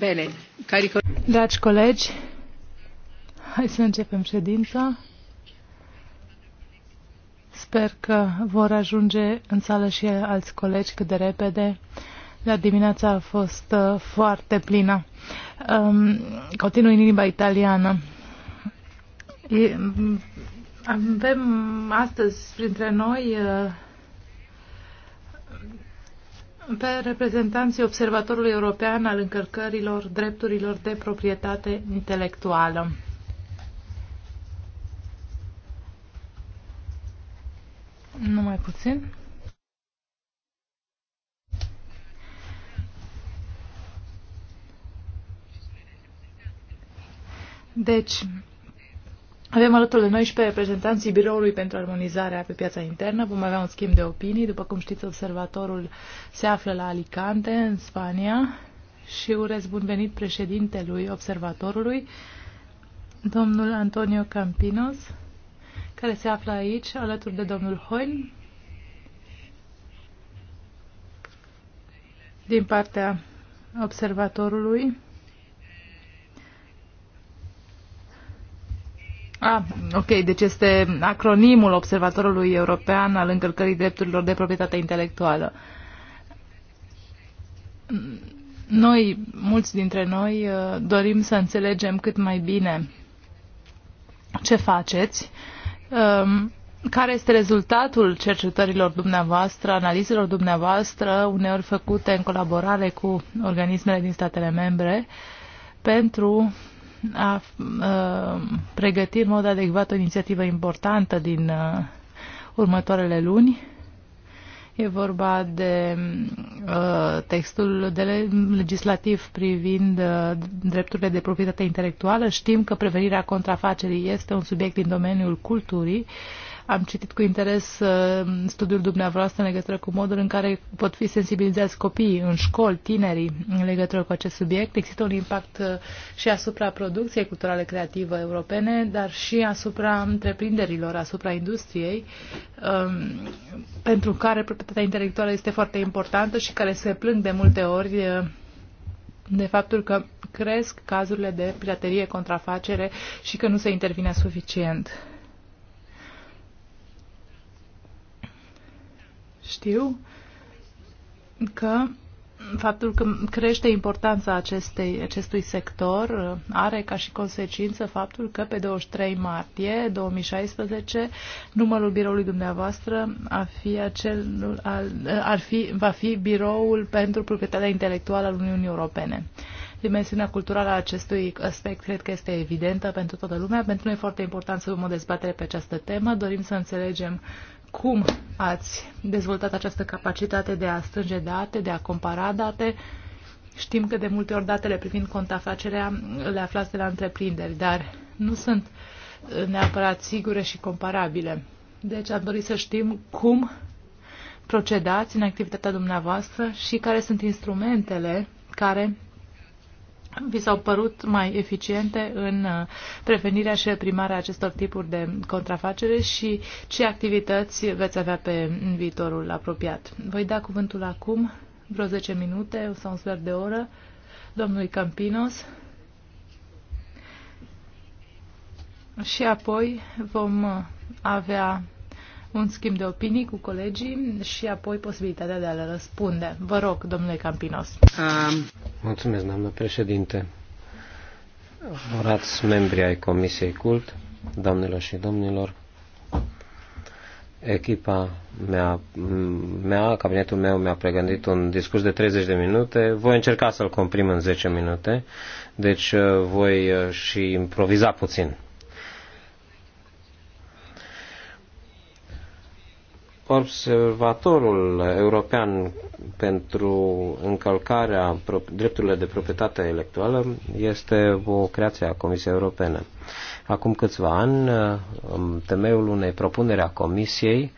Bine, carico... Dragi colegi, hai să începem ședința. Sper că vor ajunge în sală și alți colegi cât de repede. La dimineața a fost uh, foarte plină. Um, continui în limba italiană. E, avem astăzi printre noi uh, pe reprezentanții Observatorului European al încălcărilor drepturilor de proprietate intelectuală. Numai puțin. Deci, avem alături de noi și pe reprezentanții Biroului pentru Armonizarea pe piața internă. Vom avea un schimb de opinii. După cum știți, observatorul se află la Alicante, în Spania, și urez bun venit președintelui observatorului, domnul Antonio Campinos, care se află aici, alături de domnul Hoin, din partea observatorului Ah, ok, deci este acronimul Observatorului European al încălcării drepturilor de proprietate intelectuală. Noi, mulți dintre noi, uh, dorim să înțelegem cât mai bine ce faceți, um, care este rezultatul cercetărilor dumneavoastră, analizelor dumneavoastră, uneori făcute în colaborare cu organismele din statele membre, pentru a pregăti în mod adecvat o inițiativă importantă din următoarele luni. E vorba de uh, textul de legislativ privind uh, drepturile de proprietate intelectuală. Știm că prevenirea contrafacerii este un subiect din domeniul culturii. Uh, am citit cu interes uh, studiul dumneavoastră în legătură cu modul în care pot fi sensibilizați copiii în școli, tinerii, în legătură cu acest subiect. Există un impact uh, și asupra producției culturale creative europene, dar și asupra întreprinderilor, asupra industriei, um, pentru care proprietatea intelectuală este foarte importantă și care se plâng de multe ori uh, de faptul că cresc cazurile de piraterie, contrafacere și că nu se intervine suficient. Știu că faptul că crește importanța acestei, acestui sector are ca și consecință faptul că pe 23 martie 2016 numărul biroului dumneavoastră ar fi, acel, ar fi, va fi biroul pentru proprietatea intelectuală al Uniunii Europene. Dimensiunea culturală a acestui aspect cred că este evidentă pentru toată lumea. Pentru noi e foarte important să vom o dezbatere pe această temă. Dorim să înțelegem cum ați dezvoltat această capacitate de a strânge date, de a compara date. Știm că de multe ori datele privind contafacerea le aflați de la întreprinderi, dar nu sunt neapărat sigure și comparabile. Deci am dorit să știm cum procedați în activitatea dumneavoastră și care sunt instrumentele care vi s-au părut mai eficiente în uh, prevenirea și reprimarea acestor tipuri de contrafacere și ce activități veți avea pe viitorul apropiat. Voi da cuvântul acum, vreo 10 minute sau un sfert de oră, domnului Campinos și apoi vom uh, avea un schimb de opinii cu colegii și apoi posibilitatea de a le răspunde. Vă rog, domnule Campinos. Um. Mulțumesc, doamnă președinte. Orați membri ai Comisiei Cult, doamnelor și domnilor, echipa mea, mea cabinetul meu mi-a pregătit un discurs de 30 de minute. Voi încerca să-l comprim în 10 minute, deci uh, voi uh, și improviza puțin. observatorul european pentru încălcarea drepturilor de proprietate intelectuală este o creație a Comisiei Europene. Acum câțiva ani, în temeiul unei propuneri a Comisiei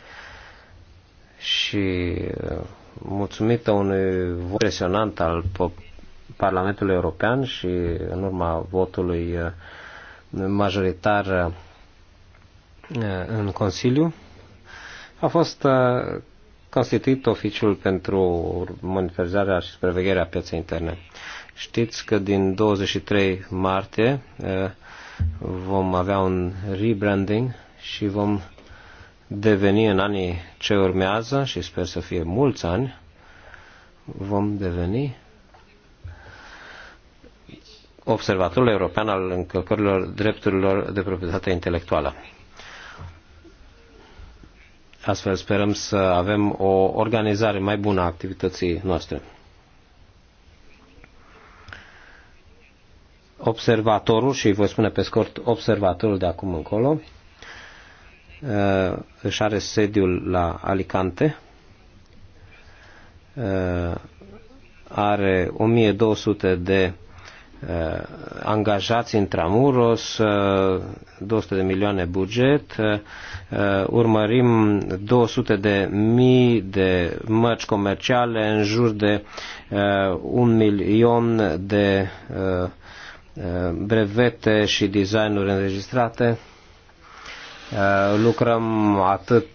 și uh, mulțumită unui vot impresionant al Parlamentului European și în urma votului uh, majoritar uh, în Consiliu, a fost uh, constituit oficiul pentru monitorizarea și supravegherea pieței interne. Știți că din 23 martie uh, vom avea un rebranding și vom deveni în anii ce urmează, și sper să fie mulți ani, vom deveni observatorul european al încălcărilor drepturilor de proprietate intelectuală. Astfel sperăm să avem o organizare mai bună a activității noastre. Observatorul, și voi spune pe scurt observatorul de acum încolo, uh, își are sediul la Alicante, uh, are 1200 de Uh, angajați în Tramuros, 200 uh, de milioane buget, uh, urmărim 200 de mii de mărci comerciale, în jur de un milion de brevete și designuri înregistrate. Lucrăm atât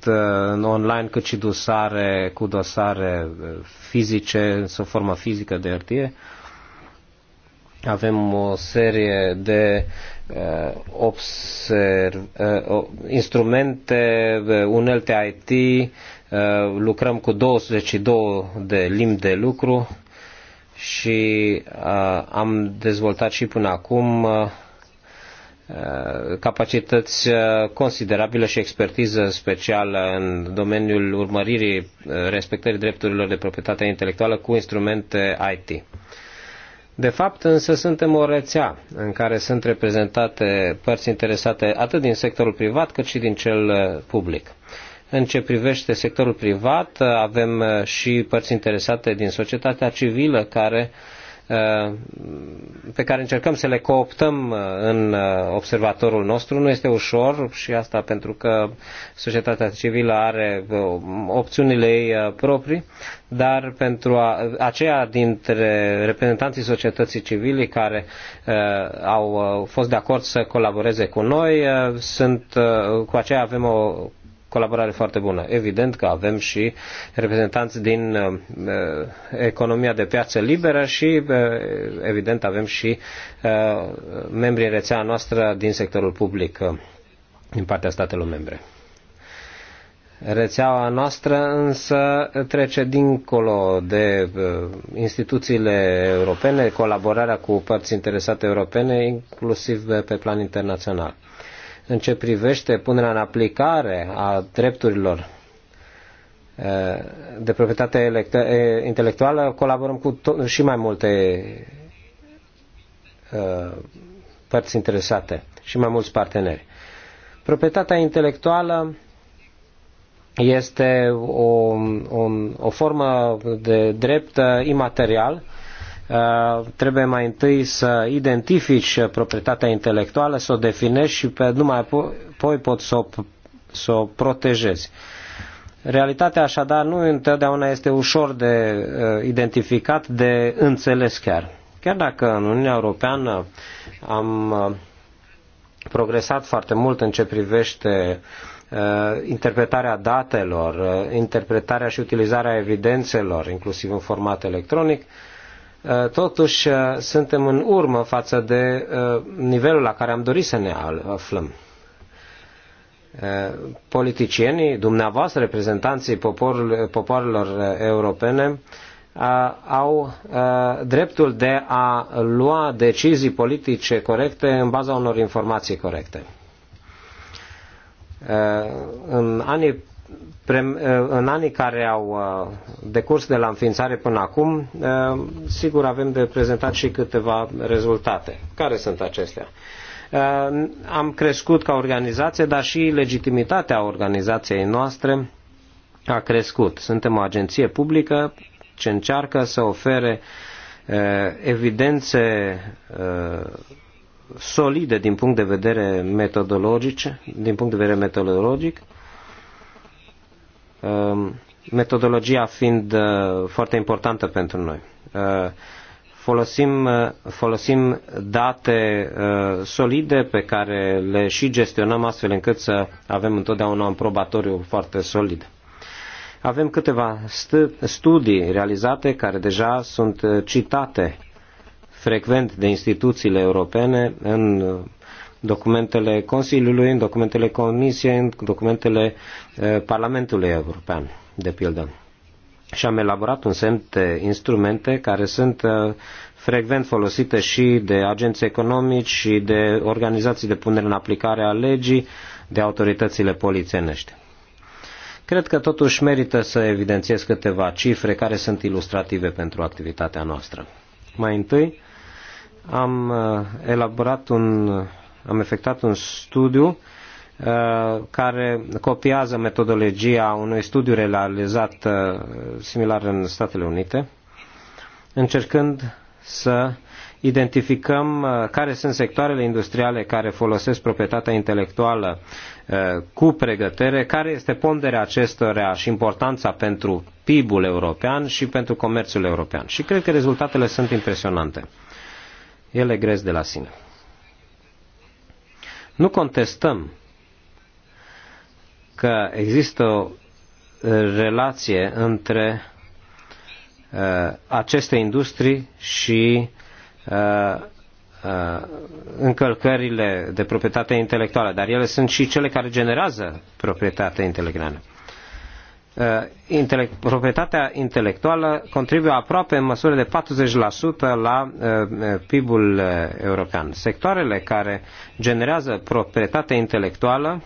în online cât și dosare, cu dosare fizice, în formă fizică de hârtie avem o serie de uh, observ, uh, instrumente, uh, unelte IT, uh, lucrăm cu 22 de limbi de lucru și uh, am dezvoltat și până acum uh, uh capacități uh, considerabile și expertiză specială în domeniul urmăririi respectării drepturilor de proprietate intelectuală cu instrumente IT. De fapt, însă, suntem o rețea în care sunt reprezentate părți interesate atât din sectorul privat cât și din cel uh, public. În ce privește sectorul privat, uh, avem uh, și părți interesate din societatea civilă care uh, Uh, pe care încercăm să le cooptăm uh, în uh, observatorul nostru nu este ușor și asta pentru că societatea civilă are opțiunile ei proprii, dar pentru a, aceia dintre reprezentanții societății civile care au fost de acord să colaboreze cu noi, sunt, cu aceea avem o colaborare foarte bună. Evident că avem și reprezentanți din uh, uh, economia de piață liberă și, uh, evident, avem și membrii în rețea noastră din sectorul public din partea statelor membre. Rețeaua noastră însă trece dincolo de instituțiile europene, colaborarea cu părți interesate europene, inclusiv pe plan internațional în ce privește punerea în aplicare a drepturilor de proprietate intelectuală, colaborăm cu și mai multe părți interesate și mai mulți parteneri. Proprietatea intelectuală este o, o, o formă de drept imaterial Uh, trebuie mai întâi să identifici proprietatea intelectuală, să o definești și pe, numai apoi poți să o, să o protejezi. Realitatea așadar nu întotdeauna este ușor de uh, identificat, de înțeles chiar. Chiar dacă în Uniunea Europeană am uh, progresat foarte mult în ce privește uh, interpretarea datelor, uh, interpretarea și utilizarea evidențelor, inclusiv în format electronic, uh, Uh, totuși uh, suntem în urmă față de uh, nivelul la care am dorit să ne aflăm. Politicienii, dumneavoastră, reprezentanții popoarelor europene, au dreptul de a lua decizii politice corecte în baza unor informații corecte. În anii Eh, în anii care au eh, decurs de la înființare până acum, eh, sigur avem de prezentat și câteva rezultate. Care sunt acestea? Am crescut ca organizație, dar și legitimitatea organizației noastre a crescut. Suntem o agenție publică ce încearcă să ofere evidențe solide din punct de vedere metodologic, din punct de vedere metodologic Um, metodologia fiind uh, foarte importantă pentru noi. Uh, folosim, uh, folosim date solide pe care le și gestionăm astfel încât să avem întotdeauna un probatoriu foarte solid. Avem câteva studii realizate care deja sunt citate frecvent de instituțiile europene în documentele Consiliului, în documentele Comisiei, în documentele Eh, Parlamentului European, de pildă. Și am elaborat un set de instrumente care sunt eh, frecvent folosite și de agenți economici și de organizații de punere în aplicare a legii, de autoritățile polițienești. Cred că totuși merită să evidențiez câteva cifre care sunt ilustrative pentru activitatea noastră. Mai întâi, am eh, elaborat un, am efectuat un studiu Uh, care copiază metodologia unui studiu realizat uh, similar în Statele Unite, încercând să identificăm uh, care sunt sectoarele industriale care folosesc proprietatea intelectuală cu pregătere, care este ponderea acestora și importanța pentru PIB-ul european și pentru comerțul european. Și cred că rezultatele sunt impresionante. Ele grez de la sine. Nu contestăm că există o relație între aceste industrii și încălcările de proprietate intelectuală, dar ele sunt și cele care generează proprietatea intelectuală. Intelect, proprietatea intelectuală contribuie aproape în măsură de 40% la PIB-ul european. Sectoarele care generează proprietatea intelectuală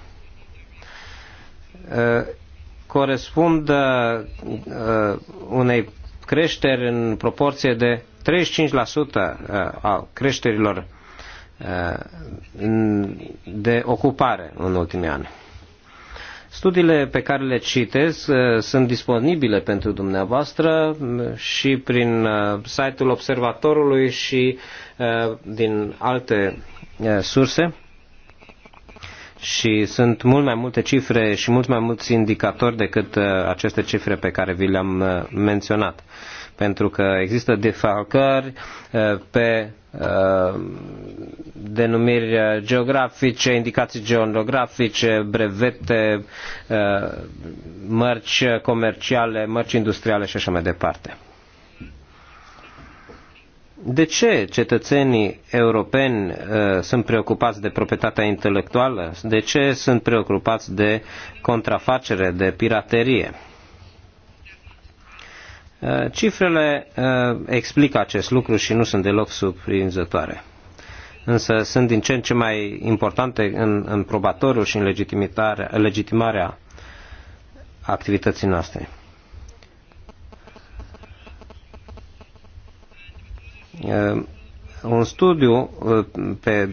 Uh, corespund uh, uh, unei creșteri în proporție de 35% a creșterilor de ocupare în ultimii ani. Studiile pe care le citez sunt disponibile pentru dumneavoastră și prin site-ul observatorului și din alte surse și sunt mult mai multe cifre și mult mai mulți indicatori decât uh, aceste cifre pe care vi le-am uh, menționat. Pentru că există defalcări uh, pe denumiri geografice, indicații geografice, brevete, mărci comerciale, mărci industriale și așa mai departe. De ce cetățenii europeni uh, sunt preocupați de proprietatea intelectuală? De ce sunt preocupați de contrafacere, de piraterie? Uh, cifrele uh, explică acest lucru și nu sunt deloc surprinzătoare. Însă sunt din ce în ce mai importante în, în probatoriu și în legitimarea activității noastre. Uh, un studiu uh, pe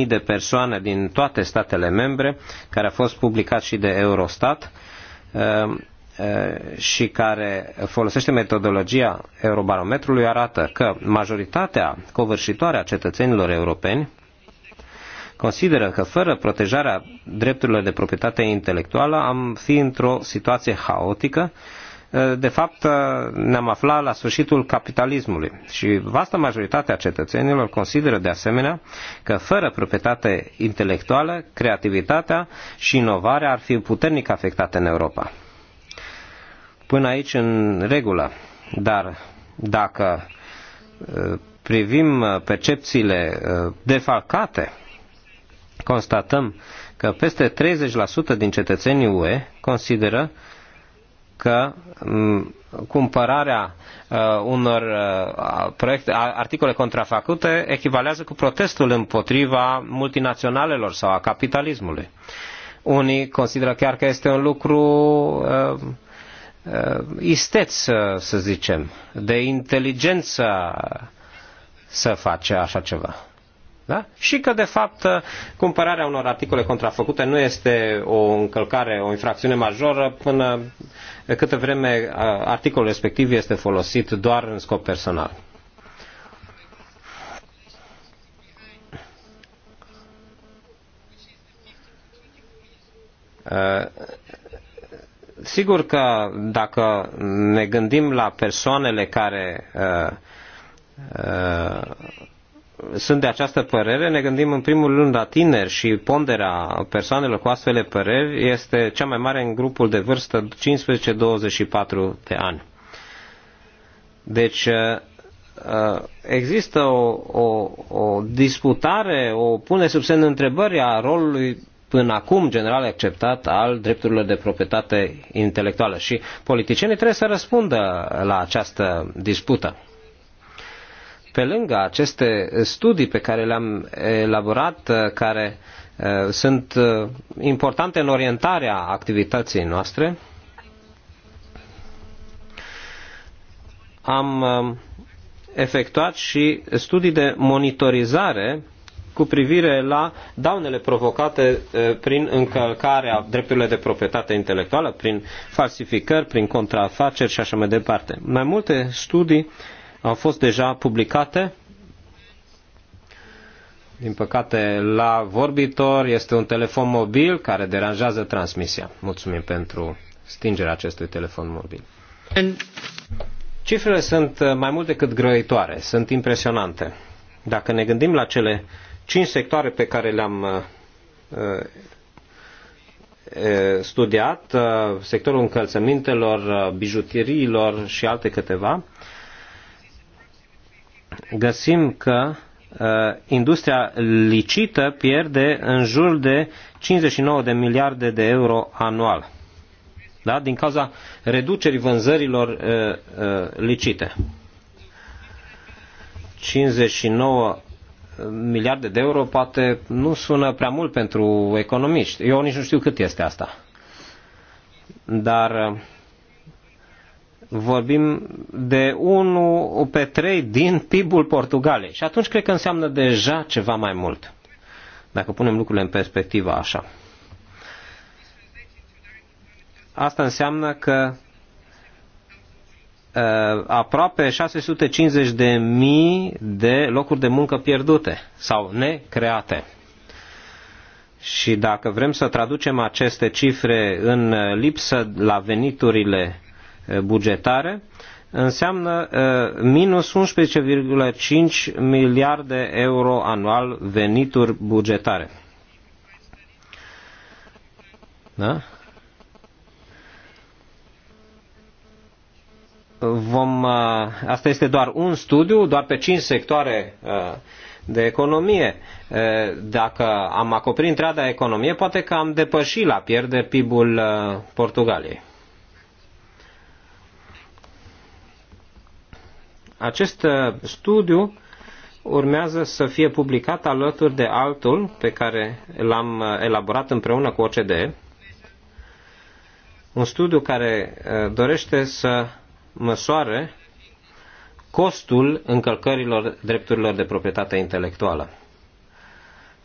23.000 de persoane din toate statele membre, care a fost publicat și de Eurostat uh, și care folosește metodologia Eurobarometrului, arată că majoritatea covârșitoare a cetățenilor europeni consideră că fără protejarea drepturilor de proprietate intelectuală am fi într-o situație haotică de fapt ne-am aflat la sfârșitul capitalismului și vasta majoritatea cetățenilor consideră de asemenea că fără proprietate intelectuală, creativitatea și inovarea ar fi puternic afectate în Europa. Până aici în regulă, dar dacă uh, privim uh, percepțiile uh, defalcate, constatăm că peste 30% din cetățenii UE consideră că cumpărarea uh, unor uh, proiecte, articole contrafăcute echivalează cu protestul împotriva multinaționalelor sau a capitalismului. Unii consideră chiar că este un lucru uh, uh, isteț, să zicem, de inteligență să face așa ceva. Da? Și că, de fapt, cumpărarea unor articole contrafăcute nu este o încălcare, o infracțiune majoră până câtă vreme articolul respectiv este folosit doar în scop personal. Sigur că dacă ne gândim la persoanele care sunt de această părere, ne gândim în primul rând la tineri și ponderea persoanelor cu astfel de păreri este cea mai mare în grupul de vârstă 15-24 de ani. Deci uh, uh, există o, o, o disputare, o pune sub semnul întrebării a rolului până acum general acceptat al drepturilor de proprietate intelectuală și politicienii trebuie să răspundă la această dispută. Pe lângă aceste studii pe care le-am elaborat, uh, care uh, sunt uh, importante în orientarea activității noastre, am um, efectuat și studii de monitorizare cu privire la daunele provocate prin încălcarea drepturilor de proprietate intelectuală, prin falsificări, prin contrafaceri și așa mai departe. Mai multe studii au fost deja publicate. Din păcate, la vorbitor este un telefon mobil care deranjează transmisia. Mulțumim pentru stingerea acestui telefon mobil. Cifrele sunt mai mult decât grăitoare, sunt impresionante. Dacă ne gândim la cele cinci sectoare pe care le-am uh, uh, uh, studiat, sectorul încălțămintelor, bijutiriilor și alte câteva, găsim că uh, industria licită pierde în jur de 59 de miliarde de euro anual. Da? Din cauza reducerii vânzărilor uh, uh, licite. 59 uh, miliarde de euro poate nu sună prea mult pentru economiști. Eu nici nu știu cât este asta. Dar uh, vorbim de 1 pe 3 din PIB-ul Portugalei. Și atunci cred că înseamnă deja ceva mai mult. Dacă punem lucrurile în perspectivă așa. Asta înseamnă că uh, aproape 650 de mii de locuri de muncă pierdute sau necreate. Și dacă vrem să traducem aceste cifre în lipsă la veniturile bugetare înseamnă minus 11,5 miliarde euro anual venituri bugetare. Da? Vom, asta este doar un studiu, doar pe 5 sectoare de economie. Dacă am acoperit întreaga economie, poate că am depășit la pierderi PIB-ul Portugaliei. Acest uh, studiu urmează să fie publicat alături de altul pe care l-am uh, elaborat împreună cu OCDE, un studiu care uh, dorește să măsoare costul încălcărilor drepturilor de proprietate intelectuală.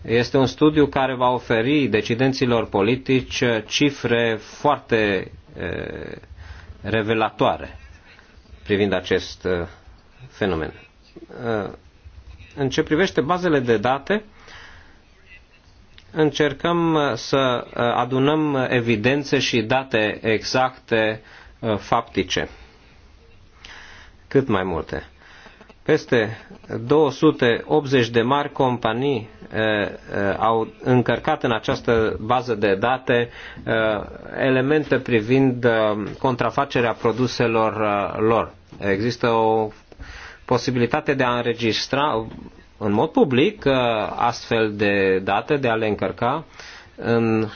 Este un studiu care va oferi decidenților politici cifre foarte revelatoare privind acest fenomen. Uh, în ce privește bazele de date, încercăm uh, să uh, adunăm evidențe și date exacte, faptice, cât mai multe. Peste 280 de mari companii au încărcat în această bază de date elemente privind contrafacerea produselor lor. Există o posibilitatea de a înregistra în mod public uh, astfel de date, de a le încărca în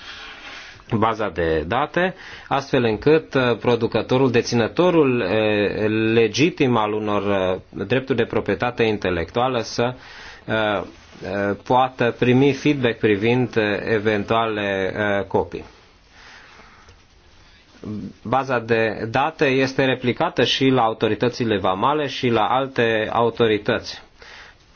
baza de date, astfel încât uh, producătorul, deținătorul uh, legitim al unor drepturi de proprietate intelectuală să poată primi feedback privind eventuale copii baza de date este replicată și la autoritățile vamale și la alte autorități,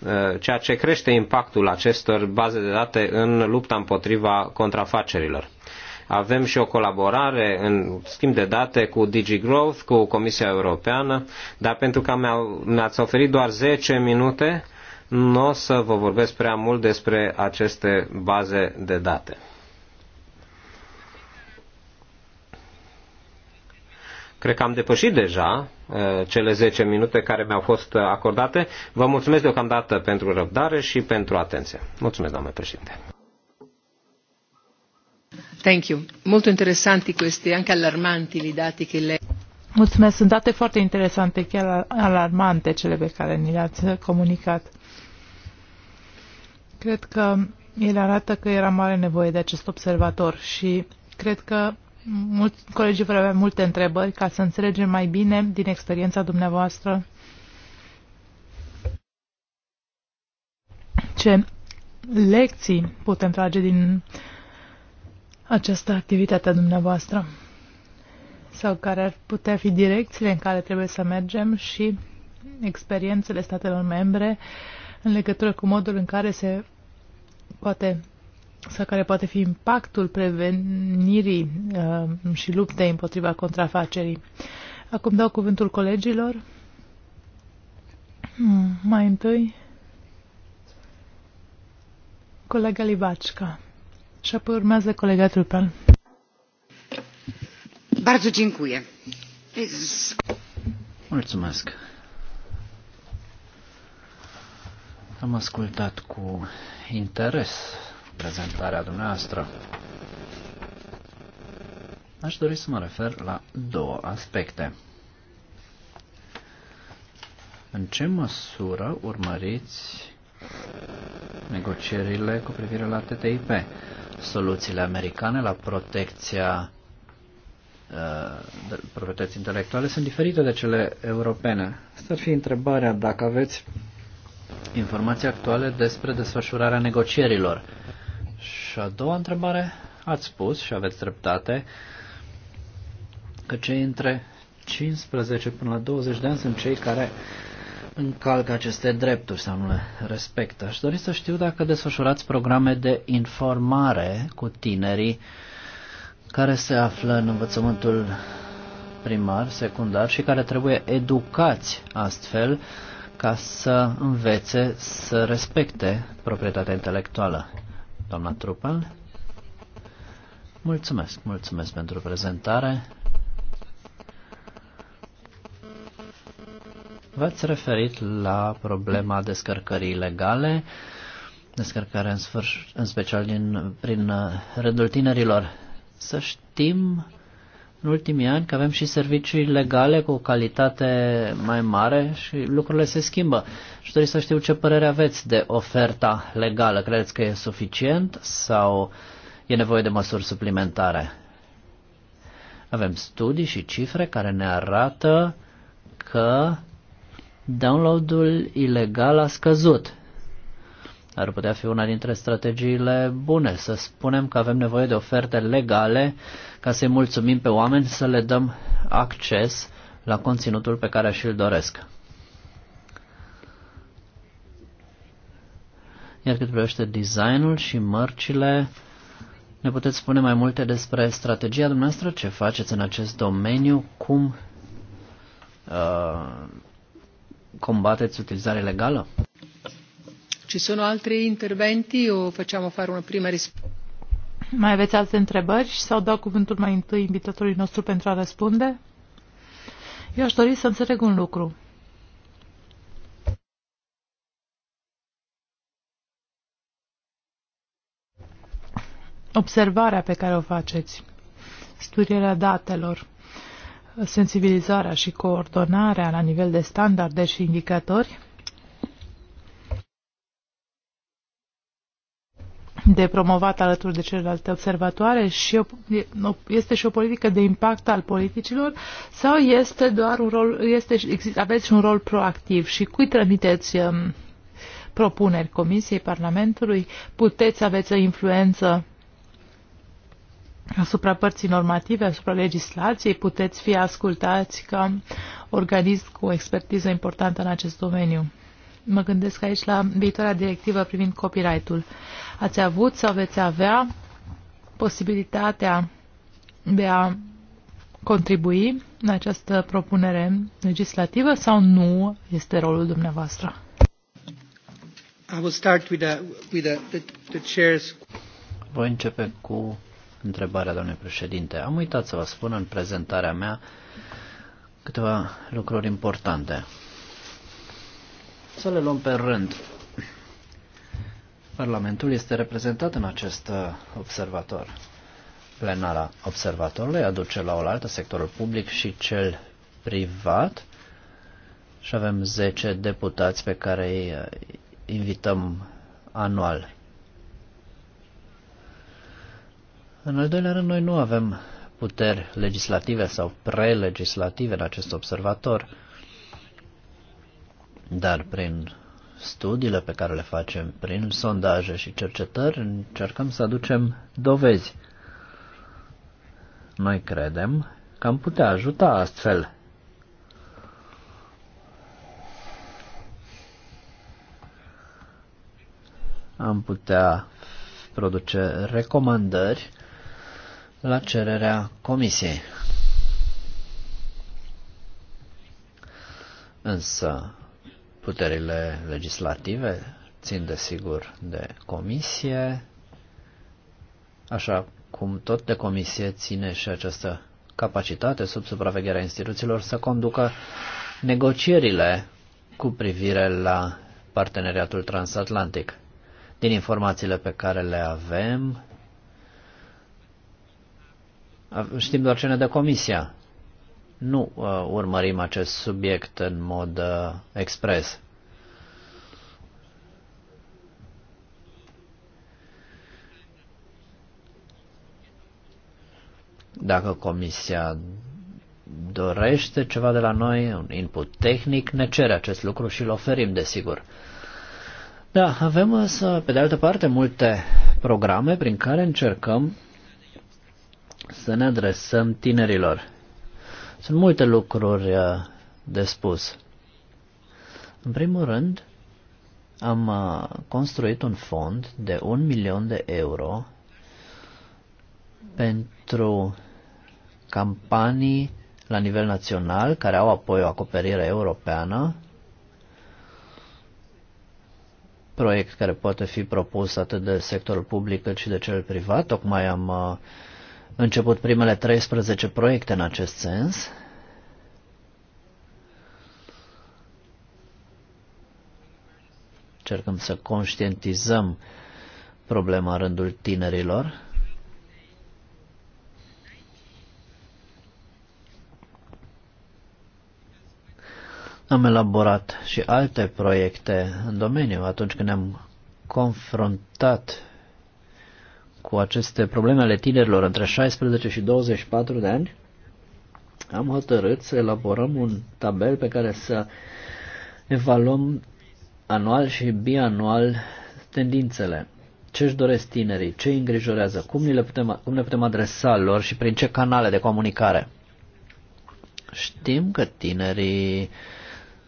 eh, ceea ce crește impactul acestor baze de date în lupta împotriva contrafacerilor. Avem și o colaborare în schimb de date cu DigiGrowth, cu Comisia Europeană, dar pentru că mi-ați oferit doar 10 minute, nu o să vă vorbesc prea mult despre aceste baze de date. Cred că am depășit deja uh, cele 10 minute care mi-au fost uh, acordate. Vă mulțumesc deocamdată pentru răbdare și pentru atenție. Mulțumesc, doamne președinte. Thank you. Molto interesanti questi, anche allarmanti i dati che le. Mulțumesc, sunt date foarte interesante, chiar alarmante cele pe care ni le-ați comunicat. Cred că ele arată că era mare nevoie de acest observator și cred că colegii vor avea multe întrebări ca să înțelegem mai bine din experiența dumneavoastră ce lecții putem trage din această activitate a dumneavoastră sau care ar putea fi direcțiile în care trebuie să mergem și experiențele statelor membre în legătură cu modul în care se poate sau care poate fi impactul prevenirii uh, și luptei împotriva contrafacerii. Acum dau cuvântul colegilor. Hmm, mai întâi, colega Libacica și apoi urmează colega Trupel. Bardzo dziękuję. Mulțumesc. Am ascultat cu interes prezentarea dumneavoastră. Aș dori să mă refer la două aspecte. În ce măsură urmăriți negocierile cu privire la TTIP? Soluțiile americane la protecția uh, proprietății intelectuale sunt diferite de cele europene. Asta ar fi întrebarea dacă aveți informații actuale despre desfășurarea negocierilor și a doua întrebare, ați spus și aveți dreptate că cei între 15 până la 20 de ani sunt cei care încalcă aceste drepturi sau nu le respectă. Aș dori să știu dacă desfășurați programe de informare cu tinerii care se află în învățământul primar, secundar și care trebuie educați astfel ca să învețe să respecte proprietatea intelectuală doamna Trupel. Mulțumesc, mulțumesc pentru prezentare. V-ați referit la problema descărcării ilegale, descărcare în, sfârș, în special din, prin rândul tinerilor. Să știm în ultimii ani că avem și servicii legale cu o calitate mai mare și lucrurile se schimbă. Și dori să știu ce părere aveți de oferta legală. Credeți că e suficient sau e nevoie de măsuri suplimentare? Avem studii și cifre care ne arată că downloadul ilegal a scăzut ar putea fi una dintre strategiile bune, să spunem că avem nevoie de oferte legale ca să-i mulțumim pe oameni să le dăm acces la conținutul pe care și-l doresc. Iar cât privește designul și mărcile, ne puteți spune mai multe despre strategia dumneavoastră, ce faceți în acest domeniu, cum uh, combateți utilizarea legală? Ci sono altri interventi o facciamo fare una prima risposta? Mai aveți alte întrebări sau dau cuvântul mai întâi invitatorului nostru pentru a răspunde? Eu aș dori să înțeleg un lucru. Observarea pe care o faceți, studierea datelor, sensibilizarea și coordonarea la nivel de standarde și indicatori de promovat alături de celelalte observatoare și o, este și o politică de impact al politicilor sau este doar un rol, este, aveți și un rol proactiv și cui trimiteți um, propuneri Comisiei Parlamentului? Puteți aveți o influență asupra părții normative, asupra legislației? Puteți fi ascultați ca organism cu expertiză importantă în acest domeniu? Mă gândesc aici la viitoarea directivă privind copyright-ul. Ați avut sau veți avea posibilitatea de a contribui în această propunere legislativă sau nu este rolul dumneavoastră? I will start with the, with the, the, the Voi începe cu întrebarea, domnule președinte. Am uitat să vă spun în prezentarea mea câteva lucruri importante. Să le luăm pe rând. Parlamentul este reprezentat în acest uh, observator. Plenara observatorului aduce la oaltă sectorul public și cel privat și avem 10 deputați pe care îi uh, invităm anual. În al doilea rând, noi nu avem puteri legislative sau prelegislative în acest observator. Dar prin studiile pe care le facem, prin sondaje și cercetări, încercăm să aducem dovezi. Noi credem că am putea ajuta astfel. Am putea produce recomandări la cererea comisiei. Însă, Puterile legislative țin sigur de comisie, așa cum tot de comisie ține și această capacitate sub supravegherea instituțiilor să conducă negocierile cu privire la parteneriatul transatlantic. Din informațiile pe care le avem, știm doar ce ne dă comisia nu uh, urmărim acest subiect în mod uh, expres. Dacă comisia dorește ceva de la noi, un input tehnic, ne cere acest lucru și îl oferim, desigur. Da, avem însă, pe de altă parte, multe programe prin care încercăm să ne adresăm tinerilor. Sunt multe lucruri uh, de spus. În primul rând, am uh, construit un fond de un milion de euro pentru campanii la nivel național care au apoi o acoperire europeană, proiect care poate fi propus atât de sectorul public cât și de cel privat. Tocmai am uh, început primele 13 proiecte în acest sens. Încercăm să conștientizăm problema rândul tinerilor. Am elaborat și alte proiecte în domeniu atunci când ne-am confruntat cu aceste probleme ale tinerilor între 16 și 24 de ani, am hotărât să elaborăm un tabel pe care să evaluăm anual și bianual tendințele. Ce își doresc tinerii, ce îi îngrijorează, cum le, putem, cum ne putem adresa lor și prin ce canale de comunicare. Știm că tinerii uh,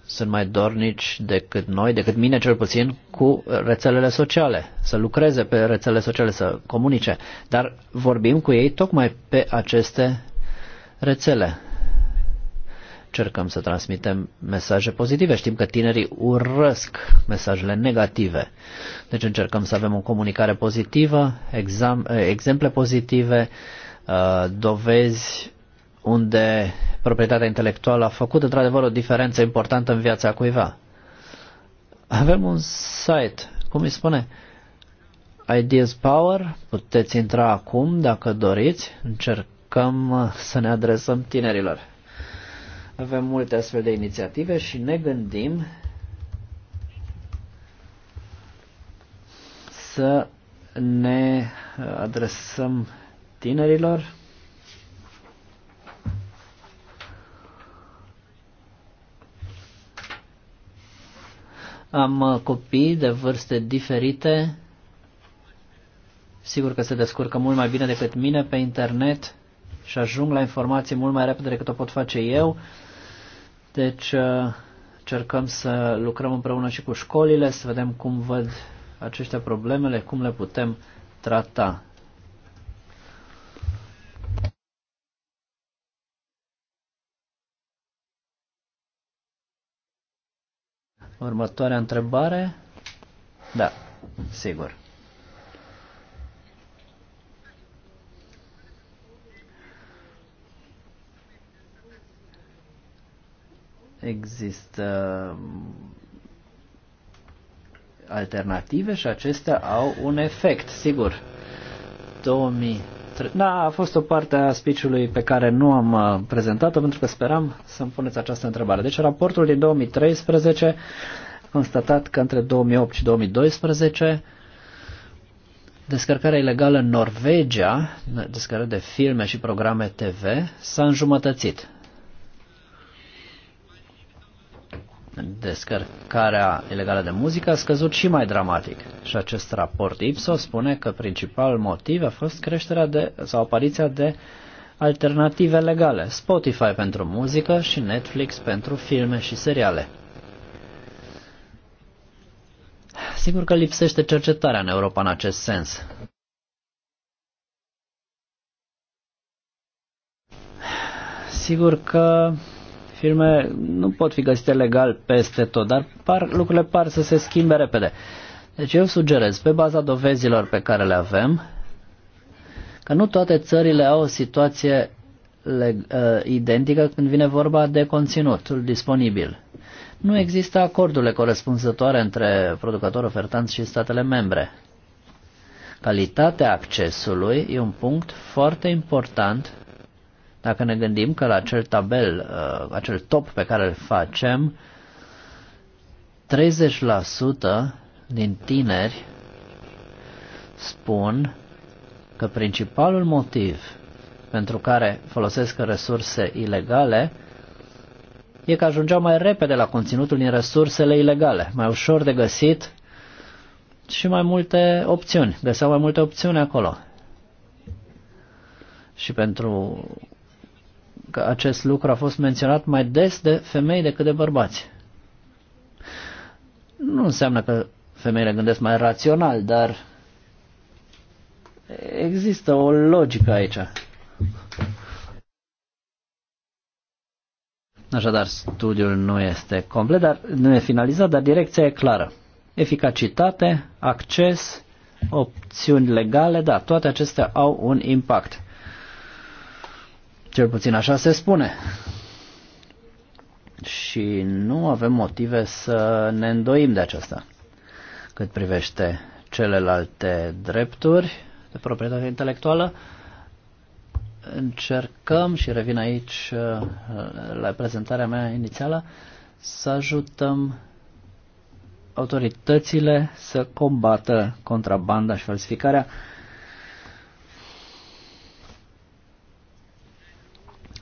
sunt mai dornici decât noi, decât mine cel puțin, cu rețelele sociale, să lucreze pe rețelele sociale, să comunice. Dar vorbim cu ei tocmai pe aceste rețele. Cercăm să transmitem mesaje pozitive. Știm că tinerii urăsc mesajele negative. Deci încercăm să avem o comunicare pozitivă, exam, eh, exemple pozitive, eh, dovezi unde proprietatea intelectuală a făcut într-adevăr o diferență importantă în viața cuiva. Avem un site, cum îi spune, Ideas Power, puteți intra acum dacă doriți, încercăm să ne adresăm tinerilor. Avem multe astfel de inițiative și ne gândim să ne adresăm tinerilor Am uh, copii de vârste diferite. Sigur că se descurcă mult mai bine decât mine pe internet și ajung la informații mult mai repede decât o pot face eu. Deci uh, cercăm să lucrăm împreună și cu școlile, să vedem cum văd aceste problemele, cum le putem trata. Următoarea întrebare? Da, sigur. Există um, alternative și acestea au un efect, sigur. 2000 da, a fost o parte a speech-ului pe care nu am uh, prezentat-o pentru că speram să-mi puneți această întrebare. Deci raportul din 2013 a constatat că între 2008 și 2012 descărcarea ilegală în Norvegia, descărcarea de filme și programe TV, s-a înjumătățit. descărcarea ilegală de muzică a scăzut și mai dramatic. Și acest raport IPSO spune că principal motiv a fost creșterea de, sau apariția de alternative legale, Spotify pentru muzică și Netflix pentru filme și seriale. Sigur că lipsește cercetarea în Europa în acest sens. Sigur că firme nu pot fi găsite legal peste tot, dar par, lucrurile par să se schimbe repede. Deci eu sugerez, pe baza dovezilor pe care le avem, că nu toate țările au o situație leg, uh, identică când vine vorba de conținutul disponibil. Nu există acordurile corespunzătoare între producători ofertanți și statele membre. Calitatea accesului e un punct foarte important dacă ne gândim că la acel tabel, uh, acel top pe care îl facem, 30% din tineri spun că principalul motiv pentru care folosesc resurse ilegale e că ajungeau mai repede la conținutul din resursele ilegale, mai ușor de găsit și mai multe opțiuni, găseau mai multe opțiuni acolo. Și pentru că acest lucru a fost menționat mai des de femei decât de bărbați. Nu înseamnă că femeile gândesc mai rațional, dar există o logică aici. Așadar, studiul nu este complet, dar nu e finalizat, dar direcția e clară. Eficacitate, acces, opțiuni legale, da, toate acestea au un impact. Cel puțin așa se spune. Și nu avem motive să ne îndoim de aceasta. Cât privește celelalte drepturi de proprietate intelectuală, încercăm și revin aici uh, la prezentarea mea inițială să ajutăm autoritățile să combată contrabanda și falsificarea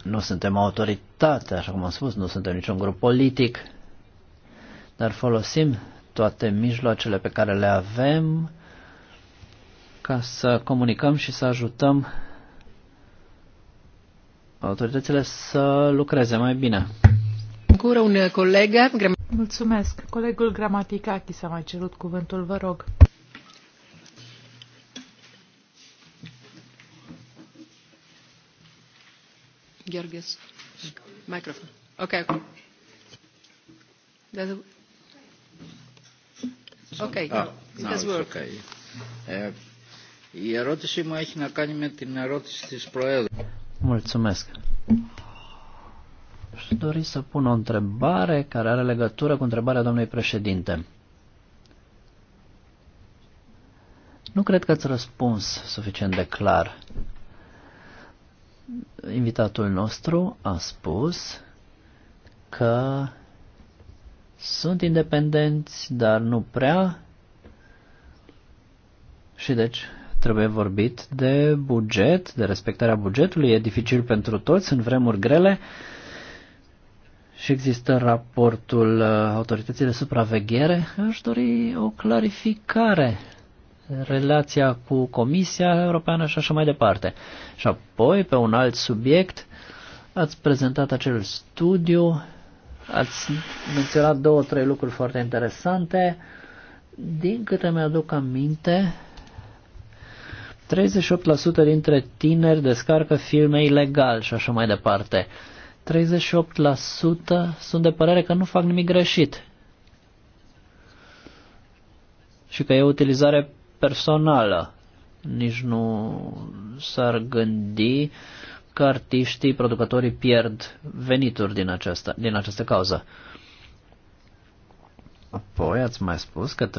Nu suntem autoritate, așa cum am spus, nu suntem niciun grup politic, dar folosim toate mijloacele pe care le avem ca să comunicăm și să ajutăm autoritățile să lucreze mai bine. Gură un coleg. Mulțumesc. Colegul s a mai cerut cuvântul, vă rog. Georges. microfon. Ok. Ok. Does it... Okay, ah, it Okay. Uh, η ερώτησή μου έχει να κάνει με την ερώτηση της Προέδρου. Mulțumesc. Aș dori să pun o întrebare care are legătură cu întrebarea domnului președinte. Nu cred că ați răspuns suficient de clar invitatul nostru a spus că sunt independenți, dar nu prea și deci trebuie vorbit de buget, de respectarea bugetului. E dificil pentru toți în vremuri grele și există raportul uh, autorității de supraveghere. Aș dori o clarificare relația cu Comisia Europeană și așa mai departe. Și apoi, pe un alt subiect, ați prezentat acel studiu, ați menționat două, trei lucruri foarte interesante. Din câte mi-aduc aminte, 38% dintre tineri descarcă filme ilegal și așa mai departe. 38% sunt de părere că nu fac nimic greșit și că e o utilizare personală. Nici nu s-ar gândi că artiștii, producătorii pierd venituri din această, din această cauză. Apoi ați mai spus că 35%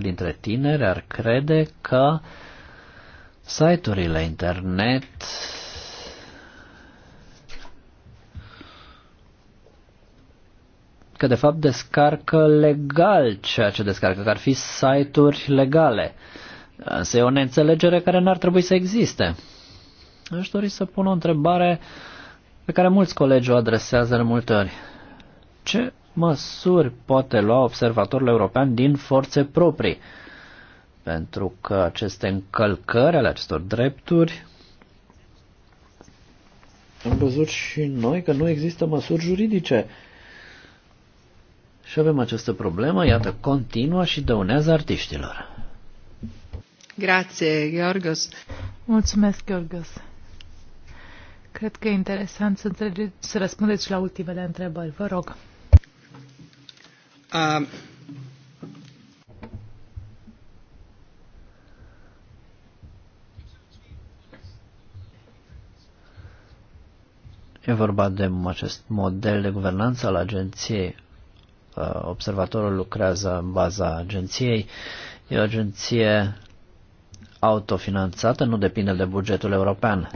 dintre tineri ar crede că site-urile internet că de fapt descarcă legal ceea ce descarcă, că ar fi site-uri legale. Însă e o neînțelegere care n-ar trebui să existe. Aș dori să pun o întrebare pe care mulți colegi o adresează de multe ori. Ce măsuri poate lua observatorul european din forțe proprii? Pentru că aceste încălcări ale acestor drepturi am văzut și noi că nu există măsuri juridice și avem această problemă, iată, continuă și dăunează artiștilor. Grație, Georgos, Mulțumesc, Georgos. Cred că e interesant să, înțelegeți, să răspundeți la ultimele întrebări. Vă rog. A... E vorba de acest model de guvernanță al agenției Uh, observatorul lucrează în baza agenției. E o agenție autofinanțată, nu depinde de bugetul european.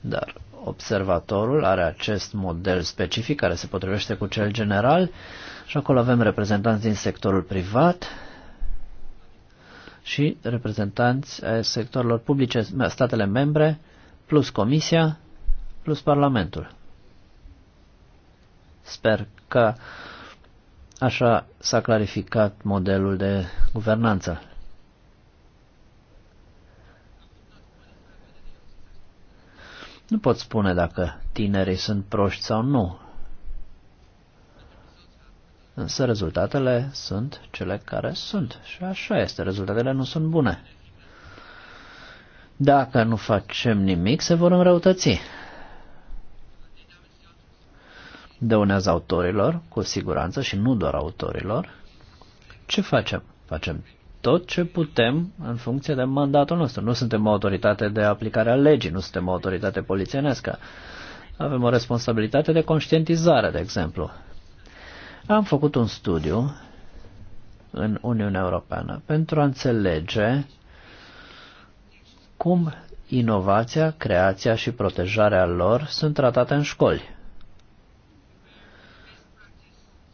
Dar observatorul are acest model specific care se potrivește cu cel general și acolo avem reprezentanți din sectorul privat și reprezentanți ai sectorilor publice, statele membre, plus Comisia, plus Parlamentul. Sper că așa s-a clarificat modelul de guvernanță. Nu pot spune dacă tinerii sunt proști sau nu. Însă rezultatele sunt cele care sunt. Și așa este, rezultatele nu sunt bune. Dacă nu facem nimic, se vor înrăutăți dăunează autorilor, cu siguranță, și nu doar autorilor, ce facem? Facem tot ce putem în funcție de mandatul nostru. Nu suntem o autoritate de aplicare a legii, nu suntem o autoritate polițienescă. Avem o responsabilitate de conștientizare, de exemplu. Am făcut un studiu în Uniunea Europeană pentru a înțelege cum inovația, creația și protejarea lor sunt tratate în școli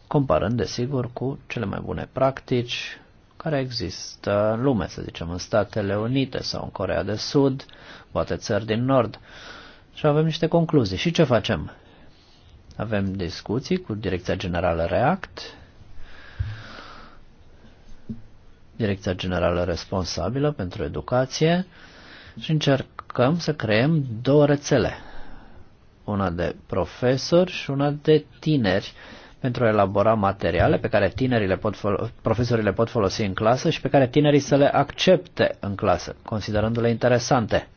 comparând, desigur, cu cele mai bune practici care există în lume, să zicem, în Statele Unite sau în Corea de Sud, poate țări din Nord. Și avem niște concluzii. Și ce facem? Avem discuții cu Direcția Generală REACT, Direcția Generală responsabilă pentru educație și încercăm să creăm două rețele, una de profesori și una de tineri pentru a elabora materiale pe care tinerii le pot profesorii le pot folosi în clasă și pe care tinerii să le accepte în clasă, considerându-le interesante.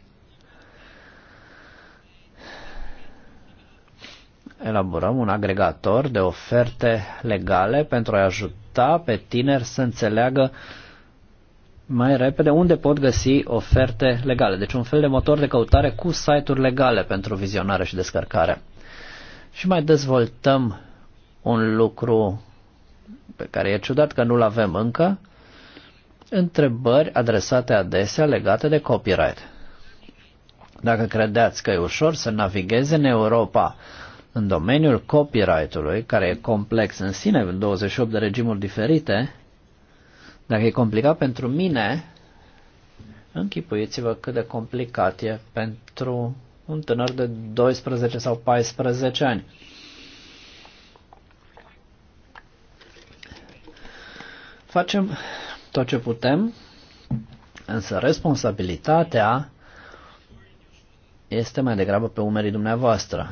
Elaborăm un agregator de oferte legale pentru a ajuta pe tineri să înțeleagă mai repede unde pot găsi oferte legale. Deci un fel de motor de căutare cu site-uri legale pentru vizionare și descărcare. Și mai dezvoltăm un lucru pe care e ciudat că nu-l avem încă, întrebări adresate adesea legate de copyright. Dacă credeți că e ușor să navigheze în Europa în domeniul copyright-ului, care e complex în sine, în 28 de regimuri diferite, dacă e complicat pentru mine, închipuiți-vă cât de complicat e pentru un tânăr de 12 sau 14 ani. Facem tot ce putem, însă responsabilitatea este mai degrabă pe umerii dumneavoastră.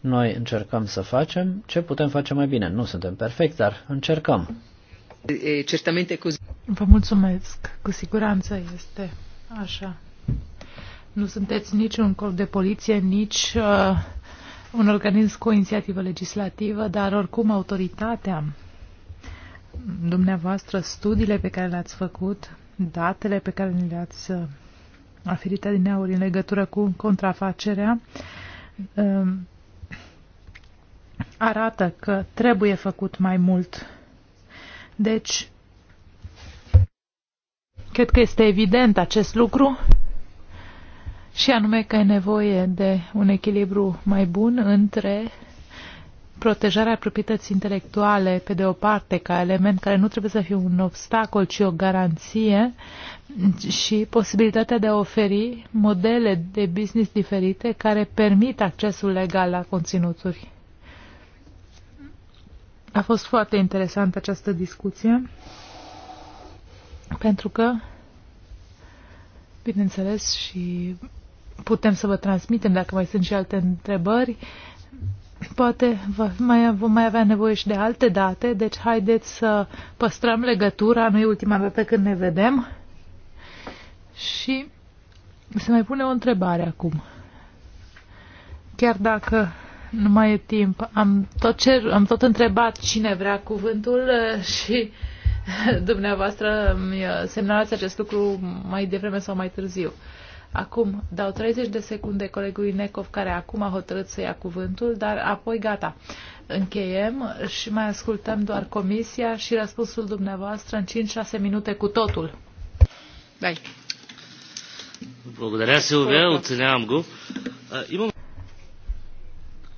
Noi încercăm să facem ce putem face mai bine. Nu suntem perfecti, dar încercăm. Certamente così. Vă mulțumesc. Cu siguranță este așa. Nu sunteți nici un corp de poliție, nici uh, un organism cu o inițiativă legislativă, dar oricum autoritatea dumneavoastră, studiile pe care le-ați făcut, datele pe care le-ați uh, aferit adineauri în legătură cu contrafacerea, um, arată că trebuie făcut mai mult. Deci, cred că este evident acest lucru și anume că e nevoie de un echilibru mai bun între protejarea proprietății intelectuale, pe de o parte, ca element care nu trebuie să fie un obstacol, ci o garanție și posibilitatea de a oferi modele de business diferite care permit accesul legal la conținuturi. A fost foarte interesantă această discuție pentru că, bineînțeles, și putem să vă transmitem, dacă mai sunt și alte întrebări. Poate mai, vom mai avea nevoie și de alte date, deci haideți să păstrăm legătura, nu e ultima dată când ne vedem. Și se mai pune o întrebare acum. Chiar dacă nu mai e timp, am tot, cer, am tot întrebat cine vrea cuvântul eh, și dumneavoastră eh, semnalați acest lucru mai devreme sau mai târziu. Uh, Acum dau 30 de secunde colegului Necov, care acum a hotărât să ia cuvântul, dar apoi gata. Încheiem și mai ascultăm doar comisia și răspunsul dumneavoastră în 5-6 minute cu totul. Dai. Благодаря, Силвия. Оценявам го. Имам...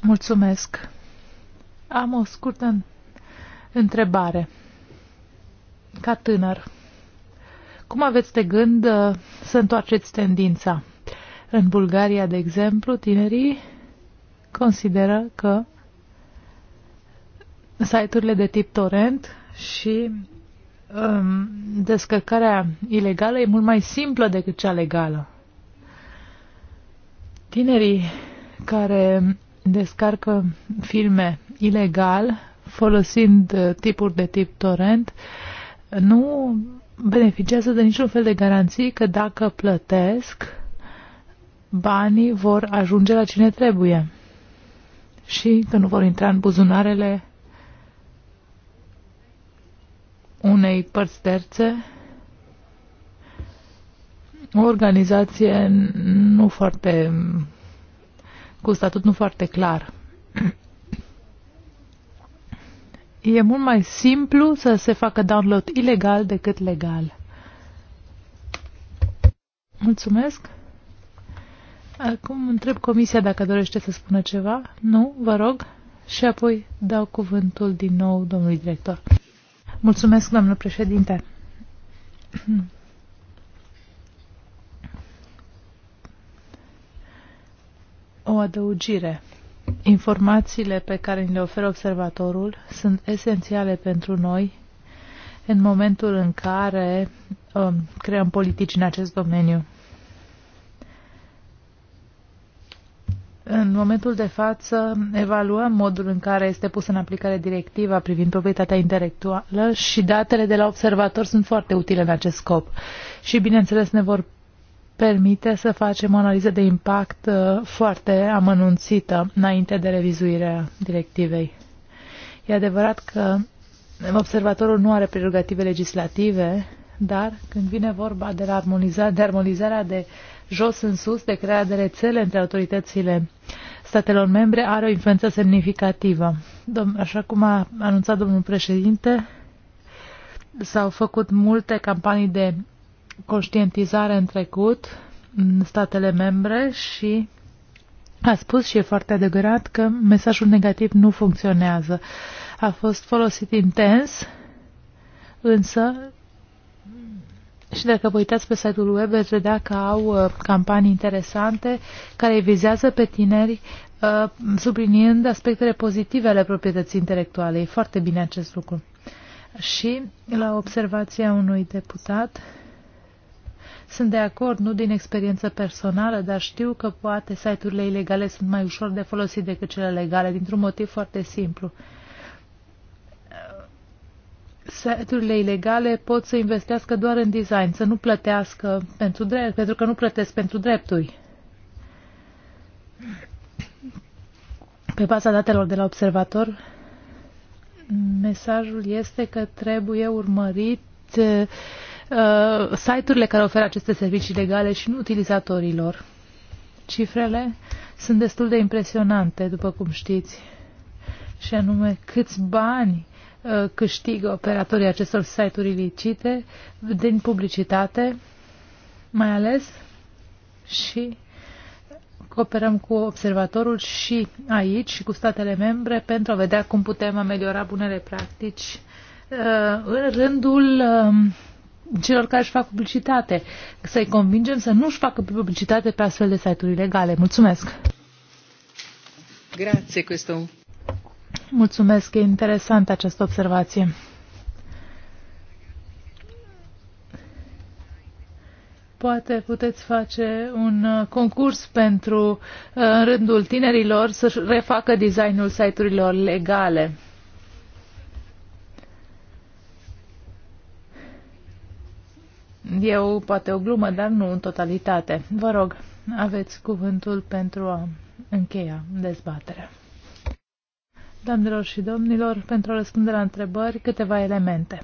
Mulțumesc. Am o scurtă întrebare. Ca tânăr, cum aveți de gând să întoarceți tendința. În Bulgaria, de exemplu, tinerii consideră că site-urile de tip torrent și um, descărcarea ilegală e mult mai simplă decât cea legală. Tinerii care descarcă filme ilegal folosind uh, tipuri de tip torrent nu beneficiază de niciun fel de garanții că dacă plătesc, banii vor ajunge la cine trebuie și că nu vor intra în buzunarele unei părți terțe, o organizație nu foarte, cu statut nu foarte clar e mult mai simplu să se facă download ilegal decât legal. Mulțumesc. Acum întreb comisia dacă dorește să spună ceva. Nu, vă rog. Și apoi dau cuvântul din nou domnului director. Mulțumesc, domnul președinte. O adăugire. Informațiile pe care ni le oferă observatorul sunt esențiale pentru noi în momentul în care um, creăm politici în acest domeniu. În momentul de față evaluăm modul în care este pusă în aplicare directiva privind proprietatea intelectuală și datele de la observator sunt foarte utile în acest scop. Și bineînțeles ne vor permite să facem o analiză de impact uh, foarte amănunțită înainte de revizuirea directivei. E adevărat că observatorul nu are prerogative legislative, dar când vine vorba de, la armoniza, de armonizarea de jos în sus, de crearea de rețele între autoritățile statelor membre, are o influență semnificativă. așa cum a anunțat domnul președinte, s-au făcut multe campanii de conștientizare în trecut în statele membre și a spus și e foarte adevărat că mesajul negativ nu funcționează. A fost folosit intens, însă și dacă vă uitați pe site-ul web, veți vedea că au uh, campanii interesante care vizează pe tineri uh, subliniind aspectele pozitive ale proprietății intelectuale. E foarte bine acest lucru. Și la observația unui deputat, sunt de acord, nu din experiență personală, dar știu că poate site-urile ilegale sunt mai ușor de folosit decât cele legale, dintr-un motiv foarte simplu. Site-urile ilegale pot să investească doar în design, să nu plătească pentru drept, pentru că nu plătesc pentru drepturi. Pe baza datelor de la observator, mesajul este că trebuie urmărit eh, uh, site-urile care oferă aceste servicii legale și nu utilizatorilor. Cifrele sunt destul de impresionante, după cum știți, și anume câți bani uh, câștigă operatorii acestor site-uri ilicite din publicitate, mai ales și cooperăm cu observatorul și aici și cu statele membre pentru a vedea cum putem ameliora bunele practici uh, în rândul um, celor care își fac publicitate, să-i convingem să nu își facă publicitate pe astfel de site-uri ilegale. Mulțumesc! Grazie, questo. Mulțumesc, e interesantă această observație. Poate puteți face un uh, concurs pentru, uh, în rândul tinerilor, să refacă designul site-urilor legale. Eu poate o glumă, dar nu în totalitate. Vă rog, aveți cuvântul pentru a încheia dezbaterea. Doamnelor și domnilor, pentru a răspunde la întrebări, câteva elemente.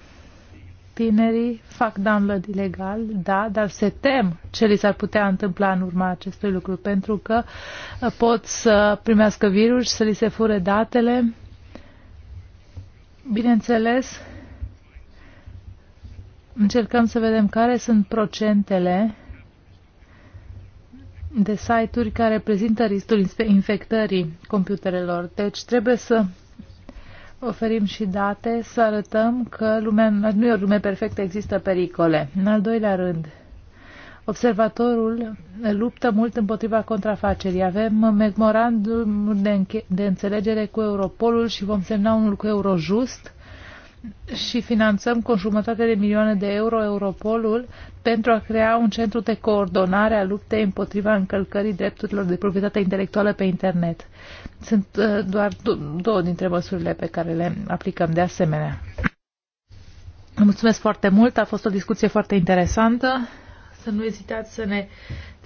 Tinerii fac download ilegal, da, dar se tem ce li s-ar putea întâmpla în urma acestui lucru, pentru că pot să primească virus, să li se fure datele. Bineînțeles, încercăm să vedem care sunt procentele de site-uri care prezintă riscul infectării computerelor. Deci trebuie să oferim și date, să arătăm că lumea, nu e o lume perfectă, există pericole. În al doilea rând, observatorul luptă mult împotriva contrafacerii. Avem memorandum de, de înțelegere cu Europolul și vom semna unul cu Eurojust și finanțăm cu jumătate de milioane de euro Europolul pentru a crea un centru de coordonare a luptei împotriva încălcării drepturilor de proprietate intelectuală pe internet. Sunt uh, doar două dintre măsurile pe care le aplicăm de asemenea. Mulțumesc foarte mult, a fost o discuție foarte interesantă. Să nu ezitați să ne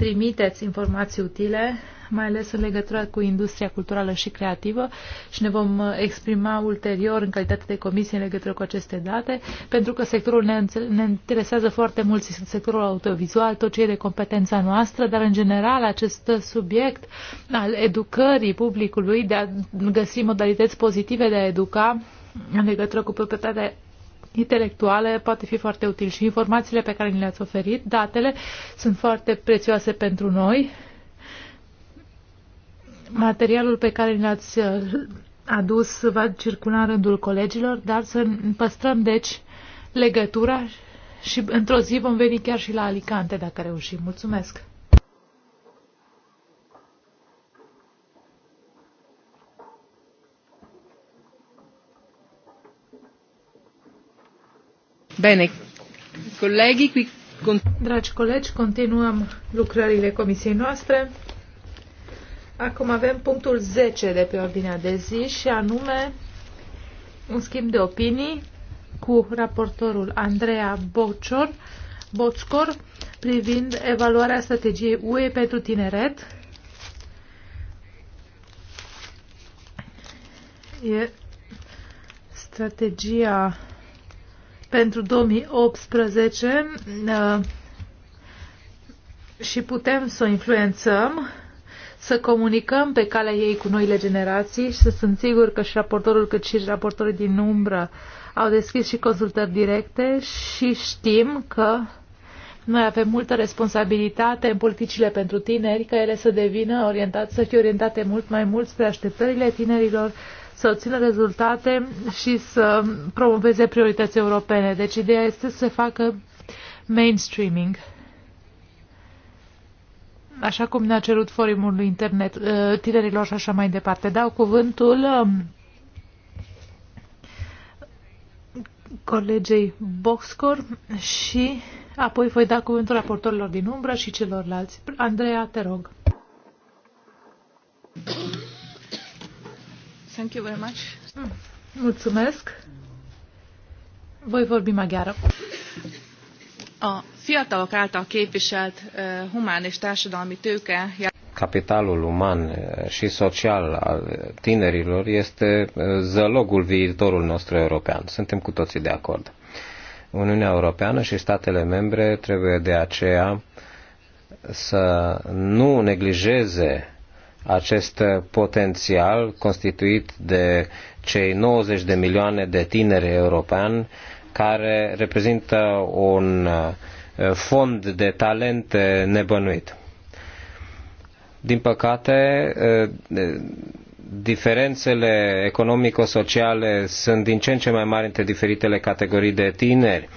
trimiteți informații utile, mai ales în legătură cu industria culturală și creativă și ne vom uh, exprima ulterior în calitate de comisie în legătură cu aceste date, pentru că sectorul ne, ne interesează foarte mult, și sectorul autovizual, tot ce e de competența noastră, dar în general acest subiect al educării publicului, de a găsi modalități pozitive de a educa în legătură cu proprietatea intelectuale poate fi foarte util și informațiile pe care ni le-ați oferit, datele, sunt foarte prețioase pentru noi. Materialul pe care ni l-ați uh, adus va circula în rândul colegilor, dar să păstrăm, deci, legătura și într-o zi vom veni chiar și la Alicante, dacă reușim. Mulțumesc! Bine, colegi, qui... Dragi colegi, continuăm lucrările comisiei noastre. Acum avem punctul 10 de pe ordinea de zi și anume un schimb de opinii cu raportorul Andreea Bocior, Bocor privind evaluarea strategiei UE pentru tineret. E strategia pentru 2018 uh, și putem să o influențăm, să comunicăm pe calea ei cu noile generații și să sunt sigur că și raportorul cât și raportorii din umbră au deschis și consultări directe și știm că noi avem multă responsabilitate în politicile pentru tineri, ca ele să devină orientate, să fie orientate mult mai mult spre așteptările tinerilor, să obțină rezultate și să promoveze priorități europene. Deci ideea este să se facă mainstreaming. Așa cum ne-a cerut forumul internet uh, tinerilor și așa mai departe. Dau cuvântul um, colegei Boxcor și apoi voi da cuvântul raportorilor din umbră și celorlalți. Andreea, te rog. Thank you. Thank you very much. Mulțumesc. Voi vorbi maghiară. A fiatalok által képviselt humán és társadalmi tőke capitalul uman și social al tinerilor este zălogul viitorul nostru european. Suntem cu toții de acord. Uniunea Europeană și statele membre trebuie de aceea să nu neglijeze acest potențial constituit de cei 90 de milioane de tineri europeni care reprezintă un uh, fond de talent nebănuit. Din păcate, uh, diferențele economico-sociale sunt din ce în ce mai mari între diferitele categorii de tineri.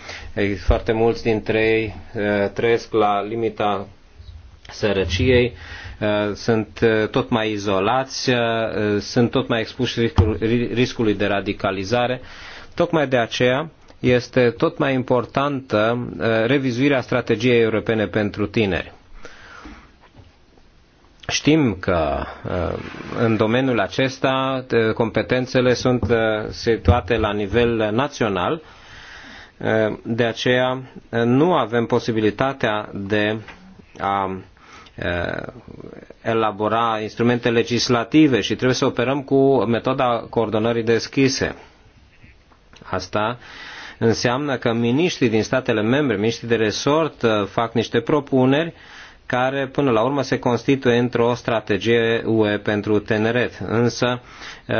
Foarte mulți dintre ei uh, trăiesc la limita sărăciei Uh, sunt uh, tot mai izolați, uh, sunt tot mai expuși riscului de radicalizare. Tocmai de aceea este tot mai importantă revizuirea strategiei europene pentru tineri. Știm că în domeniul acesta competențele sunt situate la nivel național, de aceea nu avem posibilitatea de a Eh, elabora instrumente legislative și trebuie să operăm cu metoda coordonării deschise. Asta înseamnă că miniștrii din statele membre, miniștrii de resort, eh, fac niște propuneri care până la urmă se constituie într-o strategie UE pentru tineret. Însă eh,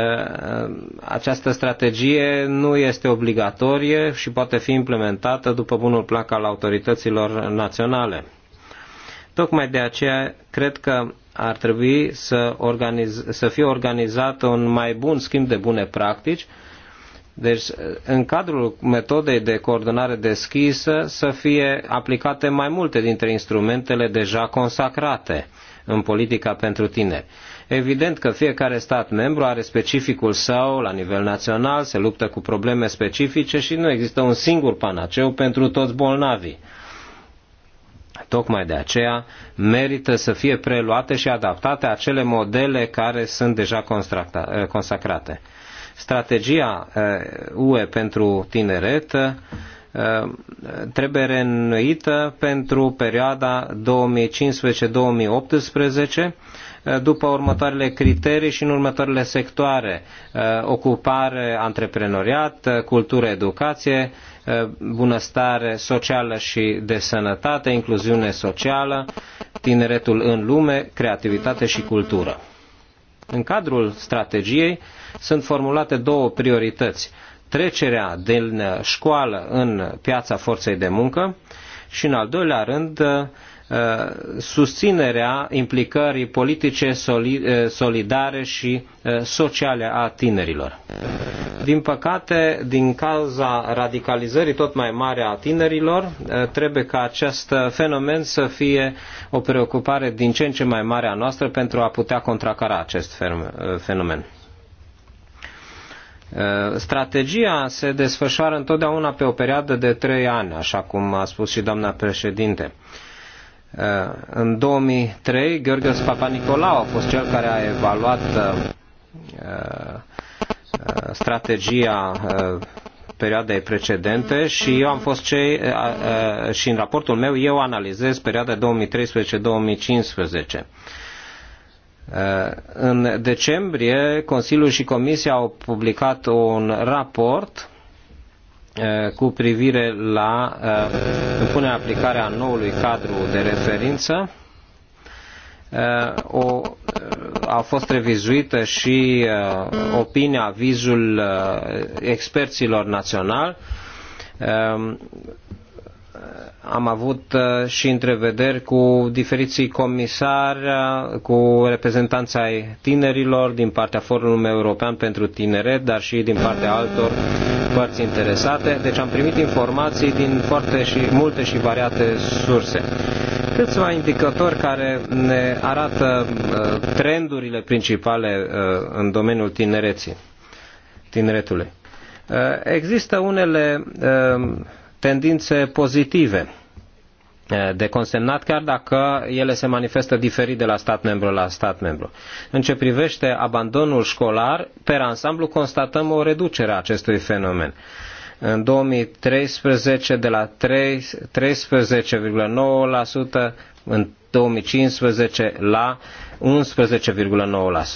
această strategie nu este obligatorie și poate fi implementată după bunul plac al autorităților naționale. Tocmai de aceea cred că ar trebui să, organiz, să fie organizat un mai bun schimb de bune practici, deci în cadrul metodei de coordonare deschisă să fie aplicate mai multe dintre instrumentele deja consacrate în politica pentru tineri. Evident că fiecare stat membru are specificul său la nivel național, se luptă cu probleme specifice și nu există un singur panaceu pentru toți bolnavii. Tocmai de aceea merită să fie preluate și adaptate acele modele care sunt deja eh, consacrate. Strategia eh, UE pentru tineret eh, trebuie reînnoită pentru perioada 2015-2018 după următoarele criterii și în următoarele sectoare ocupare, antreprenoriat, cultură, educație, Eh, bunăstare socială și de sănătate, incluziune socială, tineretul în lume, creativitate și cultură. În cadrul strategiei sunt formulate două priorități. Trecerea din școală în piața forței de muncă și, în al doilea rând, Uh, susținerea implicării politice uh, solidare și uh, sociale a tinerilor. Din păcate, din cauza radicalizării tot mai mare a tinerilor, trebuie ca acest fenomen să fie o preocupare din ce în ce mai mare a noastră pentru a putea contracara acest fenomen. Strategia se desfășoară întotdeauna pe o perioadă de trei ani, așa cum a spus și doamna președinte Uh, în 2003, Gheorghios Papanicolau a fost cel care a evaluat uh, uh, strategia perioadei precedente și eu am fost cei și în raportul meu eu analizez perioada 2013-2015. În decembrie, Consiliul și Comisia au publicat un raport Eh, cu privire la eh, punerea aplicarea noului cadru de referință. Eh, o, a fost revizuită și opinia, avizul experților naționali Uh, am avut uh, și întrevederi cu diferiții comisari, uh, cu reprezentanța ai tinerilor din partea Forumului European pentru Tineret, dar și din partea altor părți interesate. Deci am primit informații din foarte și multe și variate surse. Câțiva indicatori care ne arată trendurile principale în domeniul tinereții, tineretului. Există unele tendințe pozitive eh, de consemnat, chiar dacă ele se manifestă diferit de la stat membru la stat membru. În ce privește abandonul școlar, pe ansamblu constatăm o reducere a acestui fenomen. În 2013 de la 13,9%, în 2015 la 11,9%.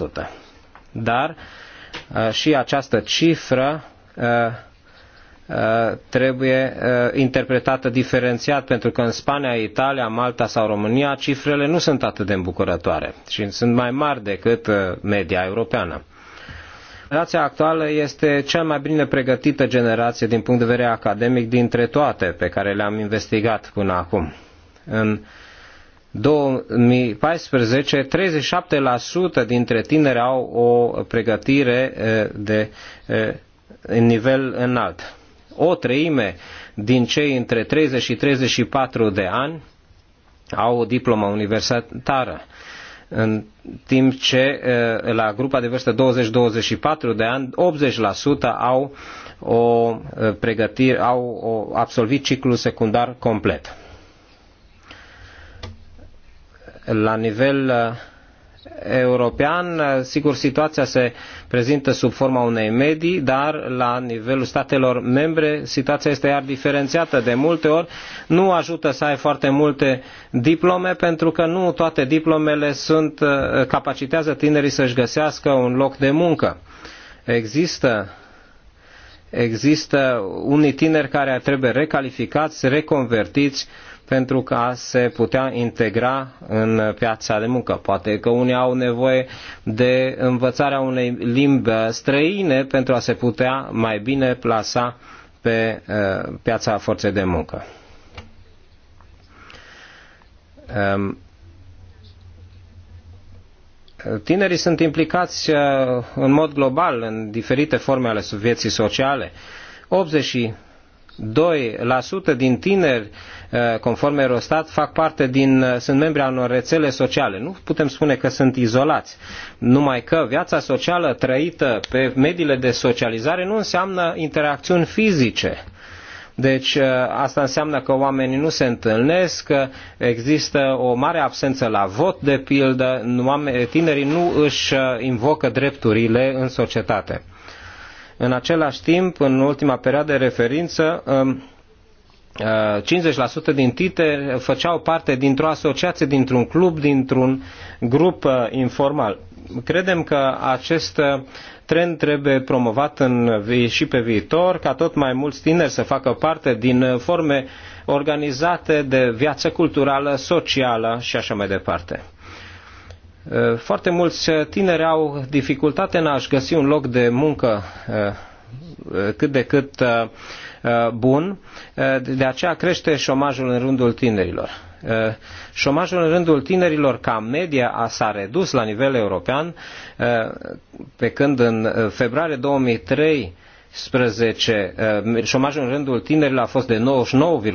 Dar eh, și această cifră eh, Uh, trebuie uh, interpretată diferențiat, pentru că în Spania, Italia, Malta sau România cifrele nu sunt atât de îmbucurătoare și sunt mai mari decât uh, media europeană. Generația actuală este cea mai bine pregătită generație din punct de vedere academic dintre toate pe care le-am investigat până acum. În 2014, 37% dintre tineri au o pregătire de nivel înalt o treime din cei între 30 și 34 de ani au o diplomă universitară în timp ce eh, la grupa de vârstă 20-24 de ani 80% au o eh, pregătire, au o, absolvit ciclul secundar complet. La nivel eh, european, sigur, situația se prezintă sub forma unei medii, dar la nivelul statelor membre situația este iar diferențiată. De multe ori nu ajută să ai foarte multe diplome, pentru că nu toate diplomele sunt, capacitează tinerii să-și găsească un loc de muncă. Există Există unii tineri care trebuie recalificați, reconvertiți, uh, pentru ca se putea integra în piața de muncă. Poate că unii au nevoie de învățarea unei limbi străine pentru a se putea mai bine plasa pe uh, piața forței de muncă. Um, tinerii sunt implicați uh, în mod global în diferite forme ale vieții sociale. 2% din tineri, eh, conform Eurostat, fac parte din, eh, sunt membri al unor rețele sociale. Nu putem spune că sunt izolați. Numai că viața socială trăită pe mediile de socializare nu înseamnă interacțiuni fizice. Deci eh, asta înseamnă că oamenii nu se întâlnesc, că există o mare absență la vot, de pildă, tinerii nu își invocă drepturile în societate. În același timp, în ultima perioadă de referință, 50% um, uh, din tite făceau parte dintr-o asociație, dintr-un club, dintr-un grup uh, informal. Credem că acest uh, trend trebuie promovat în, și pe viitor, ca tot mai mulți tineri să facă parte din forme organizate de viață culturală, socială și așa mai departe. Eh, foarte mulți tineri au dificultate în a-și găsi un loc de muncă eh, eh, cât de cât bun, de aceea crește șomajul în rândul tinerilor. Șomajul în rândul tinerilor ca media s-a redus la nivel european, pe când în februarie 2003 2013 șomajul în rândul tinerilor a fost de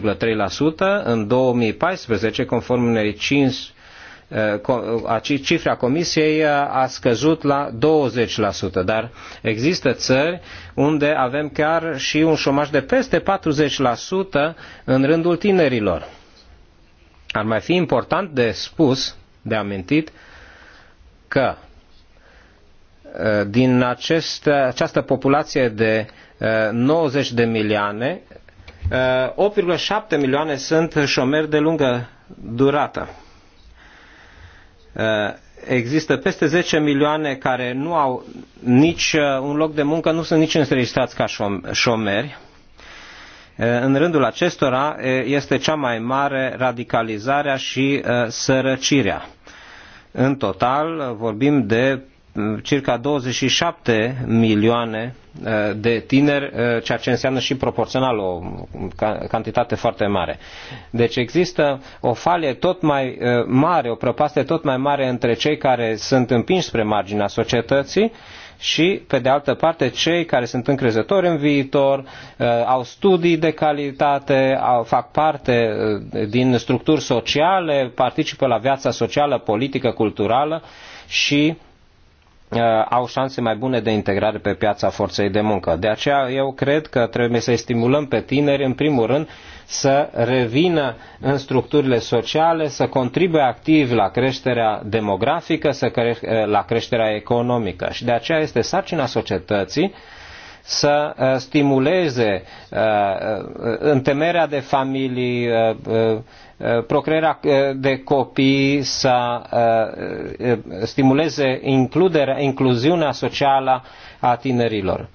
99,3%, în 2014, conform unei 5 Eh, cifra comisiei eh, a scăzut la 20%, dar există țări unde avem chiar și un șomaj de peste 40% în rândul tinerilor. Ar mai fi important de spus, de amintit, că eh, din acest, această populație de 90 de milioane, 8,7 milioane sunt șomeri de lungă durată. Uh, există peste 10 milioane care nu au nici uh, un loc de muncă, nu sunt nici înregistrați ca șomeri. Uh, în rândul acestora este cea mai mare radicalizarea și sărăcirea. În total vorbim de circa 27 milioane eh, de tineri, eh, ceea ce înseamnă și proporțional o cantitate foarte mare. Deci există o falie tot mai eh, mare, o prăpastie tot mai mare între cei care sunt împinși spre marginea societății și, pe de altă parte, cei care sunt încrezători în viitor, au studii de calitate, au, fac parte din structuri sociale, participă la viața socială, politică, culturală și Uh, au șanse mai bune de integrare pe piața forței de muncă. De aceea eu cred că trebuie să-i stimulăm pe tineri, în primul rând, să revină în structurile sociale, să contribuie activ la creșterea demografică, să cre- la creșterea economică. Și de aceea este sarcina societății să uh, stimuleze uh, uh, întemerea de familii, procrearea de copii, să stimuleze includerea, incluziunea socială a tinerilor.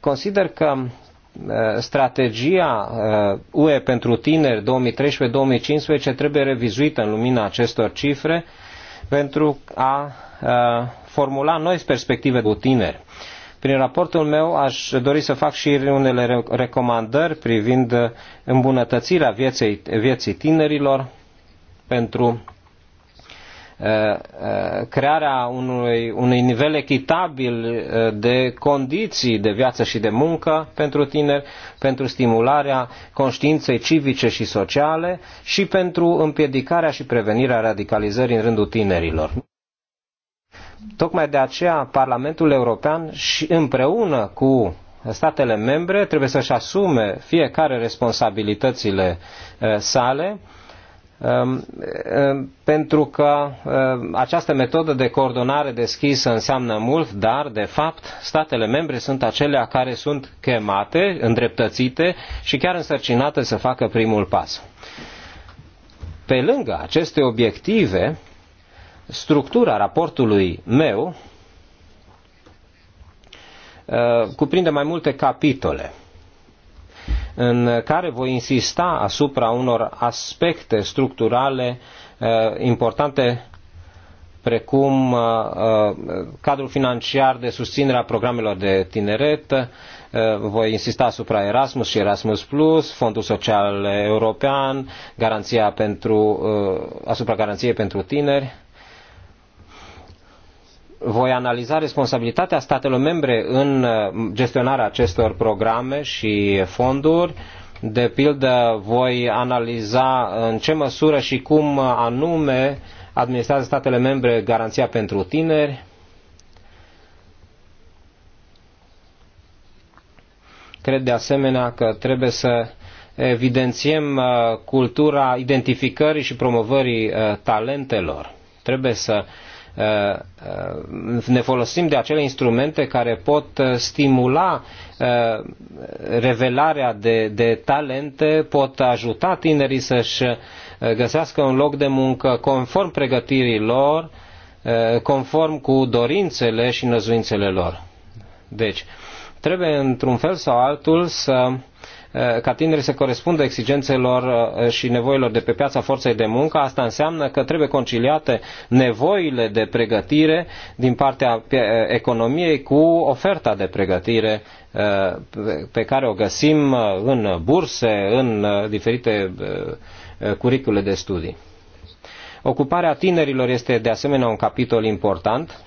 Consider că strategia UE pentru tineri 2013-2015 trebuie revizuită în lumina acestor cifre pentru a formula noi perspective cu tineri. Prin raportul meu aș dori să fac și unele recomandări privind îmbunătățirea vieței, vieții tinerilor pentru uh, uh, crearea unui, unui nivel echitabil uh, de condiții de viață și de muncă pentru tineri, pentru stimularea conștiinței civice și sociale și pentru împiedicarea și prevenirea radicalizării în rândul tinerilor. Tocmai de aceea Parlamentul European și împreună cu statele membre trebuie să-și asume fiecare responsabilitățile uh, sale um, uh, pentru că uh, această metodă de coordonare deschisă înseamnă mult, dar, de fapt, statele membre sunt acelea care sunt chemate, îndreptățite și chiar însărcinate să facă primul pas. Pe lângă aceste obiective, structura raportului meu uh, cuprinde mai multe capitole în care voi insista asupra unor aspecte structurale uh, importante precum uh, cadrul financiar de susținere a programelor de tineret, voi insista asupra Erasmus și Erasmus Plus, Fondul Social European, garanția pentru, asupra garanției pentru tineri voi analiza responsabilitatea statelor membre în uh, gestionarea acestor programe și fonduri. De pildă, voi analiza în ce măsură și cum anume administrează statele membre garanția pentru tineri. Cred de asemenea că trebuie să evidențiem uh, cultura identificării și promovării uh, talentelor. Trebuie să uh, Uh, uh, ne folosim de acele instrumente care pot uh, stimula revelarea de, de talente, pot ajuta tinerii să-și găsească un loc de muncă conform pregătirii lor, conform cu dorințele și năzuințele lor. Deci, trebuie într-un fel sau altul să uh, Eh, ca tinerii să corespundă exigențelor eh, și nevoilor de pe piața forței de muncă, asta înseamnă că trebuie conciliate nevoile de pregătire din partea eh, economiei cu oferta de pregătire pe care o găsim în burse, în diferite curicule de studii. Ocuparea tinerilor este de asemenea un capitol important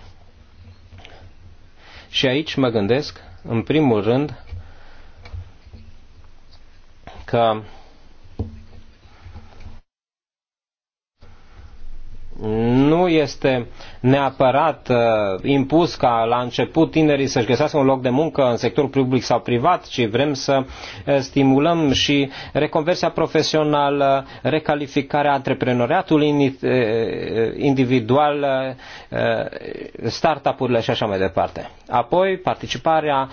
și aici mă gândesc, în primul rând, că nu este uh, neapărat uh, impus ca la început tinerii să-și găsească un loc de muncă în sectorul public sau privat, ci vrem să uh, stimulăm și reconversia profesională, recalificarea antreprenoriatului uh, individual, uh, startup-urile și așa mai departe. Apoi, participarea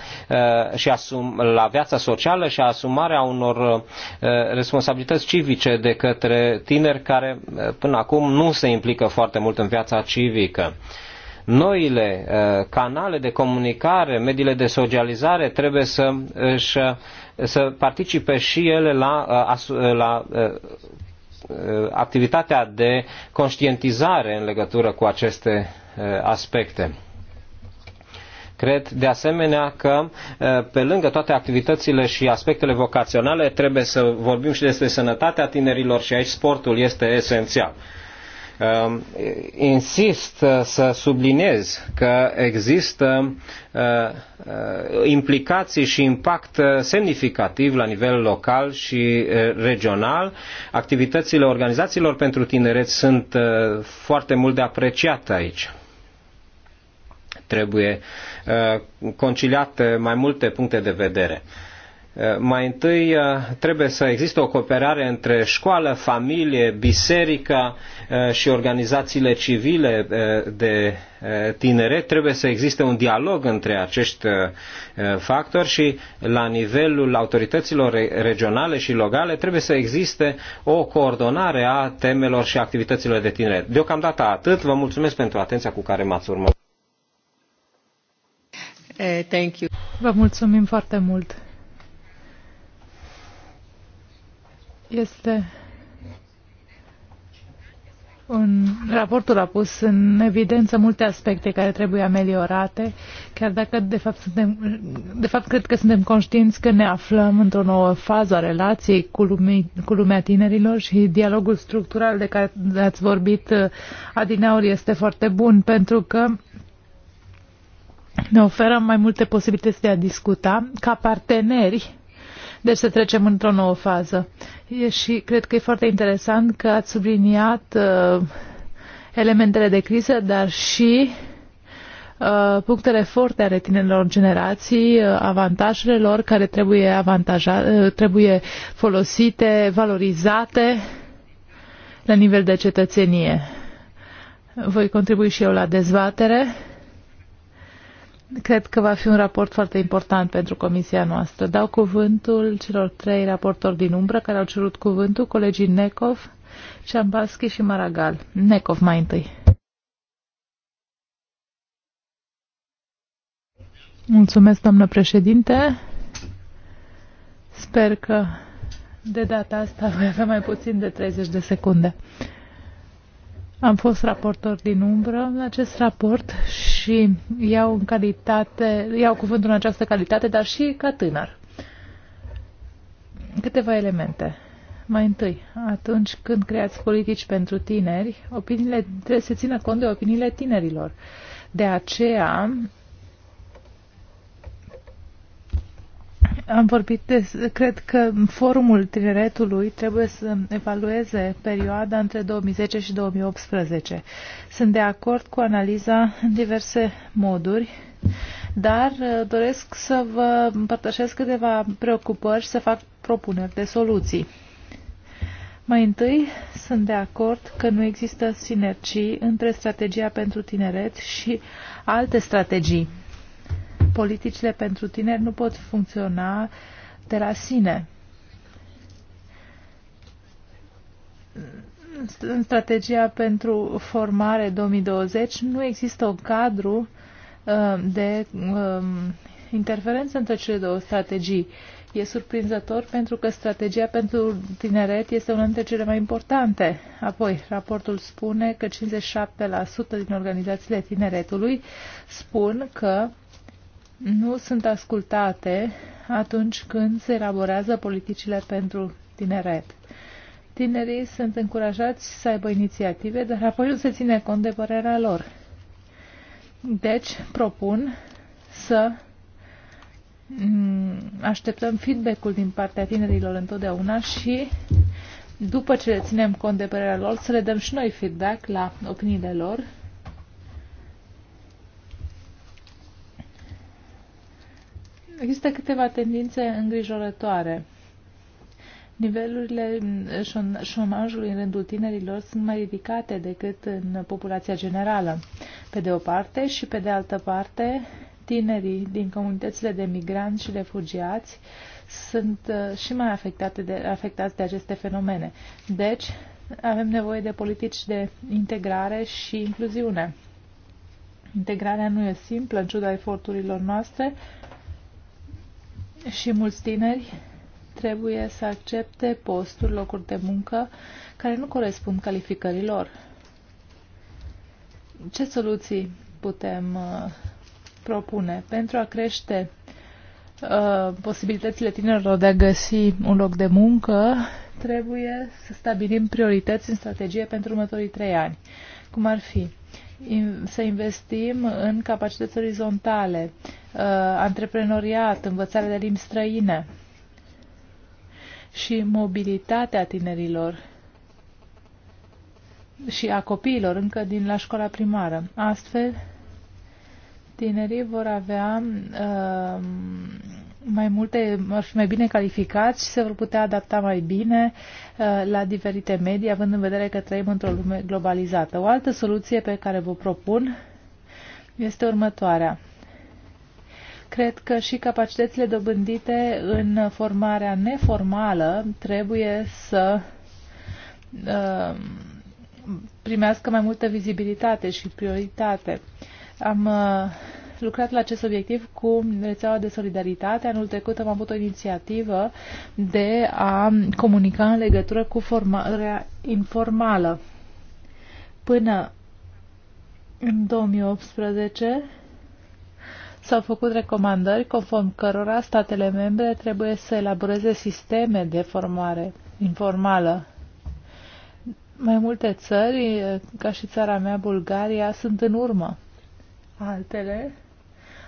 și asum- la viața socială și asumarea unor responsabilități civice de către tineri care până acum nu se implică foarte mult în viața civică publică. Noile uh, canale de comunicare, mediile de socializare trebuie să, să, uh, să participe și ele la, uh, la activitatea de conștientizare în legătură cu aceste aspecte. Cred de asemenea că pe lângă toate activitățile și aspectele vocaționale trebuie să vorbim și despre sănătatea tinerilor și aici sportul este esențial. Um, insist uh, să subliniez că există uh, uh, implicații și impact semnificativ la nivel local și regional. Activitățile organizațiilor pentru tineret sunt foarte mult de apreciate aici trebuie conciliate mai multe puncte de vedere. Eh, mai întâi eh, trebuie să existe o cooperare între școală, familie, biserică eh, și organizațiile civile de tineret. Trebuie să existe un dialog între acești factori și la nivelul autorităților regionale și locale trebuie să existe o coordonare a temelor și activităților de tineret. Deocamdată atât. Vă mulțumesc pentru atenția cu care m-ați urmărit. Thank you. Vă mulțumim foarte mult. Este un, raportul a pus în evidență multe aspecte care trebuie ameliorate, chiar dacă de fapt, suntem, de fapt cred că suntem conștienți că ne aflăm într-o nouă fază a relației cu, lumii, cu lumea tinerilor și dialogul structural de care ați vorbit uh, adineauri este foarte bun pentru că ne oferă mai multe posibilități de a discuta ca parteneri deci să trecem într-o nouă fază. E și cred că e foarte interesant că ați subliniat uh, elementele de criză, dar și uh, punctele forte ale tinerilor generații, uh, avantajele lor care trebuie, avantaja, uh, trebuie folosite, valorizate la nivel de cetățenie. Voi contribui și eu la dezbatere Cred că va fi un raport foarte important pentru comisia noastră. Dau cuvântul celor trei raportori din umbră care au cerut cuvântul, colegii Necov, Ciambaschi și Maragal. Necov mai întâi. Mulțumesc, doamnă președinte. Sper că de data asta voi avea mai puțin de 30 de secunde. Uh, am fost raportor din umbră în acest raport și iau, în calitate, iau cuvântul în această calitate, dar și ca tânăr. Câteva elemente. Mai întâi, atunci când creați politici pentru tineri, opiniile, trebuie să țină cont de opiniile tinerilor. De aceea, Am vorbit de, cred că forumul tineretului trebuie să evalueze perioada între 2010 și 2018. Sunt de acord cu analiza în diverse moduri, dar uh, doresc să vă împărtășesc câteva preocupări și să fac propuneri de soluții. Mai întâi, sunt de acord că nu există sinergii între strategia pentru tineret și alte strategii politicile pentru tineri nu pot funcționa de la sine. În strategia pentru formare 2020 nu există un cadru uh, de um, interferență între cele două strategii. E surprinzător pentru că strategia pentru tineret este una dintre cele mai importante. Apoi, raportul spune că 57% din organizațiile tineretului spun că nu sunt ascultate atunci când se elaborează politicile pentru tineret. Tinerii sunt încurajați să aibă inițiative, dar apoi nu se ține cont de părerea lor. Deci, propun să mm, așteptăm feedback-ul din partea tinerilor întotdeauna și după ce le ținem cont de părerea lor, să le dăm și noi feedback la opiniile lor Există câteva tendințe îngrijorătoare. Nivelurile șomajului în rândul tinerilor sunt mai ridicate decât în populația generală, pe de o parte, și pe de altă parte, tinerii din comunitățile de migranți și refugiați sunt uh, și mai afectate de, afectați de aceste fenomene. Deci, avem nevoie de politici de integrare și incluziune. Integrarea nu e simplă, în ciuda eforturilor noastre, și mulți tineri trebuie să accepte posturi, locuri de muncă care nu corespund calificărilor. Ce soluții putem uh, propune pentru a crește uh, posibilitățile tinerilor de a găsi un loc de muncă, trebuie să stabilim priorități în strategie pentru următorii trei ani. Cum ar fi? Să investim în capacități orizontale, Uh, antreprenoriat, învățarea de limbi străine și mobilitatea tinerilor și a copiilor încă din la școala primară. Astfel, tinerii vor avea uh, mai multe, ar fi mai bine calificați și se vor putea adapta mai bine uh, la diferite medii, având în vedere că trăim într-o lume globalizată. O altă soluție pe care vă propun este următoarea. Cred că și capacitățile dobândite în formarea neformală trebuie să uh, primească mai multă vizibilitate și prioritate. Am uh, lucrat la acest obiectiv cu rețeaua de solidaritate. Anul trecut am avut o inițiativă de a comunica în legătură cu formarea informală. Până în 2018 s-au făcut recomandări conform cărora statele membre trebuie să elaboreze sisteme de formare informală. Mai multe țări, ca și țara mea, Bulgaria, sunt în urmă. Altele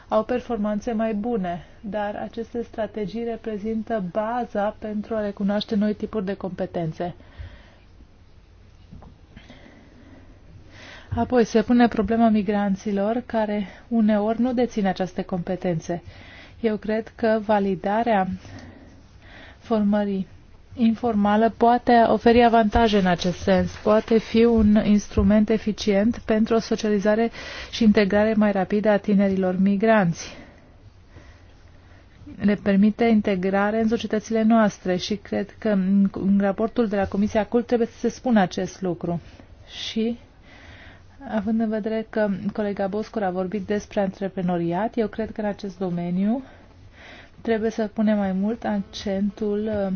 au performanțe mai bune, dar aceste strategii reprezintă baza pentru a recunoaște noi tipuri de competențe. Apoi se pune problema migranților care uneori nu dețin aceste competențe. Eu cred că validarea formării informală poate oferi avantaje în acest sens, poate fi un instrument eficient pentru o socializare și integrare mai rapidă a tinerilor migranți. Le permite integrare în societățile noastre și cred că în raportul de la Comisia Cult trebuie să se spună acest lucru. Și Având în vedere că colega Boscur a vorbit despre antreprenoriat, eu cred că în acest domeniu trebuie să punem mai mult accentul uh,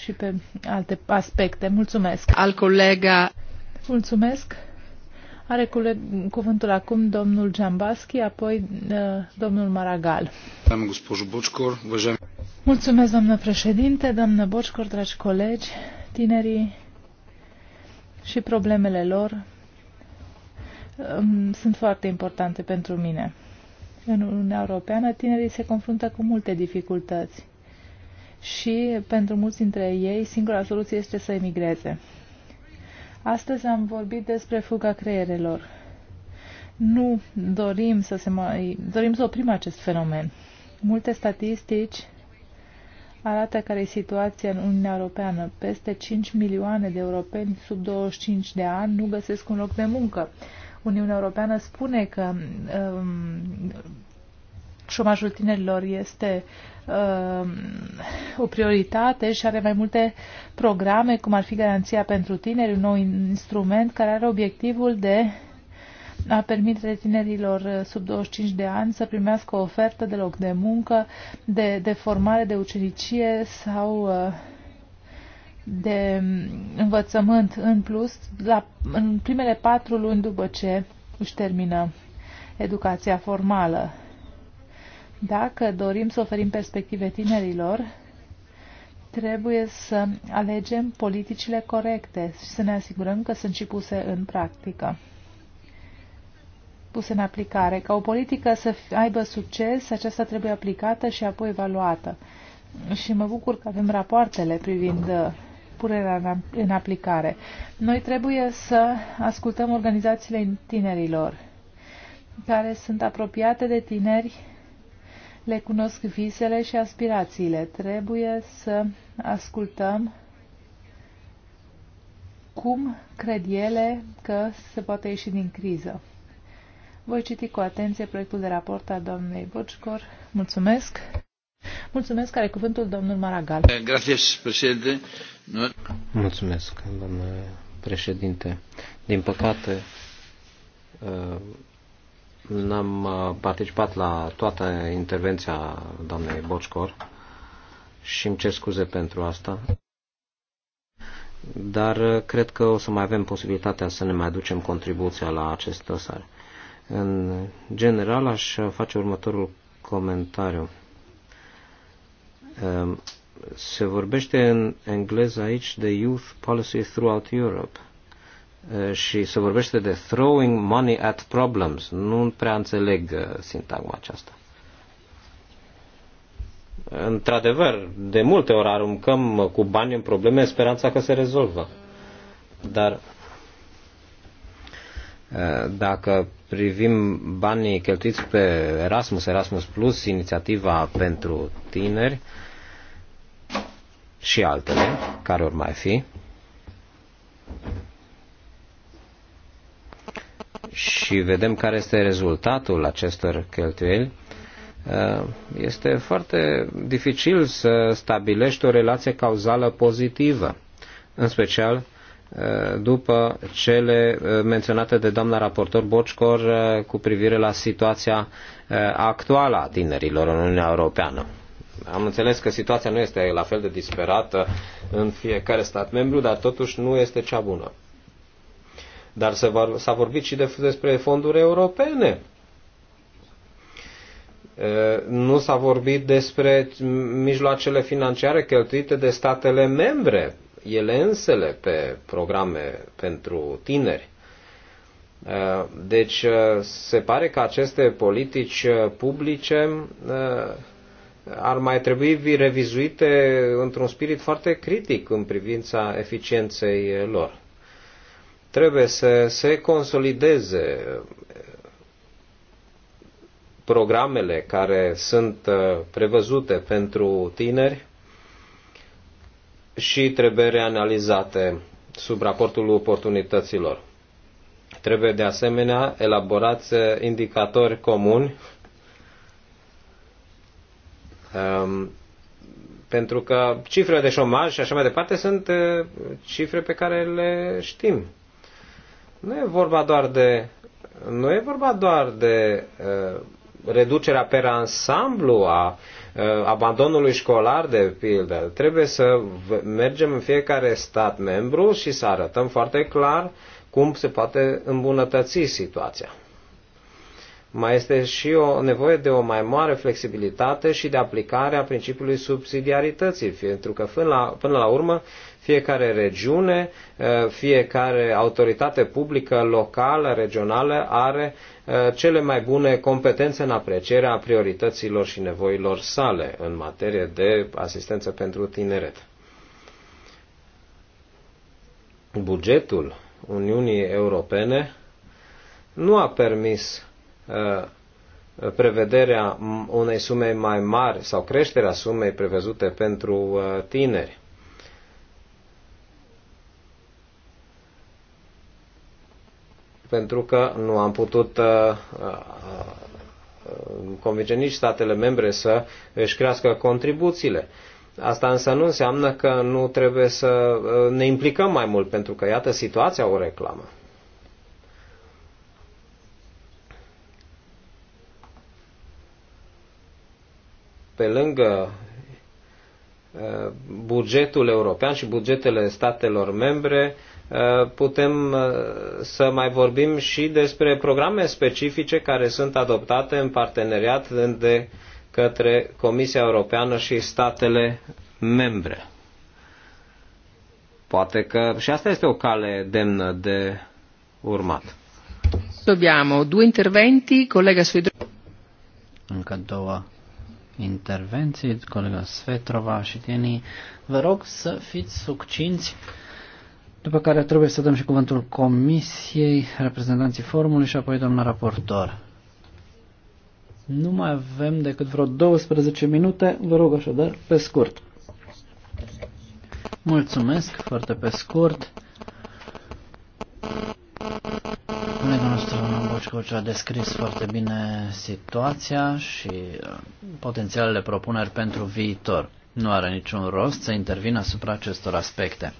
și pe alte aspecte. Mulțumesc! Al colega... Mulțumesc! Are culeg, cuvântul acum domnul Giambaschi, apoi uh, domnul Maragal. Mulțumesc, doamnă președinte, doamnă Boșcor, dragi colegi, tinerii și problemele lor sunt foarte importante pentru mine. În Uniunea Europeană, tinerii se confruntă cu multe dificultăți și, pentru mulți dintre ei, singura soluție este să emigreze. Astăzi am vorbit despre fuga creierelor. Nu dorim să, se mai, dorim să oprim acest fenomen. Multe statistici arată care e situația în Uniunea Europeană. Peste 5 milioane de europeni sub 25 de ani nu găsesc un loc de muncă. Uniunea Europeană spune că um, șomajul tinerilor este um, o prioritate și are mai multe programe, cum ar fi Garanția pentru Tineri, un nou instrument care are obiectivul de a permite tinerilor sub 25 de ani să primească o ofertă de loc de muncă, de, de formare, de ucenicie sau uh, de învățământ în plus la, în primele patru luni după ce își termină educația formală. Dacă dorim să oferim perspective tinerilor, trebuie să alegem politicile corecte și să ne asigurăm că sunt și puse în practică, puse în aplicare. Ca o politică să aibă succes, aceasta trebuie aplicată și apoi evaluată. Și mă bucur că avem rapoartele privind uh, punerea în aplicare. Noi trebuie să ascultăm organizațiile tinerilor care sunt apropiate de tineri, le cunosc visele și aspirațiile. Trebuie să ascultăm cum cred ele că se poate ieși din criză. Voi citi cu atenție proiectul de raport al doamnei Bocicor. Mulțumesc! Mulțumesc, are cuvântul domnul Maragal. Gracias, președinte. Mulțumesc, domnule președinte. Din păcate, uh, n-am uh, participat la toată intervenția doamnei Bocșcor și îmi cer scuze pentru asta. Dar uh, cred că o să mai avem posibilitatea să ne mai aducem contribuția la acest dosar. În general, aș face următorul comentariu. Um, se vorbește în engleză aici de Youth Policy Throughout Europe uh, și se vorbește de throwing money at problems. Nu prea înțeleg uh, sintagma aceasta. Într-adevăr, de multe ori aruncăm uh, cu bani în probleme speranța că se rezolvă. Dar dacă privim banii cheltuiți pe Erasmus, Erasmus Plus, inițiativa pentru tineri, uh, și altele, care ori mai fi. Și vedem care este rezultatul acestor cheltuieli. Uh, este foarte dificil să stabilești o relație cauzală pozitivă, în special uh, după cele uh, menționate de doamna raportor Bocșcor cu privire la situația actuală a tinerilor în Uniunea Europeană. Am înțeles că situația nu este la fel de disperată în fiecare stat membru, dar totuși nu este cea bună. Dar s-a vorbit și de, despre fonduri europene. Nu s-a vorbit despre mijloacele financiare cheltuite de statele membre, ele însele, pe programe pentru tineri. Deci se pare că aceste politici publice ar mai trebui revizuite într-un spirit foarte critic în privința eficienței lor. Trebuie să se consolideze programele care sunt uh, prevăzute pentru tineri și trebuie reanalizate sub raportul oportunităților. Trebuie de asemenea elaborați uh, indicatori comuni Um, pentru că cifrele de șomaj și așa mai departe sunt uh, cifre pe care le știm. Nu e vorba doar de nu e vorba doar de uh, reducerea per ansamblu a uh, abandonului școlar, de pildă. Trebuie să mergem în fiecare stat membru și să arătăm foarte clar cum se poate îmbunătăți situația. Mai este și o nevoie de o mai mare flexibilitate și de aplicare a principiului subsidiarității, pentru că până la, până la urmă fiecare regiune, eh, fiecare autoritate publică locală, regională are eh, cele mai bune competențe în aprecierea priorităților și nevoilor sale în materie de asistență pentru tineret. Bugetul Uniunii Europene nu a permis Uh, prevederea unei sume mai mari sau creșterea sumei prevăzute pentru uh, tineri. Pentru că nu am putut uh, convinge nici statele membre să își crească contribuțiile. Asta însă nu înseamnă că nu trebuie să ne implicăm mai mult, pentru că, iată, situația o reclamă. pe lângă uh, bugetul european și bugetele statelor membre, uh, putem uh, să mai vorbim și despre programe specifice care sunt adoptate în parteneriat de către Comisia Europeană și statele membre. Poate că și asta este o cale demnă de urmat. Abbiamo due interventi, collega Suidro. Încă două intervenții, colega Svetrova și Tieni. Vă rog să fiți succinți, după care trebuie să dăm și cuvântul comisiei, reprezentanții formului și apoi doamna raportor. Nu mai avem decât vreo 12 minute, vă rog așadar, pe scurt. Mulțumesc, foarte pe scurt. Coșcoci a descris foarte bine situația și uh, potențialele propuneri pentru viitor. Nu are niciun rost să intervină asupra acestor aspecte.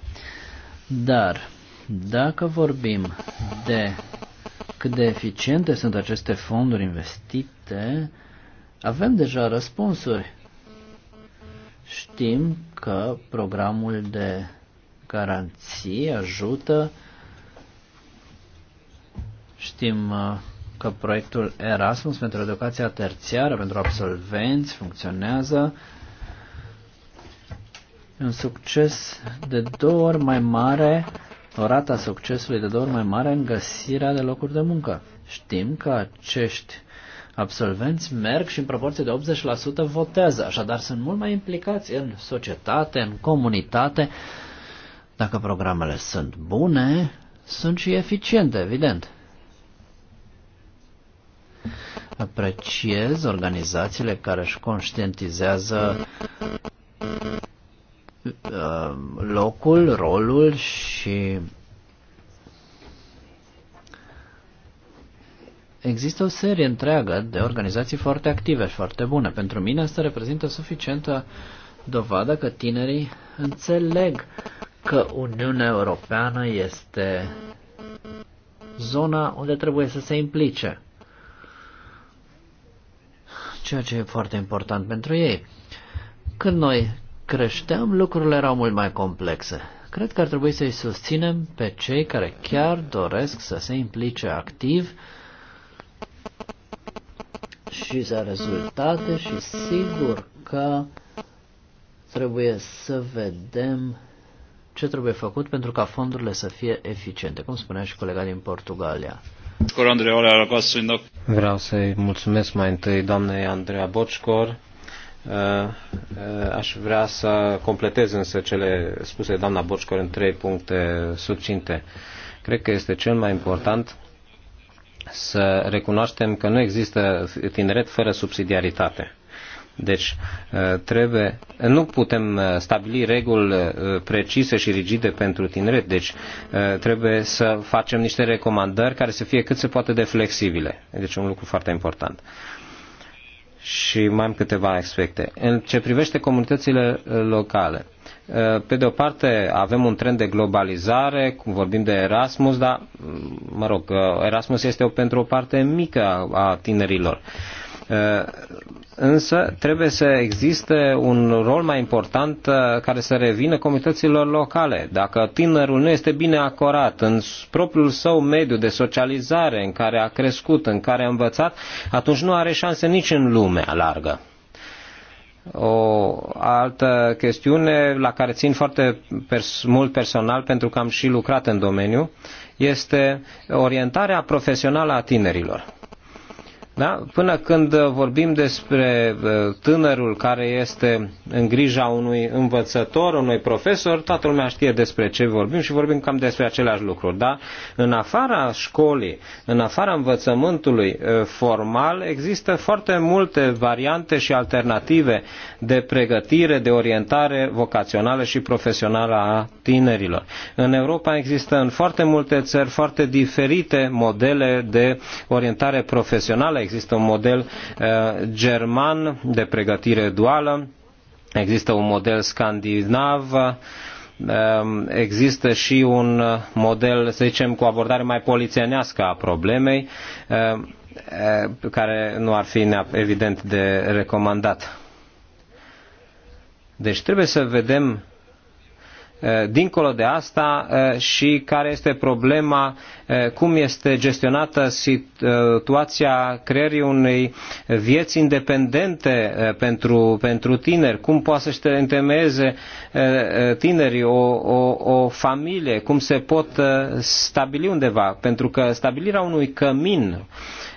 Dar, dacă vorbim de cât de eficiente sunt aceste fonduri investite, avem deja răspunsuri. Știm că programul de garanții ajută Știm uh, că proiectul Erasmus pentru educația terțiară, pentru absolvenți, funcționează. E un succes de două ori mai mare, o rata succesului de două ori mai mare în găsirea de locuri de muncă. Știm că acești absolvenți merg și în proporție de 80% votează, așadar sunt mult mai implicați în societate, în comunitate. Dacă programele sunt bune, sunt și eficiente, evident. Apreciez organizațiile care își conștientizează uh, locul, rolul și există o serie întreagă de organizații foarte active și foarte bune. Pentru mine asta reprezintă suficientă dovadă că tinerii înțeleg că Uniunea Europeană este zona unde trebuie să se implice ceea ce e foarte important pentru ei. Când noi creșteam, lucrurile erau mult mai complexe. Cred că ar trebui să-i susținem pe cei care chiar doresc să se implice activ și să rezultate și sigur că trebuie să vedem ce trebuie făcut pentru ca fondurile să fie eficiente, cum spunea și colega din Portugalia. Vreau să-i mulțumesc mai întâi doamnei Andreea Bocșcor. Aș vrea să completez însă cele spuse doamna Bocșcor în trei puncte subținte. Cred că este cel mai important să recunoaștem că nu există tineret fără subsidiaritate. Deci uh, trebuie, uh, nu putem uh, stabili reguli precise și rigide pentru tineret, deci trebuie să facem niște recomandări care să fie cât se poate de flexibile. Deci un lucru foarte important. Și mai am câteva aspecte. În ce privește comunitățile locale, pe de o parte avem un trend de globalizare, cum vorbim de Erasmus, dar, mă rog, Erasmus este o, pentru o parte mică a tinerilor. Uh, Eh, însă trebuie să existe un rol mai important eh, care să revină comunităților locale. Dacă tinerul nu este bine acorat în propriul său mediu de socializare în care a crescut, în care a învățat, atunci nu are șanse nici în lumea largă. O altă chestiune la care țin foarte pers- mult personal pentru că am și lucrat în domeniu este orientarea profesională a tinerilor da? Până când uh, vorbim despre uh, tânărul care este în grija unui învățător, unui profesor, toată lumea știe despre ce vorbim și vorbim cam despre aceleași lucruri. Da? În afara școlii, în afara învățământului uh, formal, există foarte multe variante și alternative de pregătire, de orientare vocațională și profesională a tinerilor. În Europa există în foarte multe țări foarte diferite modele de orientare profesională există un model uh, german de pregătire duală, există un model scandinav, uh, există și un model, să zicem, cu abordare mai polițienească a problemei, uh, care nu ar fi evident de recomandat. Deci trebuie să vedem Eh, dincolo de asta eh, și care este problema, eh, cum este gestionată situația creierii unei vieți independente pentru, pentru tineri, cum poate să-și întemeieze tinerii o, o, o familie, cum se pot stabili undeva, pentru că stabilirea unui cămin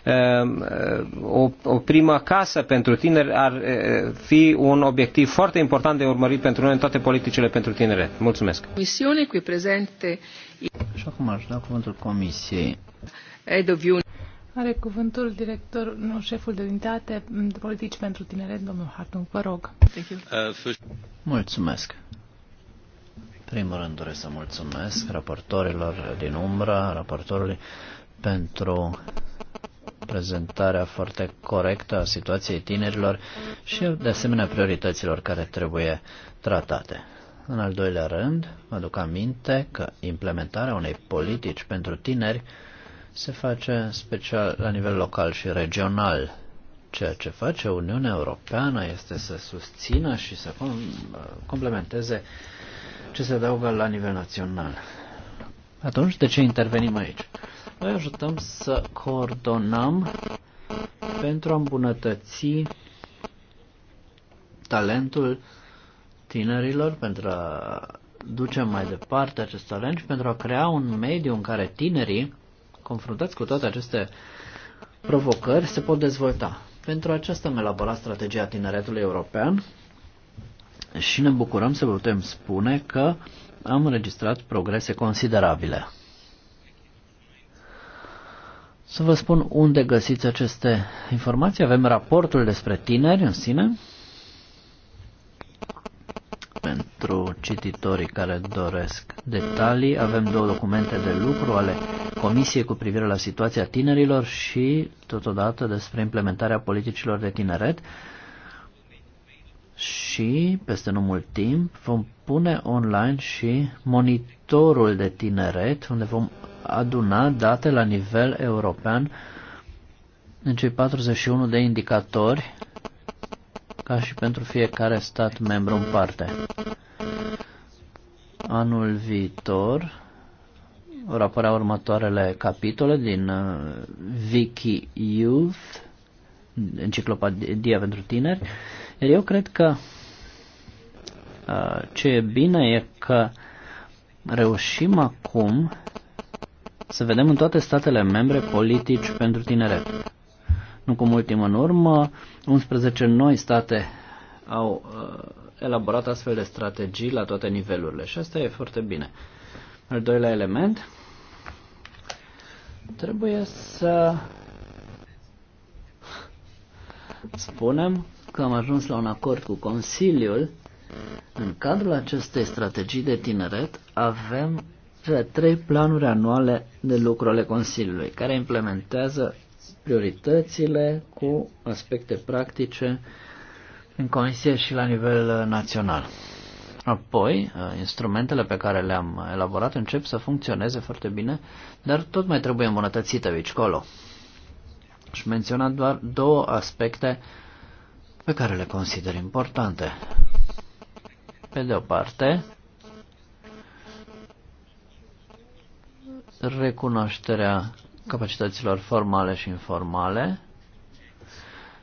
Ehm, ehm, o, o primă casă pentru tineri ar fi un obiectiv foarte important de urmărit pentru noi în toate politicile pentru tinere. Mulțumesc. Misiune cu prezente. Și acum aș da cuvântul Comisiei. Are cuvântul directorul, nu, șeful de unitate de politici pentru tineret, domnul Hartung, vă rog. Uh, mulțumesc. Primul rând doresc să mulțumesc raportorilor din umbra, raportorului, pentru prezentarea foarte corectă a situației tinerilor și, de asemenea, priorităților care trebuie tratate. În al doilea rând, mă duc aminte că implementarea unei politici pentru tineri se face special la nivel local și regional. Ceea ce face Uniunea Europeană este să susțină și să complementeze ce se adaugă la nivel național. Atunci, de ce intervenim aici? Noi ajutăm să coordonăm pentru a îmbunătăți talentul tinerilor, pentru a duce mai departe acest talent și pentru a crea un mediu în care tinerii, confruntați cu toate aceste provocări, se pot dezvolta. Pentru aceasta am elaborat strategia tineretului european și ne bucurăm să putem spune că am înregistrat progrese considerabile. Să vă spun unde găsiți aceste informații. Avem raportul despre tineri în sine pentru cititorii care doresc detalii. Avem două documente de lucru ale Comisiei cu privire la situația tinerilor și totodată despre implementarea politicilor de tineret și, peste nu mult timp, vom pune online și monitorul de tineret, unde vom aduna date la nivel european în cei 41 de indicatori, ca și pentru fiecare stat membru în parte. Anul viitor vor apărea următoarele capitole din Wiki uh, Youth, enciclopedia pentru tineri, eu cred că uh, ce e bine e că reușim acum să vedem în toate statele membre politici pentru tineret. Nu cum ultim în urmă, 11 noi state au uh, elaborat astfel de strategii la toate nivelurile și asta e foarte bine. Al doilea element, trebuie să spunem că am ajuns la un acord cu Consiliul, în cadrul acestei strategii de tineret avem cele trei planuri anuale de lucru ale Consiliului, care implementează prioritățile cu aspecte practice în Comisie și la nivel uh, național. Apoi, uh, instrumentele pe care le-am elaborat încep să funcționeze foarte bine, dar tot mai trebuie îmbunătățite aici colo. Și menționat doar două aspecte uh, pe care le consider importante. Pe de o parte, recunoașterea capacităților formale și informale,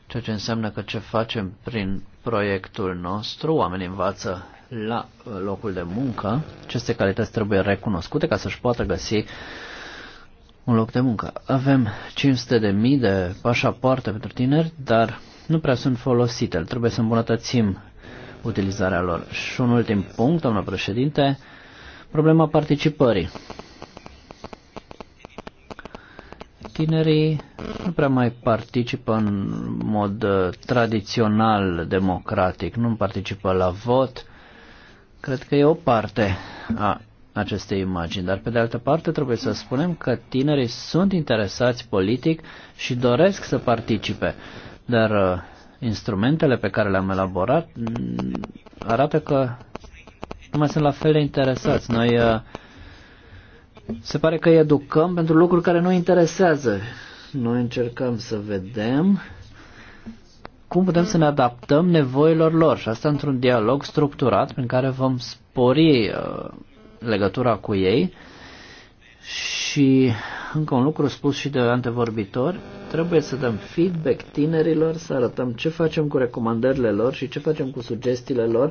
ceea ce înseamnă că ce facem prin proiectul nostru, oamenii învață la locul de muncă, aceste calități trebuie recunoscute ca să-și poată găsi un loc de muncă. Avem 500 de mii de pașapoarte pentru tineri, dar nu prea sunt folosite. Trebuie să îmbunătățim utilizarea lor. Și un ultim punct, domnul președinte, problema participării. Tinerii nu prea mai participă în mod uh, tradițional democratic, nu participă la vot. Cred că e o parte a acestei imagini, dar pe de altă parte trebuie să spunem că tinerii sunt interesați politic și doresc să participe. Dar uh, instrumentele pe care le-am elaborat mm, arată că nu mai sunt la fel de interesați. Noi uh, se pare că îi educăm pentru lucruri care nu interesează. Noi încercăm să vedem cum putem să ne adaptăm nevoilor lor și asta într-un dialog structurat prin care vom spori uh, legătura cu ei și încă un lucru spus și de antevorbitori, trebuie să dăm feedback tinerilor, să arătăm ce facem cu recomandările lor și ce facem cu sugestiile lor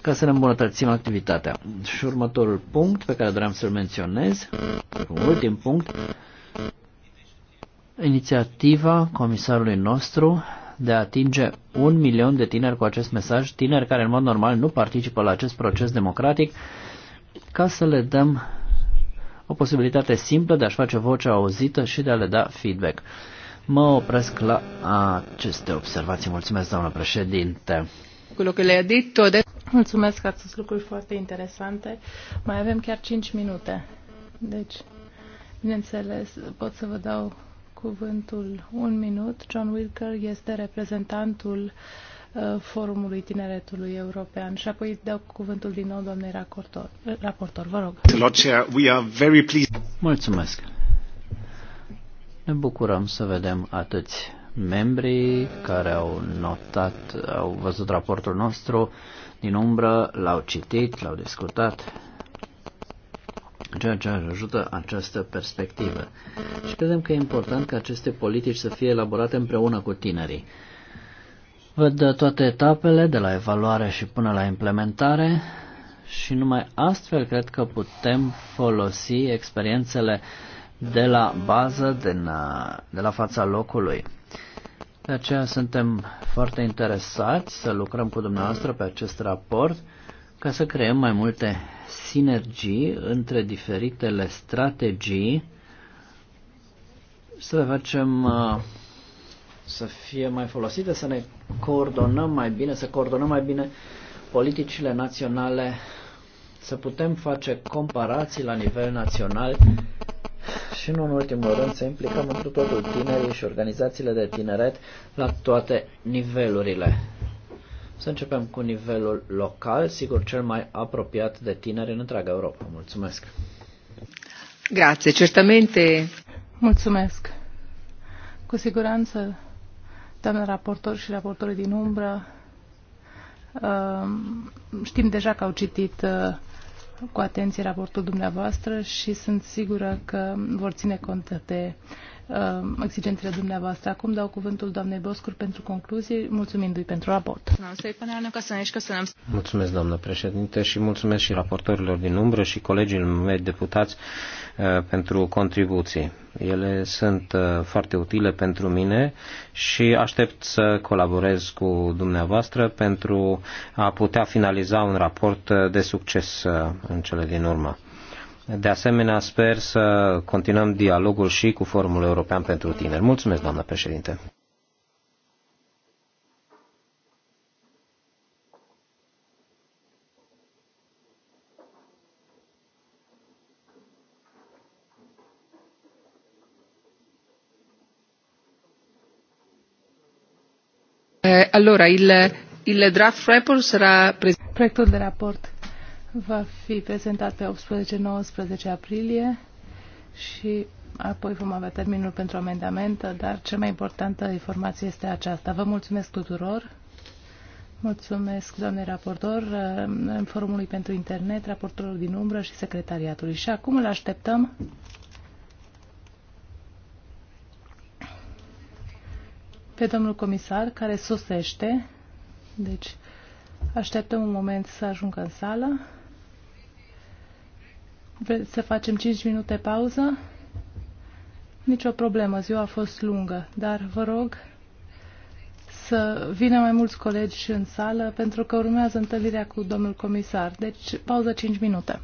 ca să ne îmbunătățim activitatea. Și următorul punct pe care vreau să-l menționez, un ultim punct, inițiativa comisarului nostru de a atinge un milion de tineri cu acest mesaj, tineri care în mod normal nu participă la acest proces democratic, ca să le dăm o posibilitate simplă de a-și face vocea auzită și de a le da feedback. Mă opresc la aceste observații. Mulțumesc, doamnă președinte. Mulțumesc că ați spus lucruri foarte interesante. Mai avem chiar 5 minute. Deci, bineînțeles, pot să vă dau cuvântul un minut. John Wilker este reprezentantul uh, Uh, Forumului Tineretului European. Și apoi dau cuvântul din nou doamnei raportor. raportor vă rog. Mulțumesc. Ne bucurăm să vedem atâți membrii care au notat, au văzut raportul nostru din umbră, l-au citit, l-au discutat, ceea ce ajută această perspectivă. Și credem că e important ca aceste politici să fie elaborate împreună cu tinerii. Văd toate etapele, de la evaluare și până la implementare și numai astfel cred că putem folosi experiențele de la bază, de la, de la fața locului. De aceea suntem foarte interesați să lucrăm cu dumneavoastră pe acest raport ca să creăm mai multe sinergii între diferitele strategii, să le facem uh, să fie mai folosite, să ne coordonăm mai bine, să coordonăm mai bine politicile naționale, să putem face comparații la nivel național și, nu în ultimul rând, să implicăm într totul tinerii și organizațiile de tineret la toate nivelurile. Să începem cu nivelul local, sigur cel mai apropiat de tineri în întreaga Europa. Mulțumesc! Grazie, certamente. Mulțumesc. Cu siguranță doamna raportor și raportorii din umbră um, știm deja că au citit uh, cu atenție raportul dumneavoastră și sunt sigură că vor ține cont de um, exigențele dumneavoastră. Acum dau cuvântul doamnei Boscur pentru concluzii, mulțumindu-i pentru raport. Mulțumesc, doamnă președinte, și mulțumesc și raportorilor din umbră și colegilor mei deputați uh, pentru contribuții. Ele sunt uh, foarte utile pentru mine și aștept să colaborez cu dumneavoastră pentru a putea finaliza un raport uh, de succes uh, în cele din urmă. De asemenea, sper să continuăm dialogul și cu Forumul European pentru Tineri. Mulțumesc, doamnă președinte! Eh, allora, il, il draft report sarà Proiectul de raport va fi prezentat pe 18-19 aprilie și apoi vom avea terminul pentru amendament, dar cea mai importantă informație este aceasta. Vă mulțumesc tuturor. Mulțumesc, doamne raportor, eh, forumului pentru internet, raportorul din umbră și secretariatului. Și acum îl așteptăm pe domnul comisar care sosește. Deci așteptăm un moment să ajungă în sală. Vreți să facem 5 minute pauză? Nicio problemă, ziua a fost lungă, dar vă rog să vină mai mulți colegi în sală pentru că urmează întâlnirea cu domnul comisar. Deci pauză 5 minute.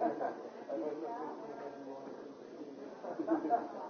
Thank you.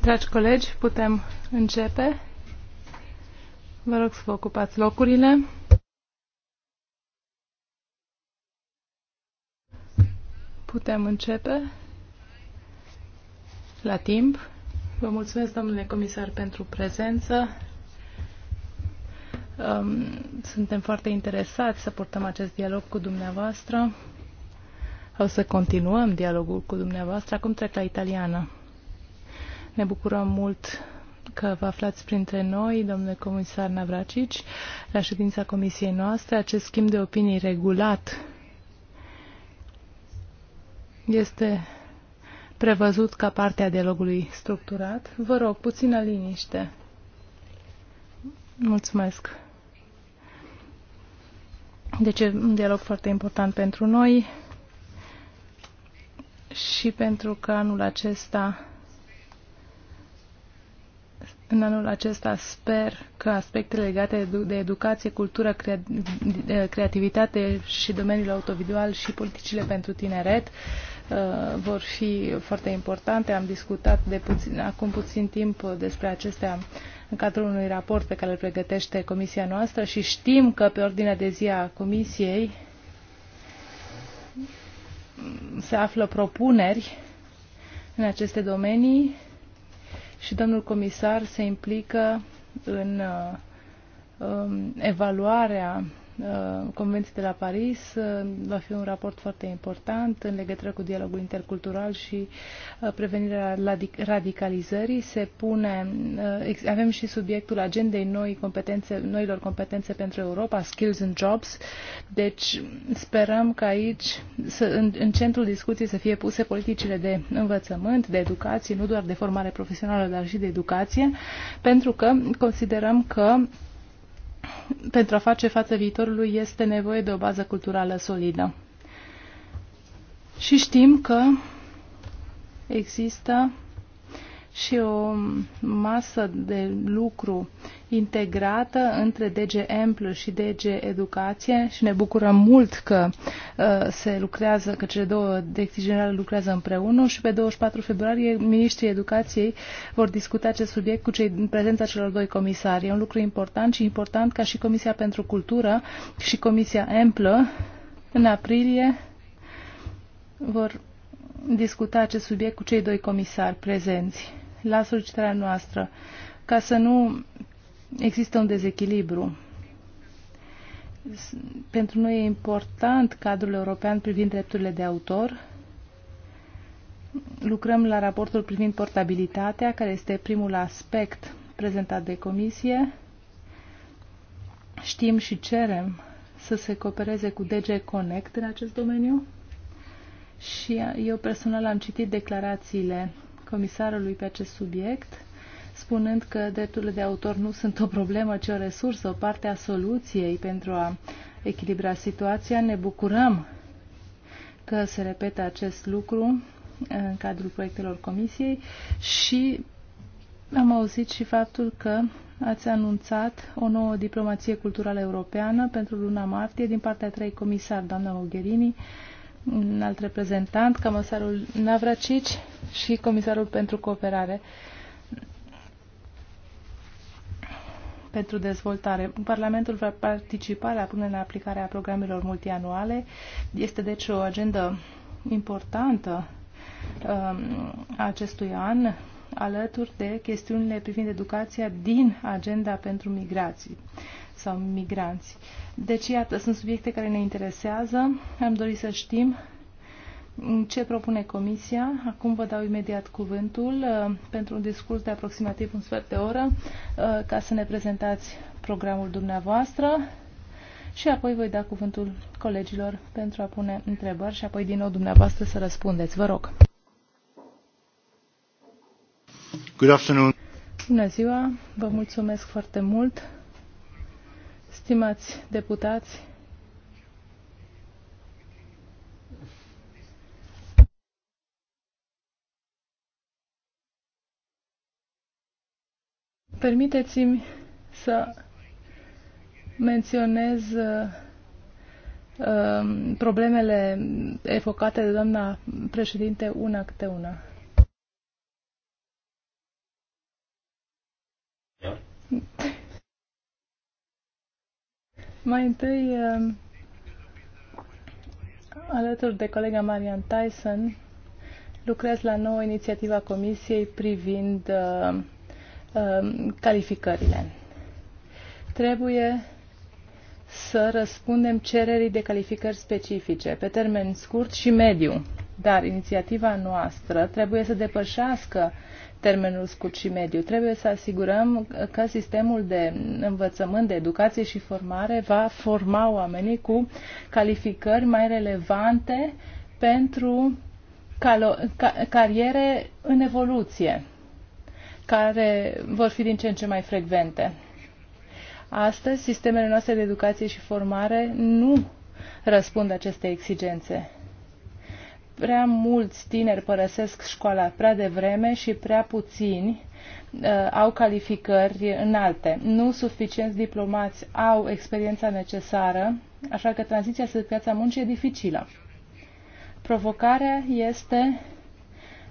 Dragi colegi, putem începe. Vă rog să vă ocupați locurile. Putem începe la timp. Vă mulțumesc, domnule comisar, pentru prezență. Um, suntem foarte interesați să purtăm acest dialog cu dumneavoastră. O să continuăm dialogul cu dumneavoastră. Acum trec la italiană. Ne bucurăm mult că vă aflați printre noi, domnule comisar Navracici, la ședința comisiei noastre. Acest schimb de opinii regulat este prevăzut ca parte a dialogului structurat. Vă rog, puțină liniște. Mulțumesc. Deci e un dialog foarte important pentru noi și pentru că anul acesta în anul acesta sper că aspectele legate de educație, cultură, creativitate și domeniul autovidual și politicile pentru tineret uh, vor fi foarte importante. Am discutat de puțin, acum puțin timp despre acestea în cadrul unui raport pe care îl pregătește comisia noastră și știm că pe ordinea de zi a comisiei se află propuneri în aceste domenii și domnul comisar se implică în uh, um, evaluarea Uh, Convenții de la Paris uh, va fi un raport foarte important în legătură cu dialogul intercultural și uh, prevenirea radicalizării. Se pune, avem și subiectul agendei noi competențe, noilor competențe pentru Europa, Skills and Jobs. Deci sperăm că aici, să, în, în centrul discuției, să fie puse politicile de învățământ, de educație, nu doar de formare profesională, dar și de educație, pentru că considerăm că pentru a face față viitorului este nevoie de o bază culturală solidă. Și știm că există și o masă de lucru integrată între DG Ample și DG Educație și ne bucurăm mult că uh, se lucrează, că cele două direcții generale lucrează împreună și pe 24 februarie ministrii educației vor discuta acest subiect cu cei în prezența celor doi comisari. E un lucru important și important ca și Comisia pentru Cultură și Comisia Amplă în aprilie vor discuta acest subiect cu cei doi comisari prezenți la solicitarea noastră, ca să nu există un dezechilibru. Pentru noi e important cadrul european privind drepturile de autor. Lucrăm la raportul privind portabilitatea, care este primul aspect prezentat de comisie. Știm și cerem să se coopereze cu DG Connect în acest domeniu și eu personal am citit declarațiile comisarului pe acest subiect, spunând că drepturile de autor nu sunt o problemă, ci o resursă, o parte a soluției pentru a echilibra situația. Ne bucurăm că se repete acest lucru în cadrul proiectelor comisiei și am auzit și faptul că ați anunțat o nouă diplomație culturală europeană pentru luna martie din partea trei comisari, doamna Mogherini, un alt reprezentant, comisarul Navracici și comisarul pentru cooperare pentru dezvoltare. Parlamentul va participa la punerea în aplicare a programelor multianuale. Este deci o agendă importantă um, a acestui an, alături de chestiunile privind educația din agenda pentru migrații sau migranți. Deci, iată, sunt subiecte care ne interesează. Am dorit să știm ce propune Comisia. Acum vă dau imediat cuvântul uh, pentru un discurs de aproximativ un sfert de oră uh, ca să ne prezentați programul dumneavoastră și apoi voi da cuvântul colegilor pentru a pune întrebări și apoi din nou dumneavoastră să răspundeți. Vă rog. Good afternoon. Bună ziua, vă mulțumesc foarte mult Stimați deputați, permiteți-mi să menționez uh, um, problemele evocate de doamna președinte una câte una. Yeah. Da? Mai întâi, ehm, alături de colega Marian Tyson, lucrez la nouă a Comisiei privind ehm, ehm, calificările. Trebuie să răspundem cererii de calificări specifice, pe termen scurt și mediu. Dar inițiativa noastră trebuie să depășească termenul scurt și mediu. Trebuie să asigurăm că sistemul de învățământ, de educație și formare va forma oamenii cu calificări mai relevante pentru cariere în evoluție, care vor fi din ce în ce mai frecvente. Astăzi, sistemele noastre de educație și formare nu răspund aceste exigențe prea mulți tineri părăsesc școala prea devreme și prea puțini uh, au calificări înalte. Nu suficienți diplomați au experiența necesară, așa că tranziția spre piața muncii e dificilă. Provocarea este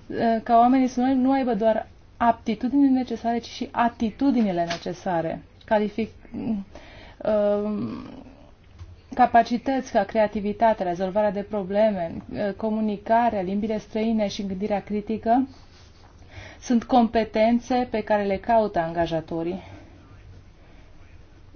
uh, ca oamenii să nu, nu aibă doar aptitudinile necesare, ci și atitudinile necesare. Calific, uh, capacități ca creativitatea, rezolvarea de probleme, eh, comunicarea, limbile străine și gândirea critică sunt competențe pe care le caută angajatorii.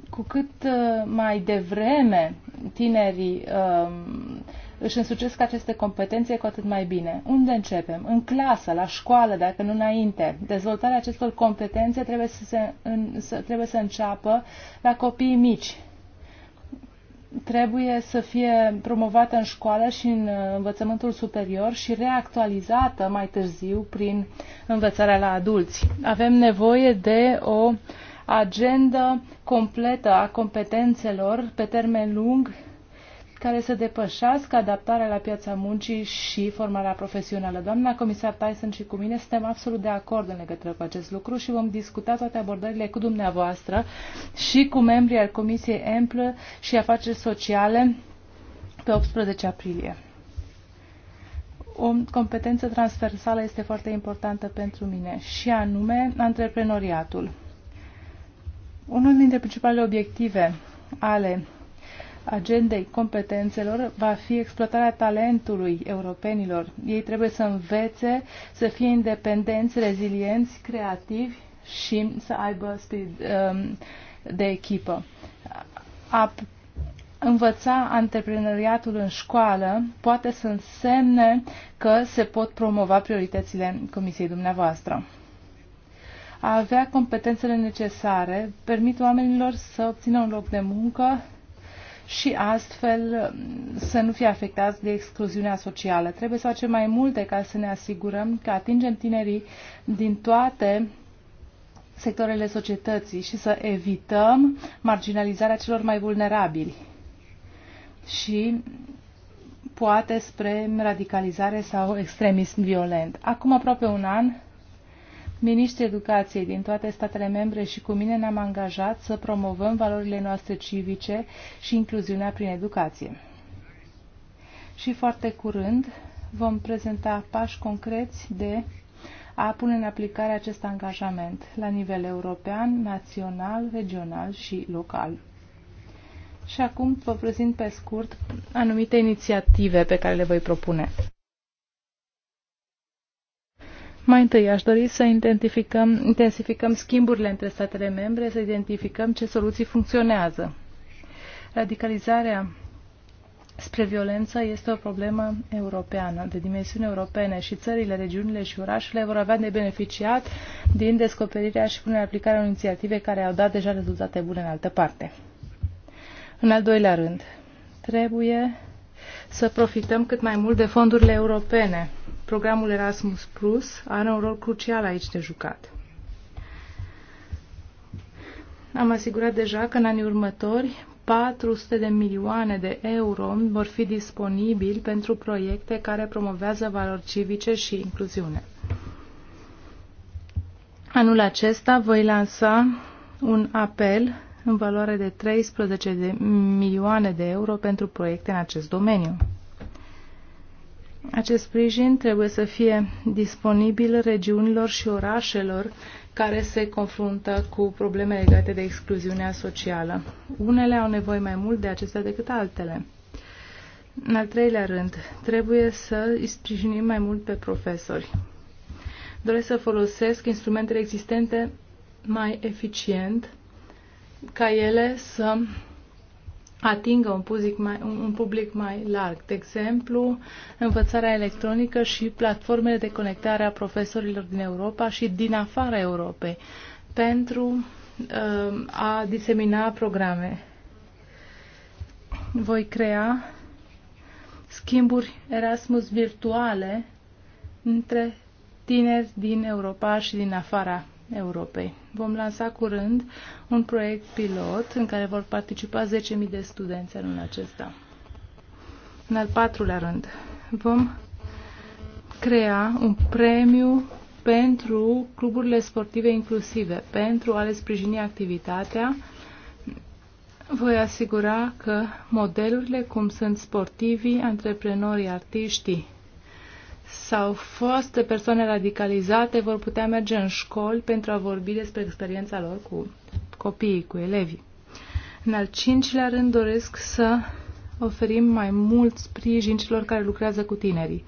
Cu cât eh, mai devreme tinerii ehm, își însucesc aceste competențe, cu atât mai bine. Unde începem? În clasă, la școală, dacă nu înainte. Dezvoltarea acestor competențe trebuie să, se, în, să, trebuie să înceapă la copiii mici trebuie să fie promovată în școală și în uh, învățământul superior și reactualizată mai târziu prin învățarea la adulți. Avem nevoie de o agendă completă a competențelor pe termen lung care să depășească adaptarea la piața muncii și formarea profesională. Doamna comisar Tyson și cu mine suntem absolut de acord în legătură cu acest lucru și vom discuta toate abordările cu dumneavoastră și cu membrii al Comisiei Emplă și Afaceri Sociale pe 18 aprilie. O competență transversală este foarte importantă pentru mine și anume antreprenoriatul. Unul dintre principalele obiective ale agendei competențelor va fi exploatarea talentului europenilor. Ei trebuie să învețe să fie independenți, rezilienți, creativi și să aibă spirit um, de echipă. A învăța antreprenoriatul în școală poate să însemne că se pot promova prioritățile comisiei dumneavoastră. A avea competențele necesare permit oamenilor să obțină un loc de muncă și astfel mm, să nu fie afectați de excluziunea socială. Trebuie să facem mai multe ca să ne asigurăm că atingem tinerii din toate sectoarele societății și să evităm marginalizarea celor mai vulnerabili și poate spre radicalizare sau extremism violent. Acum aproape un an miniștrii educației din toate statele membre și cu mine ne-am angajat să promovăm valorile noastre civice și incluziunea prin educație. Și foarte curând vom prezenta pași concreți de a pune în aplicare acest angajament la nivel european, național, regional și local. Și acum vă prezint pe scurt anumite inițiative pe care le voi propune. Mai întâi, aș dori să identificăm, intensificăm schimburile între statele membre, să identificăm ce soluții funcționează. Radicalizarea spre violență este o problemă europeană, de dimensiune europene și țările, regiunile și orașele vor avea de beneficiat din descoperirea și punerea aplicarea unor inițiative care au dat deja rezultate bune în altă parte. În al doilea rând, trebuie să profităm cât mai mult de fondurile europene programul Erasmus Plus are un rol crucial aici de jucat. Am asigurat deja că în anii următori 400 de milioane de euro vor fi disponibili pentru proiecte care promovează valori civice și incluziune. Anul acesta voi lansa un apel în valoare de 13 de milioane de euro pentru proiecte în acest domeniu. Acest sprijin trebuie să fie disponibil regiunilor și orașelor care se confruntă cu probleme legate de excluziunea socială. Unele au nevoie mai mult de acestea decât altele. În al treilea rând, trebuie să îi sprijinim mai mult pe profesori. Doresc să folosesc instrumentele existente mai eficient ca ele să atingă un public, mai, un public mai larg. De exemplu, învățarea electronică și platformele de conectare a profesorilor din Europa și din afara Europei pentru uh, a disemina programe. Voi crea schimburi Erasmus virtuale între tineri din Europa și din afara Europei. Vom lansa curând un proiect pilot în care vor participa 10.000 de studenți în acesta. În al patrulea rând, vom crea un premiu pentru cluburile sportive inclusive, pentru a le sprijini activitatea. Voi asigura că modelurile cum sunt sportivii, antreprenorii, artiștii, sau foste persoane radicalizate vor putea merge în școli pentru a vorbi despre experiența lor cu copiii, cu elevii. În al cincilea rând doresc să oferim mai mult sprijin celor care lucrează cu tinerii.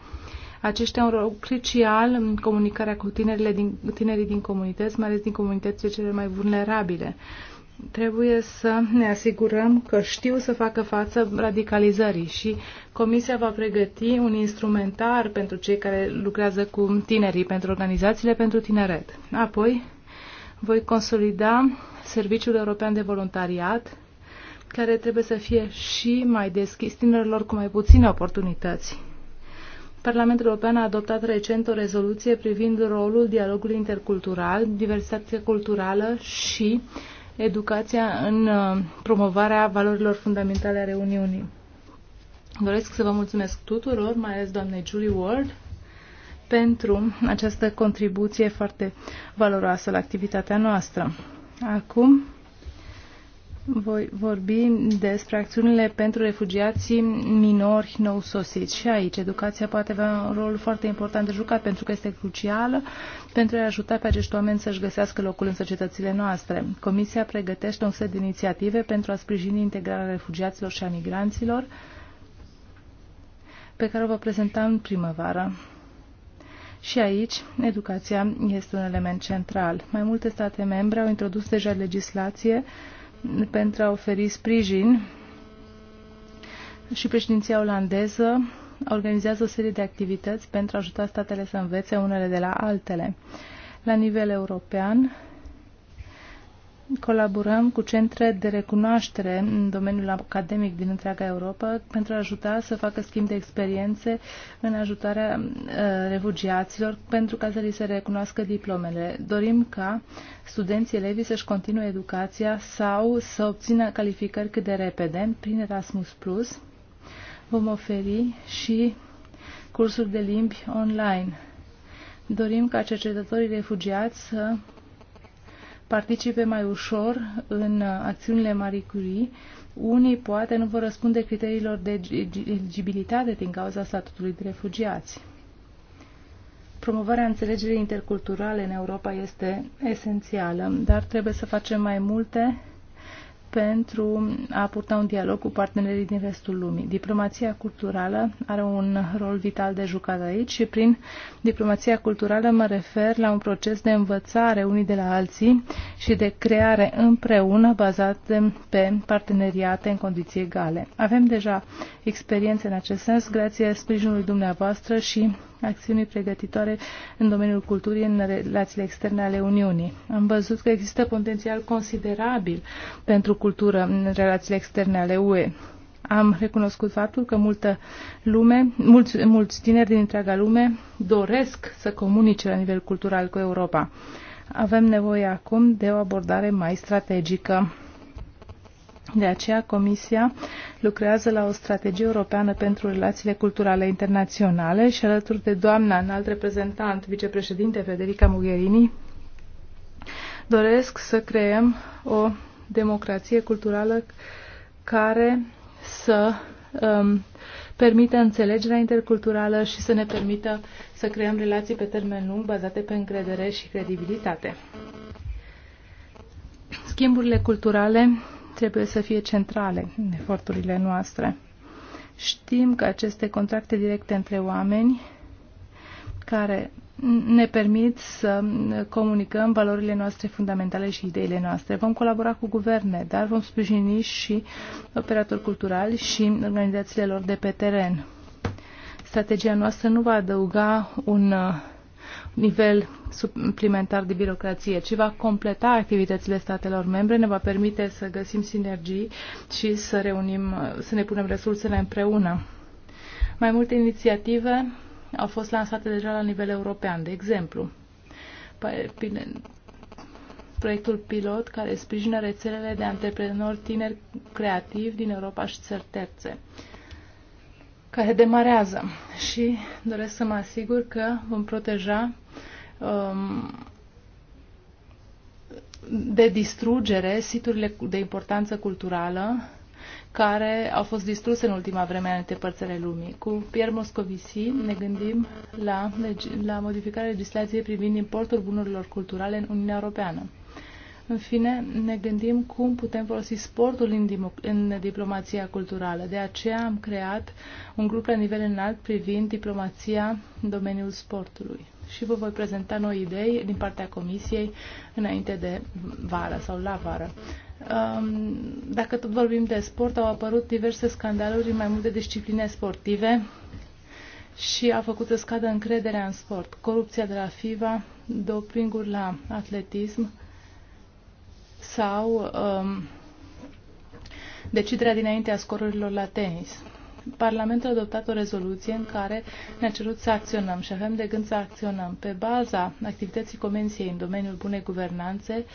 Aceștia au un rol crucial în comunicarea cu tinerile din, tinerii din comunități, mai ales din comunitățile cele mai vulnerabile. Uh, Trebuie să ne asigurăm că știu să facă față radicalizării și Comisia va pregăti un instrumentar pentru cei care lucrează cu tinerii, pentru organizațiile pentru tineret. Apoi voi consolida Serviciul European de Voluntariat, care trebuie să fie și mai deschis tinerilor cu mai puține oportunități. Parlamentul European a adoptat recent o rezoluție privind rolul dialogului intercultural, diversitatea culturală și uh, educația în uh, promovarea valorilor fundamentale ale Uniunii. Doresc să vă mulțumesc tuturor, mai ales doamnei Julie Ward, pentru această contribuție foarte valoroasă la activitatea noastră. Acum voi vorbi despre acțiunile pentru refugiații minori nou sosiți. Și aici educația poate avea un rol foarte important de jucat pentru că este crucială pentru a ajuta pe acești oameni să-și găsească locul în societățile noastre. Comisia pregătește un set de inițiative pentru a sprijini integrarea refugiaților și a migranților pe care o va prezenta în primăvară. Și aici, educația este un element central. Mai multe state membre au introdus deja legislație uh, pentru a oferi sprijin și președinția olandeză organizează o serie de activități pentru a ajuta statele să învețe unele de la altele. La nivel european, colaborăm cu centre de recunoaștere în domeniul academic din întreaga Europa pentru a ajuta să facă schimb de experiențe în ajutarea uh, refugiaților pentru ca să li se recunoască diplomele. Dorim ca studenții elevii să-și continue educația sau să obțină calificări cât de repede prin Erasmus+. Plus, Vom oferi și cursuri de limbi online. Dorim ca cercetătorii refugiați să participe mai ușor în acțiunile Marie Curie. Unii poate nu vor răspunde criteriilor de eligibilitate din cauza statutului de refugiați. Promovarea înțelegerii interculturale în Europa este esențială, dar trebuie să facem mai multe pentru a purta un dialog cu partenerii din restul lumii. Diplomația culturală are un rol vital de jucat aici și prin diplomația culturală mă refer la un proces de învățare unii de la alții și de creare împreună bazat pe parteneriate în condiții egale. Avem deja experiențe în acest sens grație sprijinului dumneavoastră și acțiunii pregătitoare în domeniul culturii în relațiile externe ale Uniunii. Am văzut că există potențial considerabil pentru cultură în relațiile externe ale UE. Am recunoscut faptul că multă lume, mulți, mulți tineri din întreaga lume doresc să comunice la nivel cultural cu Europa. Avem nevoie acum de o abordare mai strategică de aceea, Comisia lucrează la o strategie europeană pentru relațiile culturale internaționale și alături de doamna înalt reprezentant, vicepreședinte Federica Mogherini, doresc să creăm o democrație culturală care să um, permită înțelegerea interculturală și să ne permită să creăm relații pe termen lung bazate pe încredere și credibilitate. Schimburile culturale trebuie să fie centrale în eforturile noastre. Știm că aceste contracte directe între oameni care ne permit să comunicăm valorile noastre fundamentale și ideile noastre. Vom colabora cu guverne, dar vom sprijini și operatori culturali și organizațiile lor de pe teren. Strategia noastră nu va adăuga un uh, nivel suplimentar de birocrație, ci va completa activitățile statelor membre, ne va permite să găsim sinergii și să, reunim, să ne punem resursele împreună. Mai multe inițiative au fost lansate deja la nivel european, de exemplu. Păi, proiectul pilot care sprijină rețelele de antreprenori tineri creativi din Europa și țări terțe care demarează și doresc să mă asigur că vom proteja um, de distrugere siturile de importanță culturală care au fost distruse în ultima vreme în alte părțile lumii. Cu Pierre Moscovici ne gândim la, la modificarea legislației privind importul bunurilor culturale în Uniunea Europeană. În fine, ne gândim cum putem folosi sportul în, în diplomația culturală. De aceea am creat un grup la nivel înalt privind diplomația în domeniul sportului. Și vă voi prezenta noi idei din partea Comisiei înainte de vară sau la vară. Um, dacă tot vorbim de sport, au apărut diverse scandaluri în mai multe discipline sportive și a făcut să scadă încrederea în sport. Corupția de la FIVA, dopingul la atletism, sau um, deciderea dinaintea scorurilor la tenis. Parlamentul a adoptat o rezoluție în care ne-a cerut să acționăm și avem de gând să acționăm pe baza activității Comisiei în domeniul bunei guvernanțe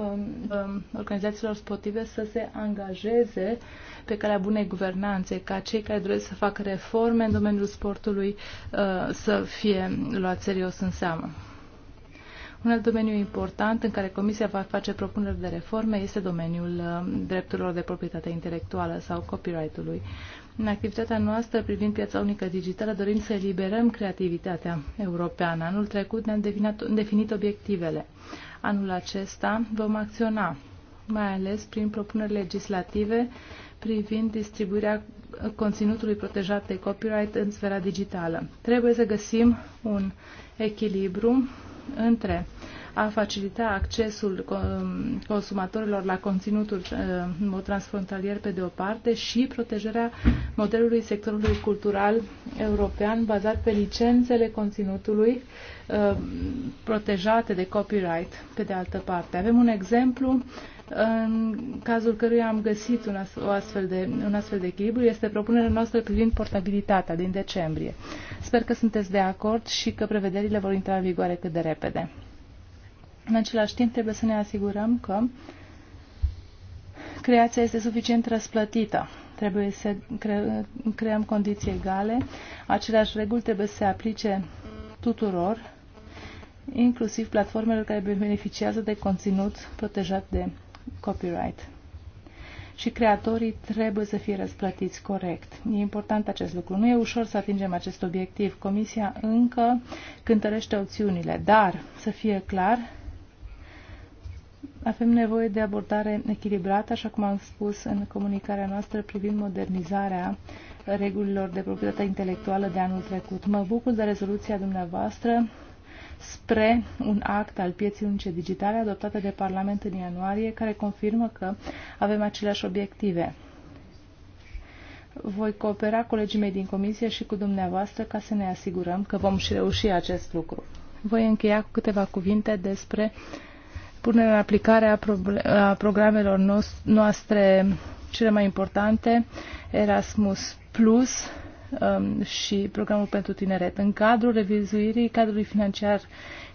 um, um, organizațiilor sportive să se angajeze pe calea bunei guvernanțe, ca cei care doresc să facă reforme în domeniul sportului uh, să fie luați serios în seamă. Un alt domeniu important în care Comisia va face propuneri de reforme este domeniul uh, drepturilor de proprietate intelectuală sau copyright-ului. În activitatea noastră privind piața unică digitală dorim să eliberăm creativitatea europeană. Anul trecut ne-am definit obiectivele. Anul acesta vom acționa, mai ales prin propuneri legislative privind distribuirea conținutului protejat de copyright în sfera digitală. Trebuie să găsim un echilibru între a facilita accesul consumatorilor la conținutul uh, în mod transfrontalier pe de o parte și protejarea modelului sectorului cultural european bazat pe licențele conținutului uh, protejate de copyright pe de altă parte. Avem un exemplu în cazul căruia am găsit un, o astfel de, un astfel de echilibru, este propunerea noastră privind portabilitatea din decembrie. Sper că sunteți de acord și că prevederile vor intra în vigoare cât de repede. În același timp, trebuie să ne asigurăm că creația este suficient răsplătită. Trebuie să cre- creăm condiții egale, aceleași reguli trebuie să se aplice tuturor, inclusiv platformelor care beneficiază de conținut protejat de copyright. Și creatorii trebuie să fie răsplătiți corect. E important acest lucru. Nu e ușor să atingem acest obiectiv. Comisia încă cântărește opțiunile, dar, să fie clar, avem nevoie de abordare echilibrată, așa cum am spus în comunicarea noastră privind modernizarea regulilor de proprietate intelectuală de anul trecut. Mă bucur de rezoluția dumneavoastră spre un act al pieții unice digitale adoptată de Parlament în ianuarie, care confirmă că avem aceleași obiective. Voi coopera colegii mei din comisie și cu dumneavoastră ca să ne asigurăm că vom și reuși acest lucru. Voi încheia cu câteva cuvinte despre punerea în aplicare a, pro a programelor noastre cele mai importante, Erasmus Plus, Um, și programul pentru tineret. În cadrul revizuirii cadrului financiar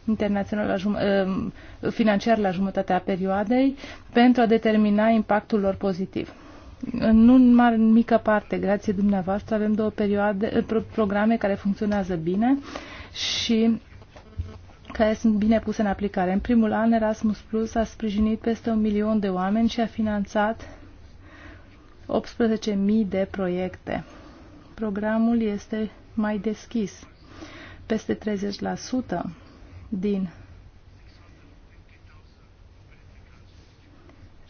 internațional la jum- um, financiar la jumătatea perioadei pentru a determina impactul lor pozitiv. Nu un mare, în mică parte, grație dumneavoastră, avem două perioade, uh, pro- programe care funcționează bine și care sunt bine puse în aplicare. În primul an, Erasmus Plus a sprijinit peste un milion de oameni și a finanțat 18.000 de proiecte programul este mai deschis. Peste 30% din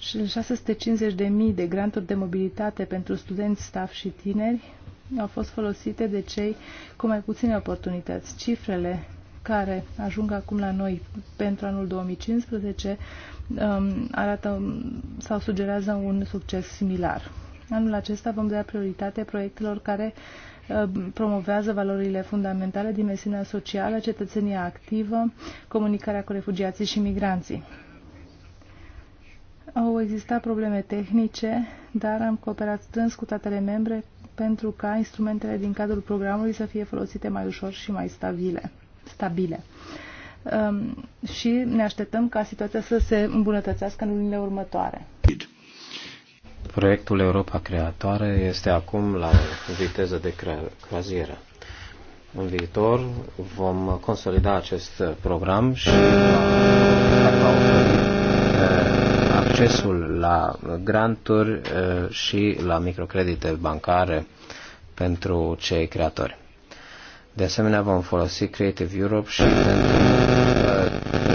650.000 de granturi de mobilitate pentru studenți, staff și tineri au fost folosite de cei cu mai puține oportunități. Cifrele care ajung acum la noi pentru anul 2015 um, arată um, sau sugerează un succes similar. Anul acesta vom da prioritate proiectelor care uh, promovează valorile fundamentale, dimensiunea socială, cetățenia activă, comunicarea cu refugiații și migranții. Au existat probleme tehnice, dar am cooperat strâns cu statele membre pentru ca instrumentele din cadrul programului să fie folosite mai ușor și mai stabile. stabile. Um, și ne așteptăm ca situația să se îmbunătățească în lunile următoare. Proiectul Europa Creatoare este acum la viteză de croazieră. În viitor vom consolida acest program și va oferi eh, accesul la granturi eh, și la microcredite bancare pentru cei creatori. De asemenea, vom folosi Creative Europe și pentru eh,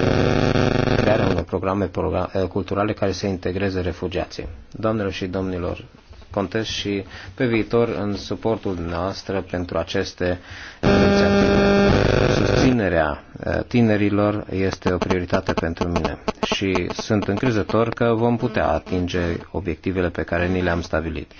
programe eh, culturale care să integreze refugiații. Doamnelor și domnilor, contez și pe viitor în suportul noastră pentru aceste inițiative. Susținerea eh, tinerilor este o prioritate pentru mine și sunt încrezător că vom putea atinge obiectivele pe care ni le-am stabilit.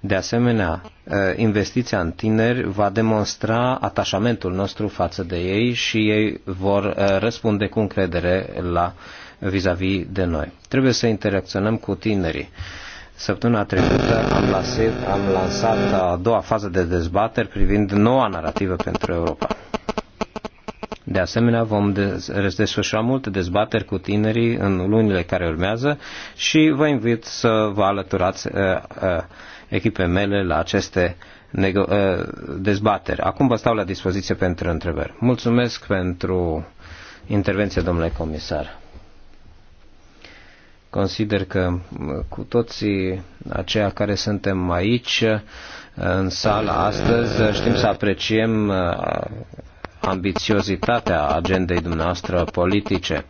De asemenea, eh, investiția în tineri va demonstra atașamentul nostru față de ei și ei vor răspunde cu încredere la uh, vis-a-vis -vis de noi. Trebuie să interacționăm cu tinerii. Săptămâna trecută am, lansat, am lansat a doua fază de dezbateri privind noua narrativă pentru Europa. De asemenea, vom desfășura multe dezbateri cu tinerii în lunile care urmează și vă invit să vă alăturați uh, uh, echipe mele la aceste nego- uh, dezbateri. Acum vă stau la dispoziție pentru întrebări. Mulțumesc pentru intervenție, domnule comisar. Consider că cu toții aceia care suntem aici, uh, în sală astăzi, uh, știm să apreciem uh, ambițiozitatea agendei dumneavoastră politice.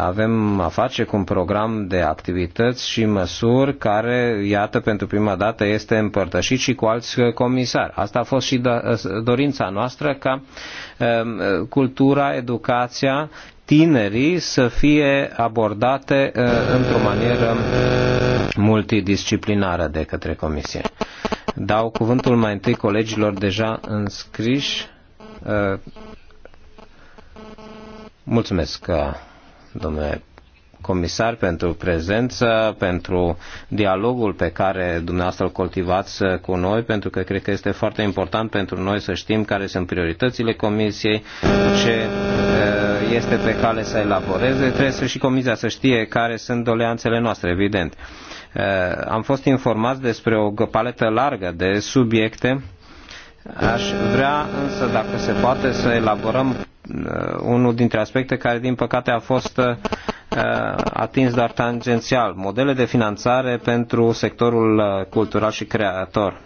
Avem a face cu un program de activități și măsuri care, iată, pentru prima dată este împărtășit și cu alți comisari. Asta a fost și dorința noastră ca cultura, educația tinerii să fie abordate uh, într-o manieră multidisciplinară de către Comisie. Dau cuvântul mai întâi colegilor deja înscriși. Uh, mulțumesc, uh, domnule comisar pentru prezență, pentru dialogul pe care dumneavoastră îl cultivați uh, cu noi, pentru că cred că este foarte important pentru noi să știm care sunt prioritățile comisiei, ce uh, este pe cale să elaboreze. Trebuie să și comisia să știe care sunt doleanțele noastre, evident. Uh, am fost informați despre o paletă largă de subiecte. Aș vrea însă, dacă se poate, să elaborăm unul dintre aspecte care, din păcate, a fost Uh, atins doar tangențial. Modele de finanțare pentru sectorul uh, cultural și creator.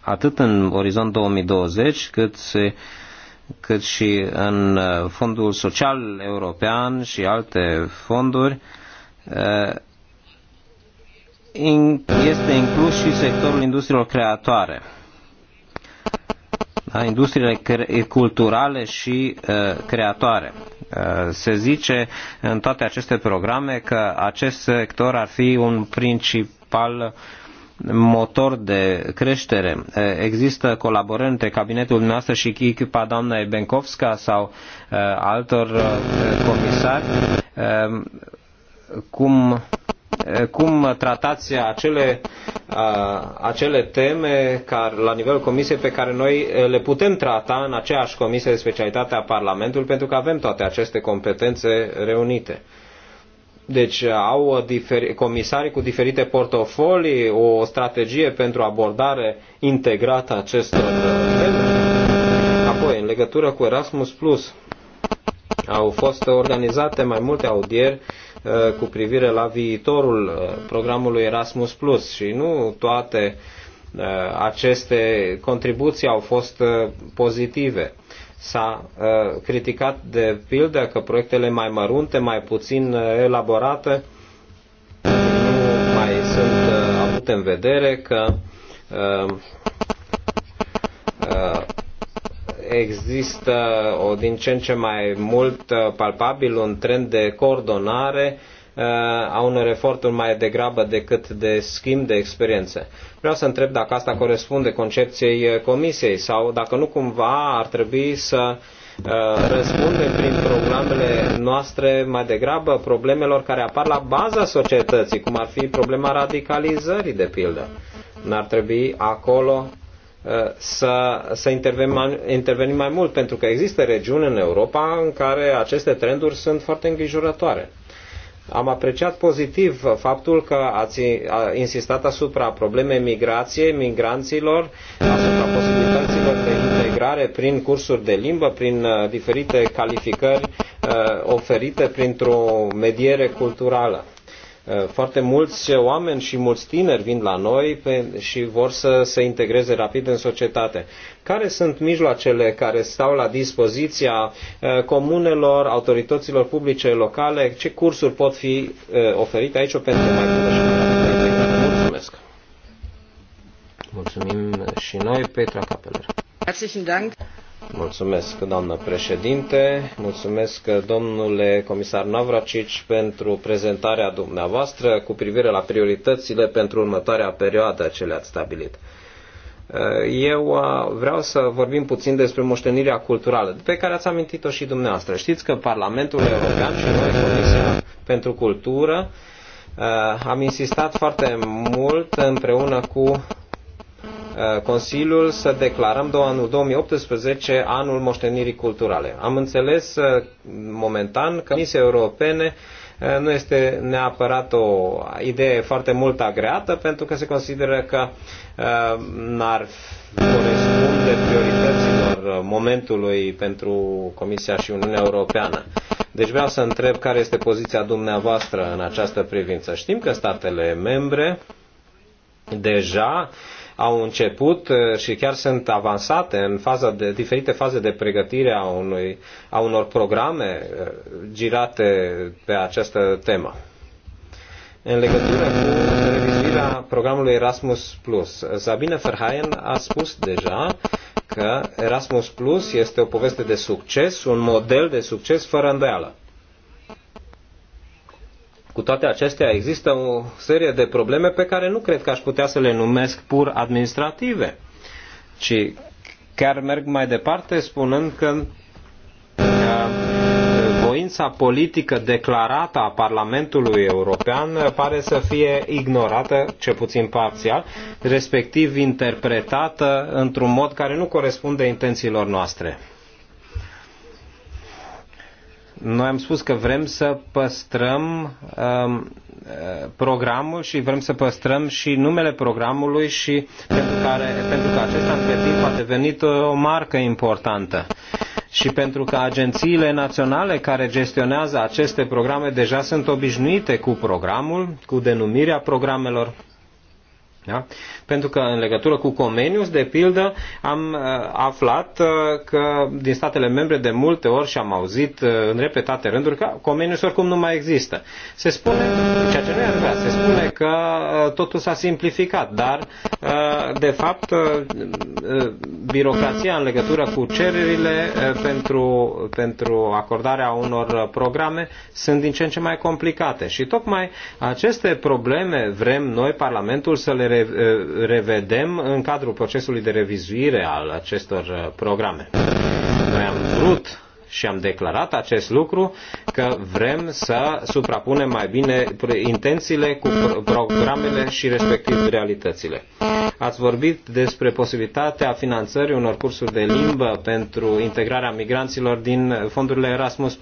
Atât în orizont 2020, cât se cât și în uh, Fondul Social European și alte fonduri, este inclus și sectorul industriilor creatoare da? industriile culturale și uh, creatoare. Uh, se zice în toate aceste programe că acest sector ar fi un principal motor de creștere. Uh, există colaborări între cabinetul noastră și echipa doamnei Benkovska sau uh, altor comisari cum Eh, cum tratați acele, acele teme care, la nivelul comisiei pe care noi eh, le putem trata în aceeași comisie de specialitate a Parlamentului, pentru că avem toate aceste competențe reunite. Deci au diferi, comisarii cu diferite portofolii o strategie pentru abordare integrată a acestor Apoi, în legătură cu Erasmus Plus, au fost organizate mai multe audieri uh, Uh, cu privire la viitorul uh, programului Erasmus Plus și nu toate uh, aceste contribuții au fost pozitive. S-a criticat de pildă că proiectele mai mărunte, mai puțin elaborate, nu mai sunt avute în vedere, că există o, din ce în ce mai mult uh, palpabil un trend de coordonare uh, a unor eforturi mai degrabă decât de schimb de experiențe. Vreau să întreb dacă asta corespunde concepției uh, Comisiei sau dacă nu cumva ar trebui să răspundem prin programele noastre mai degrabă problemelor care apar la baza societății, cum ar fi problema radicalizării, de pildă. N-ar trebui acolo Uh, să, să intervenim, intervenim mai mult, pentru că există regiuni în Europa în care aceste trenduri sunt foarte îngrijorătoare. Am apreciat pozitiv faptul că ați insistat asupra problemei migrației, migranților, asupra posibilităților de integrare prin cursuri de limbă, prin uh, diferite calificări uh, oferite printr-o mediere culturală. Eh, foarte mulți oameni și mulți tineri vin la noi și vor să se integreze rapid în societate. Care sunt mijloacele care stau la dispoziția eh, comunelor, autorităților publice locale? Ce cursuri pot fi eh, oferite aici pentru mai multe și Mulțumesc! Mulțumim și noi, Petra Capeler. Herzlichen Dank. Mulțumesc, doamnă președinte, mulțumesc, domnule comisar Navracici, pentru prezentarea dumneavoastră cu privire la prioritățile pentru următoarea perioadă ce le-ați stabilit. Eu uh, vreau să vorbim puțin despre moștenirea culturală, pe care ați amintit-o și dumneavoastră. Știți că Parlamentul European și noi, Comisia pentru Cultură, uh, am insistat foarte mult împreună cu Eh, Consiliul să declarăm două anul 2018 anul moștenirii culturale. Am înțeles eh, momentan că Comisia Europene eh, nu este neapărat o idee foarte mult agreată pentru că se consideră că n-ar corespunde priorităților momentului pentru Comisia și Uniunea Europeană. Deci vreau să întreb care este poziția dumneavoastră în această privință. Știm că statele membre deja uh, au început eh, și chiar sunt avansate în faza de, diferite faze de pregătire a, unui, a unor programe eh, girate pe această temă. În legătură cu revizuirea programului Erasmus+, Plus, Sabine Verheyen a spus deja că Erasmus Plus este o poveste de succes, un model de succes fără îndoială. Cu toate acestea există o serie de probleme pe care nu cred că aș putea să le numesc pur administrative, ci chiar merg mai departe spunând că uh, voința politică declarată a Parlamentului European pare să fie ignorată, ce puțin parțial, respectiv interpretată într-un mod care nu corespunde intențiilor noastre. Noi am spus că vrem să păstrăm um, programul și vrem să păstrăm și numele programului și pentru, care, pentru că acesta între timp a devenit o marcă importantă. Și pentru că agențiile naționale care gestionează aceste programe deja sunt obișnuite cu programul, cu denumirea programelor. Da? Pentru că în legătură cu Comenius, de pildă, am uh, aflat uh, că din statele membre de multe ori și am auzit uh, în repetate rânduri că Comenius oricum nu mai există. Se spune, ceea ce nu e adevărat, se spune că totul s-a simplificat, dar de fapt birocrația în legătură cu cererile pentru, pentru acordarea unor programe sunt din ce în ce mai complicate și tocmai aceste probleme vrem noi, Parlamentul, să le revedem în cadrul procesului de revizuire al acestor uh, programe. Noi am vrut și am declarat acest lucru că vrem să suprapunem mai bine intențiile cu programele și respectiv realitățile. Ați vorbit despre posibilitatea finanțării unor cursuri de limbă pentru integrarea migranților din fondurile Erasmus+.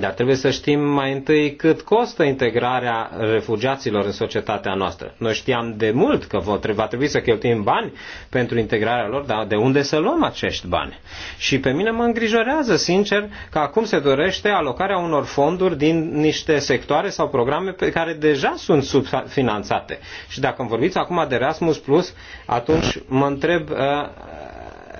Dar trebuie să știm mai întâi cât costă integrarea refugiaților în societatea noastră. Noi știam de mult că va trebui să cheltuim bani pentru integrarea lor, dar de unde să luăm acești bani? Și pe mine mă îngrijorează, sincer, că acum se dorește alocarea unor fonduri din niște sectoare sau programe pe care deja sunt subfinanțate. Și dacă îmi vorbiți acum de Erasmus Plus, atunci mă întreb uh,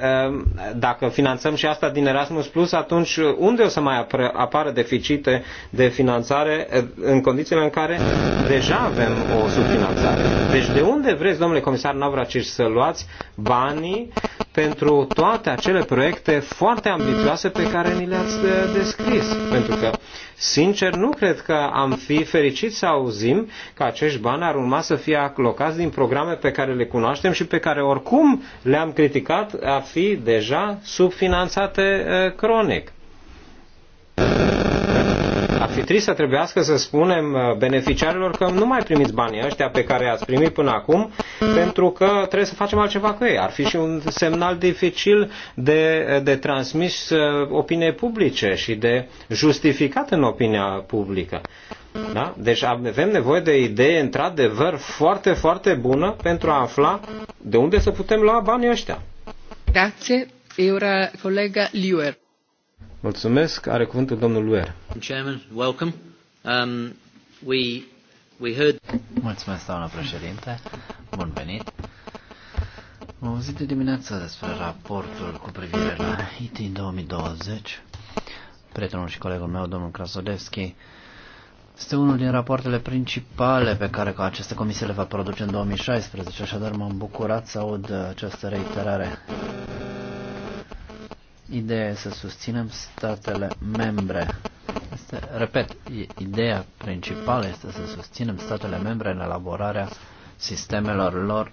Ehm, dacă finanțăm și asta din Erasmus Plus, atunci unde o să mai apară deficite de finanțare eh, în condițiile în care deja avem o subfinanțare? Deci de unde vreți, domnule comisar Navracis, să luați banii pentru toate acele proiecte foarte ambițioase pe care ni le-ați eh, descris? Pentru că Sincer, nu cred că am fi fericit să auzim că acești bani ar urma să fie alocați din programe pe care le cunoaștem și pe care oricum le-am criticat a fi deja subfinanțate eh, cronic. Ar fi trist să trebuiască să spunem uh, beneficiarilor că nu mai primiți banii ăștia pe care i-ați primit până acum, pentru că trebuie să facem altceva cu ei. Ar fi și un semnal dificil de, de transmis uh, opiniei publice și de justificat în opinia publică. Da? Deci avem nevoie de idee într-adevăr foarte, foarte bună pentru a afla de unde să putem lua banii ăștia. Grazie. E ora colega Liuer. Mulțumesc. Are cuvântul domnul Luer. Chairman, welcome. Um, we, we heard... Mulțumesc, doamna președinte. Bun venit. Am auzit de dimineață despre raportul cu privire la IT 2020. Prietenul și colegul meu, domnul Krasodevski, este unul din rapoartele principale pe care aceste comisie le va produce în 2016, așadar m-am bucurat să aud această reiterare. Ideea e să susținem statele membre. Este, repet, ideea principală este să susținem statele membre în elaborarea sistemelor lor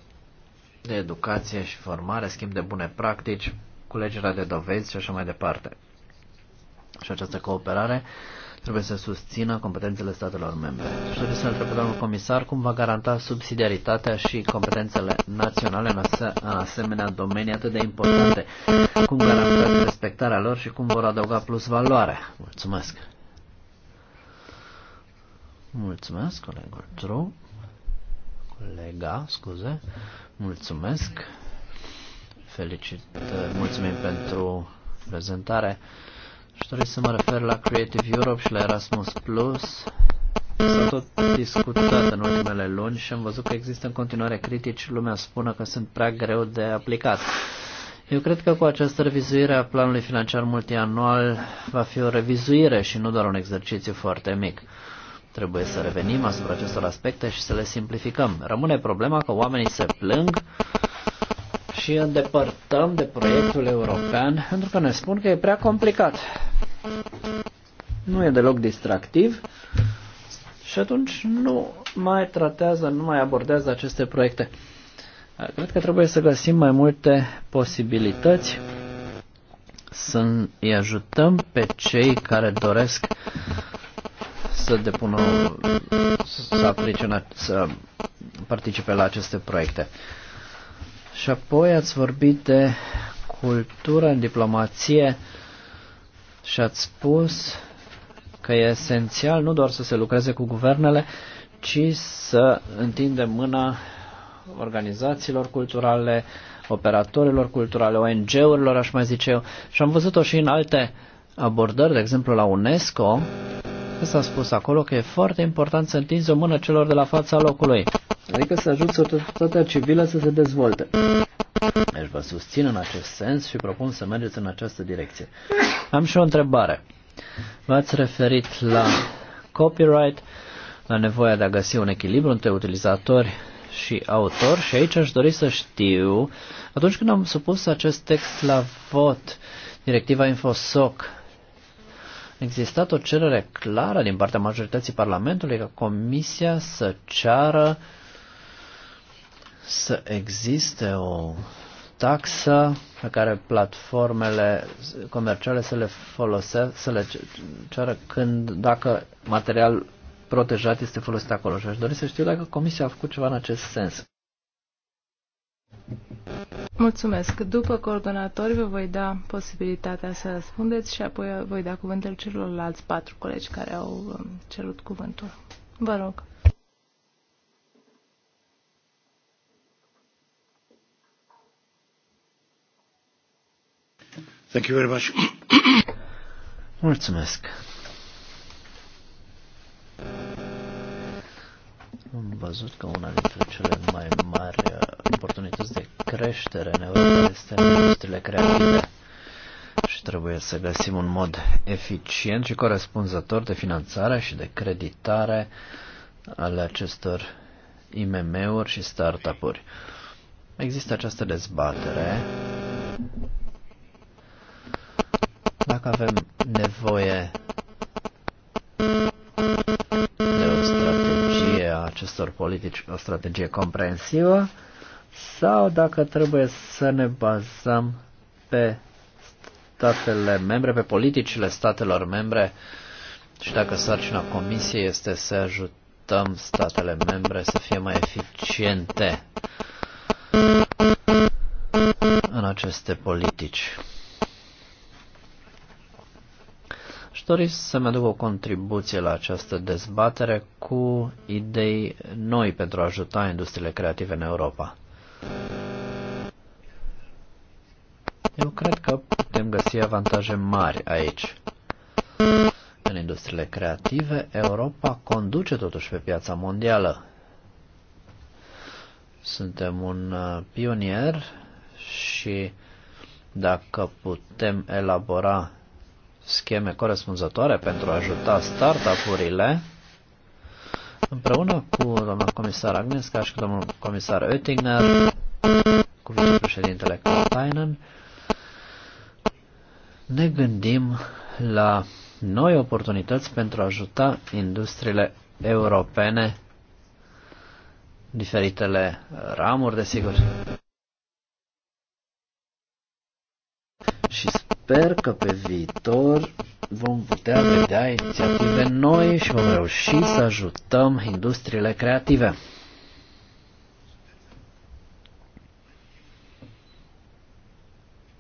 de educație și formare, schimb de bune practici, culegerea de dovezi și așa mai departe. Și această cooperare uh, trebuie să susțină competențele statelor membre. Și trebuie să întreb domnul comisar cum va garanta subsidiaritatea și competențele naționale în, ase- în asemenea domenii atât de importante. Cum garantați respectarea lor și cum vor adăuga plus valoare. Mulțumesc. Mulțumesc, colegul Tru. Colega, scuze. Mulțumesc. Felicit, mulțumim pentru prezentare. Și trebuie să mă refer la Creative Europe și la Erasmus Plus. S-a tot discutat în ultimele luni și am văzut că există în continuare critici. Lumea spune că sunt prea greu de aplicat. Eu cred că cu această revizuire a planului financiar multianual va fi o revizuire și nu doar un exercițiu foarte mic. Trebuie să revenim asupra acestor aspecte și să le simplificăm. Rămâne problema că oamenii se plâng și îndepărtăm de proiectul european pentru că ne spun că e prea complicat. Nu e deloc distractiv și atunci nu mai tratează, nu mai abordează aceste proiecte. Cred că trebuie să găsim mai multe posibilități să îi ajutăm pe cei care doresc să depună, să, aplice, să participe la aceste proiecte. Și apoi ați vorbit de cultură în diplomație și ați spus că e esențial nu doar să se lucreze cu guvernele, ci să întindem mâna organizațiilor culturale, operatorilor culturale, ONG-urilor, aș mai zice eu. Și am văzut-o și în alte abordări, de exemplu la UNESCO, s-a spus acolo că e foarte important să întinzi o mână celor de la fața locului adică să ajut societatea civilă să se dezvolte. Deci vă susțin în acest sens și propun să mergeți în această direcție. Am și o întrebare. V-ați referit la copyright, la nevoia de a găsi un echilibru între utilizatori și autor și aici aș dori să știu, atunci când am supus acest text la vot, directiva InfoSoc, existat o cerere clară din partea majorității Parlamentului ca Comisia să ceară uh, să existe o taxă pe care platformele comerciale să le folosească, să le ceară când, dacă material protejat este folosit acolo. Și aș dori să știu dacă Comisia a făcut ceva în acest sens. Mulțumesc. După coordonatori vă voi da posibilitatea să răspundeți și apoi voi da cuvântul celorlalți patru colegi care au um, cerut cuvântul. Vă rog. Thank you very much. Mulțumesc. Am văzut că una dintre cele mai mari oportunități de creștere în Europa este în industriile creative și trebuie să găsim un mod eficient și corespunzător de finanțare și de creditare ale acestor IMM-uri și startup-uri. Există această dezbatere dacă avem nevoie de o strategie a acestor politici, o strategie comprensivă, sau dacă trebuie să ne bazăm pe statele membre, pe politicile statelor membre și dacă sarcina Comisiei este să ajutăm statele membre să fie mai eficiente în aceste politici. Și dori să mă duc o contribuție la această dezbatere cu idei noi pentru a ajuta industriile creative în Europa. Eu cred că putem găsi avantaje mari aici. În industriile creative, Europa conduce totuși pe piața mondială. Suntem un uh, pionier și dacă putem elabora scheme corespunzătoare pentru a ajuta startup-urile. Împreună cu domnul comisar Agnesca și cu domnul comisar Oettinger, cu vicepreședintele Katainen, ne gândim la noi oportunități pentru a ajuta industriile europene, diferitele ramuri, desigur. sper că pe viitor vom putea vedea inițiative noi și vom reuși să ajutăm industriile creative.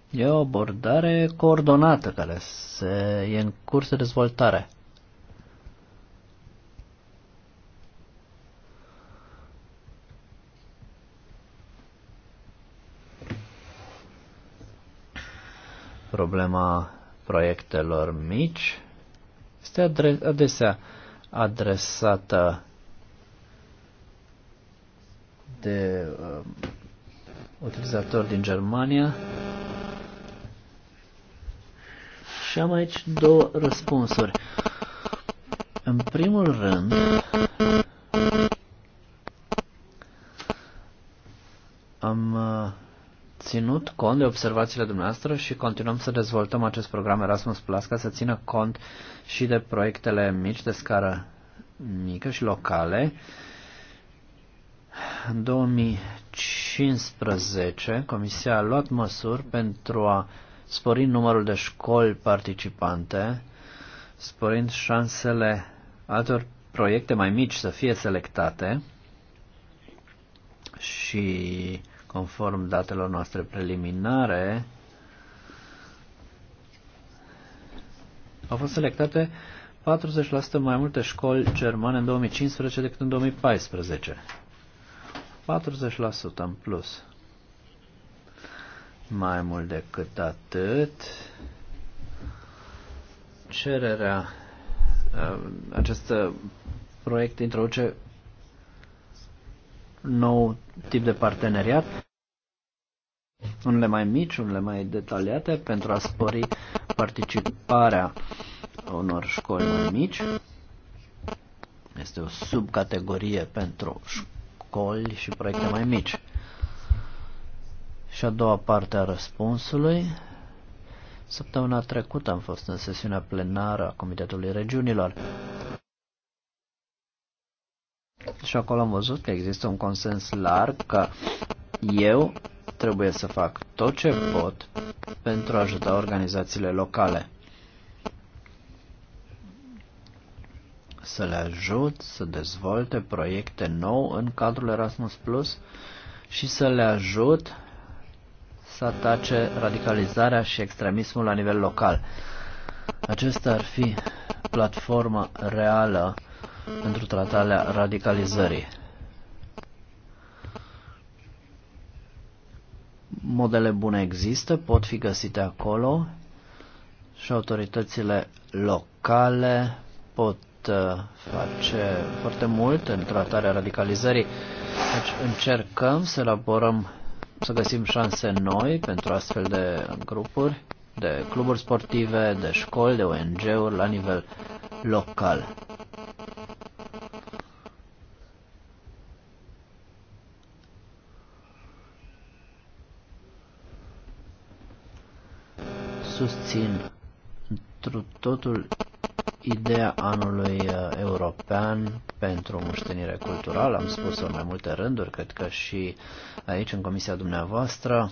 E o abordare coordonată care se, e în curs de dezvoltare. Problema proiectelor mici este adesea adresată de uh, utilizatori din Germania. Și am aici două răspunsuri. În primul rând, ținut cont de observațiile dumneavoastră și continuăm să dezvoltăm acest program Erasmus Plus ca să țină cont și de proiectele mici de scară mică și locale. În 2015, Comisia a luat măsuri pentru a spori numărul de școli participante, sporind șansele altor proiecte mai mici să fie selectate și Conform datelor noastre preliminare, au fost selectate 40% mai multe școli germane în 2015 decât în 2014. 40% în plus. Mai mult decât atât, cererea, uh, acest uh, proiect introduce nou tip de parteneriat, unele mai mici, unele mai detaliate, pentru a spori participarea unor școli mai mici. Este o subcategorie pentru școli și proiecte mai mici. Și a doua parte a răspunsului. Săptămâna trecută am fost în sesiunea plenară a Comitetului Regiunilor. Și acolo am văzut că există un consens larg că eu trebuie să fac tot ce pot pentru a ajuta organizațiile locale. Să le ajut să dezvolte proiecte nou în cadrul Erasmus Plus și să le ajut să atace radicalizarea și extremismul la nivel local. Acesta ar fi platforma reală pentru tratarea radicalizării. Modele bune există, pot fi găsite acolo și autoritățile locale pot uh, face foarte mult în tratarea radicalizării. Deci încercăm să elaborăm, să găsim șanse noi pentru astfel de grupuri, de cluburi sportive, de școli, de ONG-uri la nivel local. susțin întru totul ideea anului uh, european pentru moștenire culturală. Am spus-o mai multe rânduri, cred că și aici, în comisia dumneavoastră.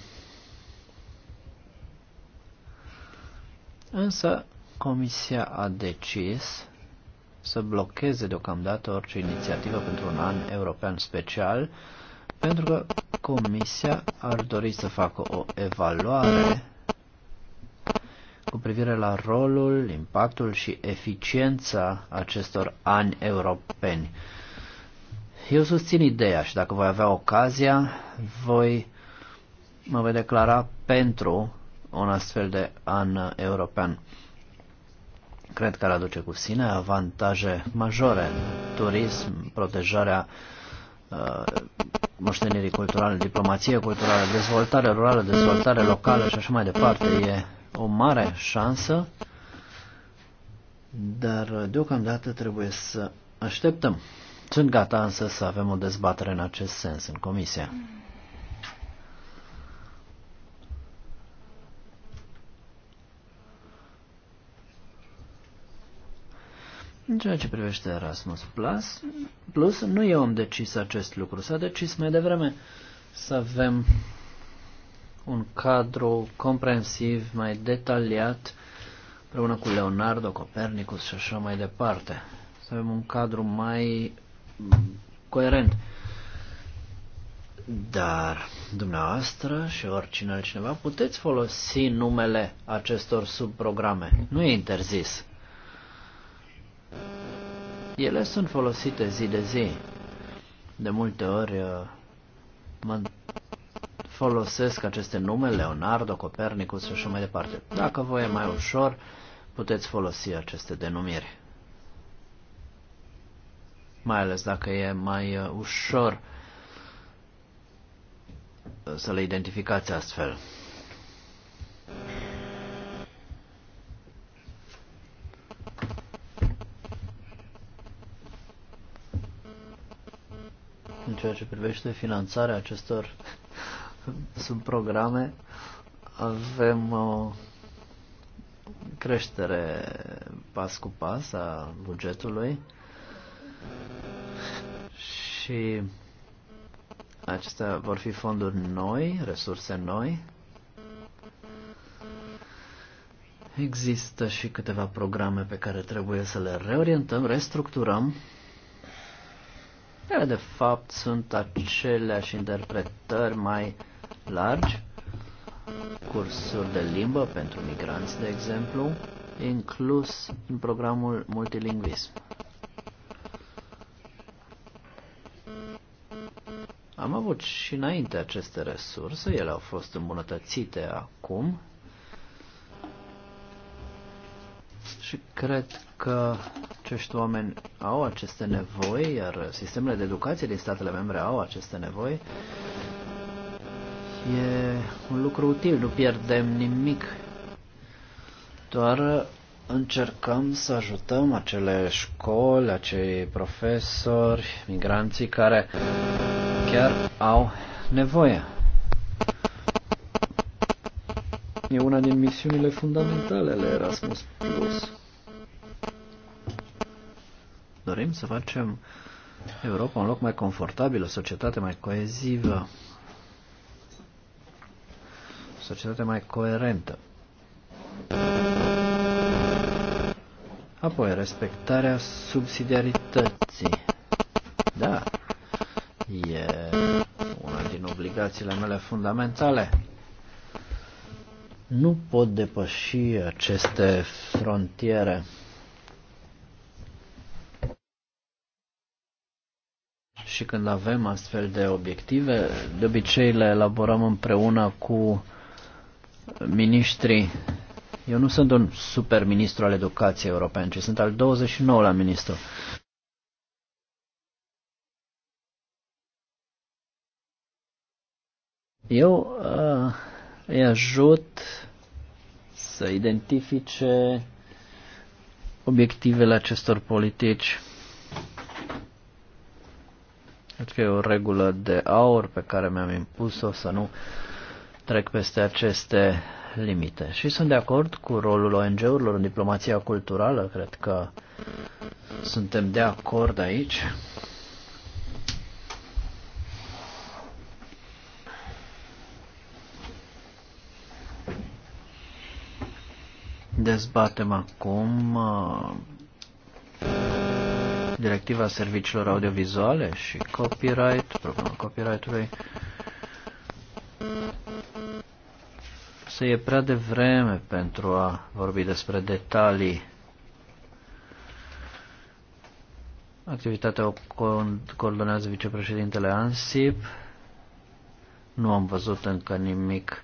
Însă, comisia a decis să blocheze deocamdată orice inițiativă pentru un an european special, pentru că comisia ar dori să facă o evaluare cu privire la rolul, impactul și eficiența acestor ani europeni. Eu susțin ideea și dacă voi avea ocazia, voi mă voi declara pentru un astfel de an european. Cred că ar aduce cu sine avantaje majore turism, protejarea uh, moștenirii culturale, diplomație culturală, dezvoltare rurală, dezvoltare locală și așa mai departe. E o mare șansă, dar deocamdată trebuie să așteptăm. Sunt gata însă să avem o dezbatere în acest sens în comisie. În ceea ce privește Erasmus Plus, plus, nu eu am decis acest lucru, s-a decis mai devreme să avem un cadru comprensiv, mai detaliat, împreună cu Leonardo, Copernicus și așa mai departe. Să avem un cadru mai coerent. Dar dumneavoastră și oricine altcineva puteți folosi numele acestor subprograme. Nu e interzis. Ele sunt folosite zi de zi. De multe ori folosesc aceste nume, Leonardo, Copernicus și așa mai departe. Dacă voi e mai ușor, puteți folosi aceste denumiri. Mai ales dacă e mai uh, ușor uh, să le identificați astfel. În ceea ce privește finanțarea acestor sunt programe, avem o creștere pas cu pas a bugetului și acestea vor fi fonduri noi, resurse noi. Există și câteva programe pe care trebuie să le reorientăm, restructurăm. Care de fapt, sunt aceleași interpretări mai uh, largi, cursuri de limbă pentru migranți, de exemplu, inclus în programul multilingvism. Am avut și înainte aceste resurse, ele au fost îmbunătățite acum și cred că acești oameni au aceste nevoi, iar sistemele de educație din statele membre au aceste nevoi E un lucru util, nu pierdem nimic. Doar încercăm să ajutăm acele școli, acei profesori, migranții care chiar au nevoie. E una din misiunile fundamentale ale Erasmus Plus. Dorim să facem Europa un loc mai confortabil, o societate mai coezivă societate mai coerentă. Apoi, respectarea subsidiarității. Da, e una din obligațiile mele fundamentale. Nu pot depăși aceste frontiere. Și când avem astfel de obiective, de obicei le elaborăm împreună cu ministri. Eu nu sunt un super ministru al educației europene, ci sunt al 29-lea ministru. Eu uh, îi ajut să identifice obiectivele acestor politici. Cred că e o regulă de aur pe care mi-am impus-o să nu uh, trec peste aceste limite. Și sunt de acord cu rolul ONG-urilor în diplomația culturală, cred că suntem de acord aici. Dezbatem acum uh, directiva serviciilor audiovizuale și copyright, problema copyright-ului. Însă e prea devreme pentru a vorbi despre detalii. Activitatea o coordonează vicepreședintele ANSIP. Nu am văzut încă nimic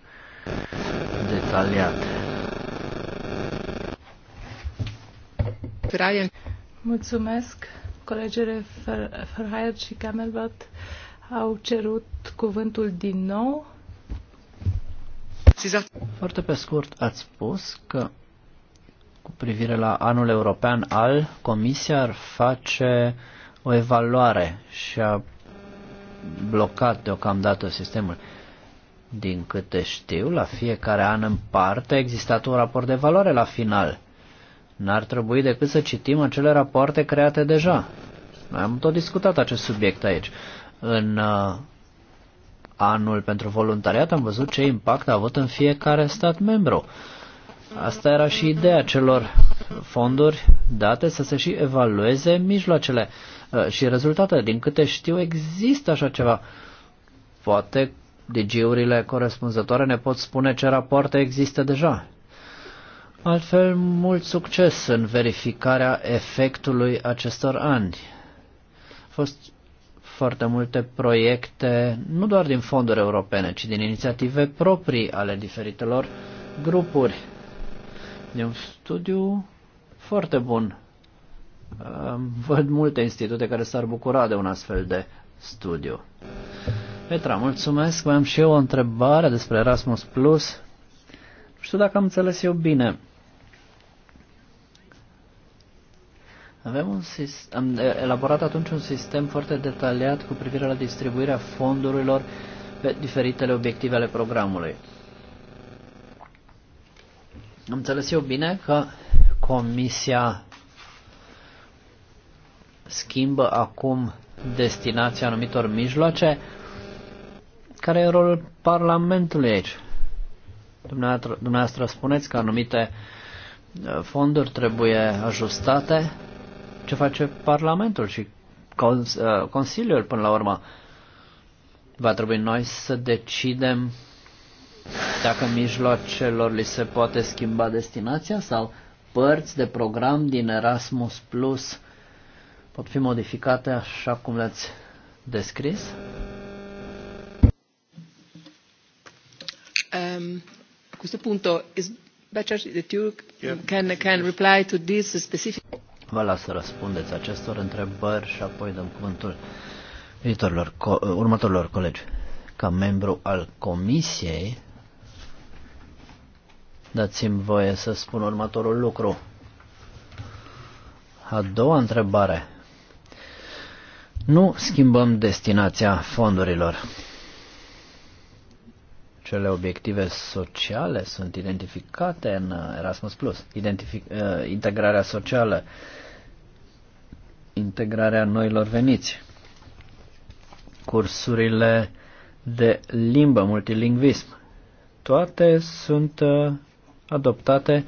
detaliat. Brian. Mulțumesc. Colegele Ferhaier și Camelbat au cerut cuvântul din nou. Foarte pe scurt, ați spus că cu privire la anul european al, Comisia ar face o evaluare și a blocat deocamdată sistemul. Din câte știu, la fiecare an în parte a existat un raport de valoare la final. N-ar trebui decât să citim acele rapoarte create deja. Noi am tot discutat acest subiect aici. În uh, anul pentru voluntariat, am văzut ce impact a avut în fiecare stat membru. Asta era și ideea celor fonduri date să se și evalueze mijloacele uh, și rezultatele. Din câte știu, există așa ceva. Poate digiurile corespunzătoare ne pot spune ce rapoarte există deja. Altfel, mult succes în verificarea efectului acestor ani. A fost foarte multe proiecte, nu doar din fonduri europene, ci din inițiative proprii ale diferitelor grupuri. E un studiu foarte bun. Văd multe institute care s-ar bucura de un astfel de studiu. Petra, mulțumesc. Mai am și eu o întrebare despre Erasmus Plus. Nu știu dacă am înțeles eu bine. Avem un sistem, am elaborat atunci un sistem foarte detaliat cu privire la distribuirea fondurilor pe diferitele obiective ale programului. Am înțeles eu bine că Comisia schimbă acum destinația anumitor mijloace. Care e rolul Parlamentului aici? Dumneavoastră, dumneavoastră spuneți că anumite fonduri trebuie ajustate ce face Parlamentul și uh, Consiliul până la urmă. Va trebui noi să decidem dacă mijloacelor li se poate schimba destinația sau părți de program din Erasmus Plus pot fi modificate așa cum le-ați descris? Um, questo punto is better that you can, can reply to this specific Vă las să răspundeți acestor întrebări și apoi dăm cuvântul viitorilor, co următorilor colegi. Ca membru al comisiei, dați-mi voie să spun următorul lucru. A doua întrebare. Nu schimbăm destinația fondurilor cele obiective sociale sunt identificate în uh, Erasmus Plus, Identific- uh, integrarea socială, integrarea noilor veniți, cursurile de limbă, multilingvism. Toate sunt uh, adoptate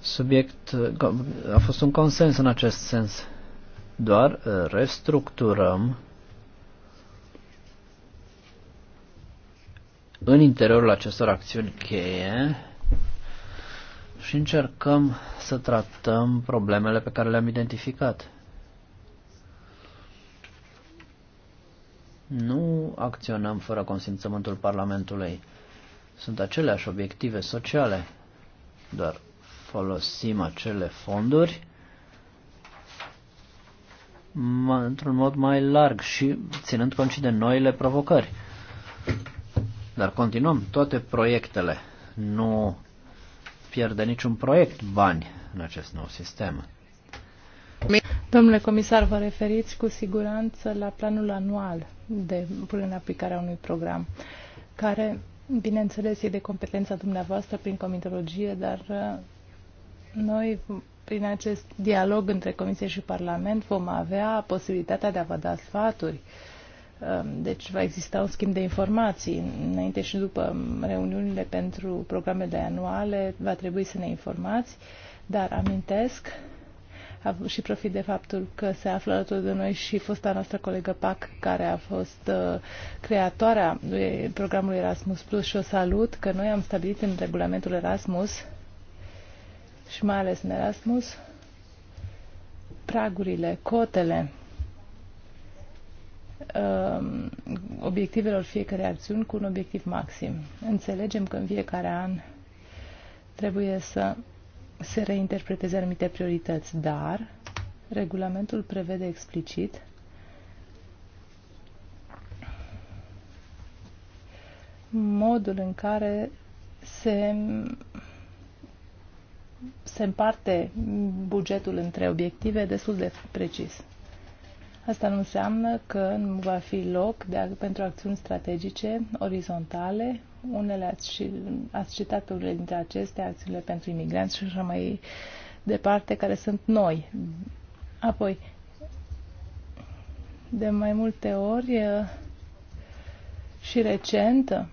subiect, uh, a fost un consens în acest sens. Doar uh, restructurăm în interiorul acestor acțiuni cheie și încercăm să tratăm problemele pe care le-am identificat. Nu acționăm fără consimțământul Parlamentului. Sunt aceleași obiective sociale, doar folosim acele fonduri într-un mod mai larg și ținând cont și de noile provocări. Dar continuăm toate proiectele. Nu pierde niciun proiect bani în acest nou sistem. Domnule comisar, vă referiți cu siguranță la planul anual de până în aplicarea unui program, care, bineînțeles, e de competența dumneavoastră prin comitologie, dar uh, noi, prin acest dialog între Comisie și Parlament, vom avea posibilitatea de a vă da sfaturi uh, Ehm, deci va exista un schimb de informații. Înainte și după reuniunile pentru programele anuale va trebui să ne informați, dar amintesc și profit de faptul că se află alături de noi și fosta noastră colegă PAC, care a fost uh, creatoarea programului Erasmus Plus și o salut că noi am stabilit în regulamentul Erasmus și mai ales în Erasmus pragurile, cotele Um, obiectivelor fiecare acțiuni cu un obiectiv maxim. Înțelegem că în fiecare an trebuie să se reinterpreteze anumite priorități, dar regulamentul prevede explicit modul în care se, se împarte bugetul între obiective destul de precis. Asta nu înseamnă că nu va fi loc de, pentru acțiuni strategice, orizontale. Unele ați, ați citat pe unele dintre acestea, acțiunile pentru imigranți și așa mai departe, care sunt noi. Apoi, de mai multe ori și recent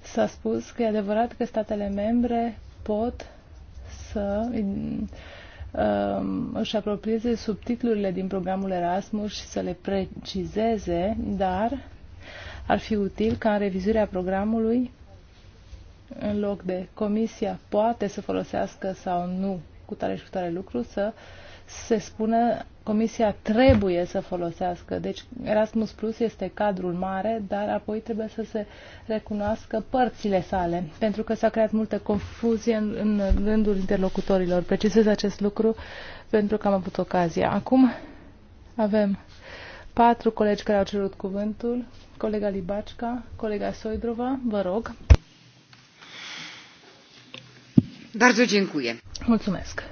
s-a spus că e adevărat că statele membre pot să Um, își aproprieze subtitlurile din programul Erasmus și să le precizeze, dar ar fi util ca în revizuirea programului, în loc de comisia poate să folosească sau nu cu tare și cu tare lucru, să uh, se spune Comisia trebuie să folosească. Deci Erasmus Plus este cadrul mare, dar apoi trebuie să se recunoască părțile sale, pentru că s-a creat multă confuzie în, în rândul interlocutorilor. Precizez acest lucru pentru că am avut ocazia. Acum avem patru colegi care au cerut cuvântul. Colega Libacca, colega Soidrova, vă rog. Dar dziękuję. Mulțumesc.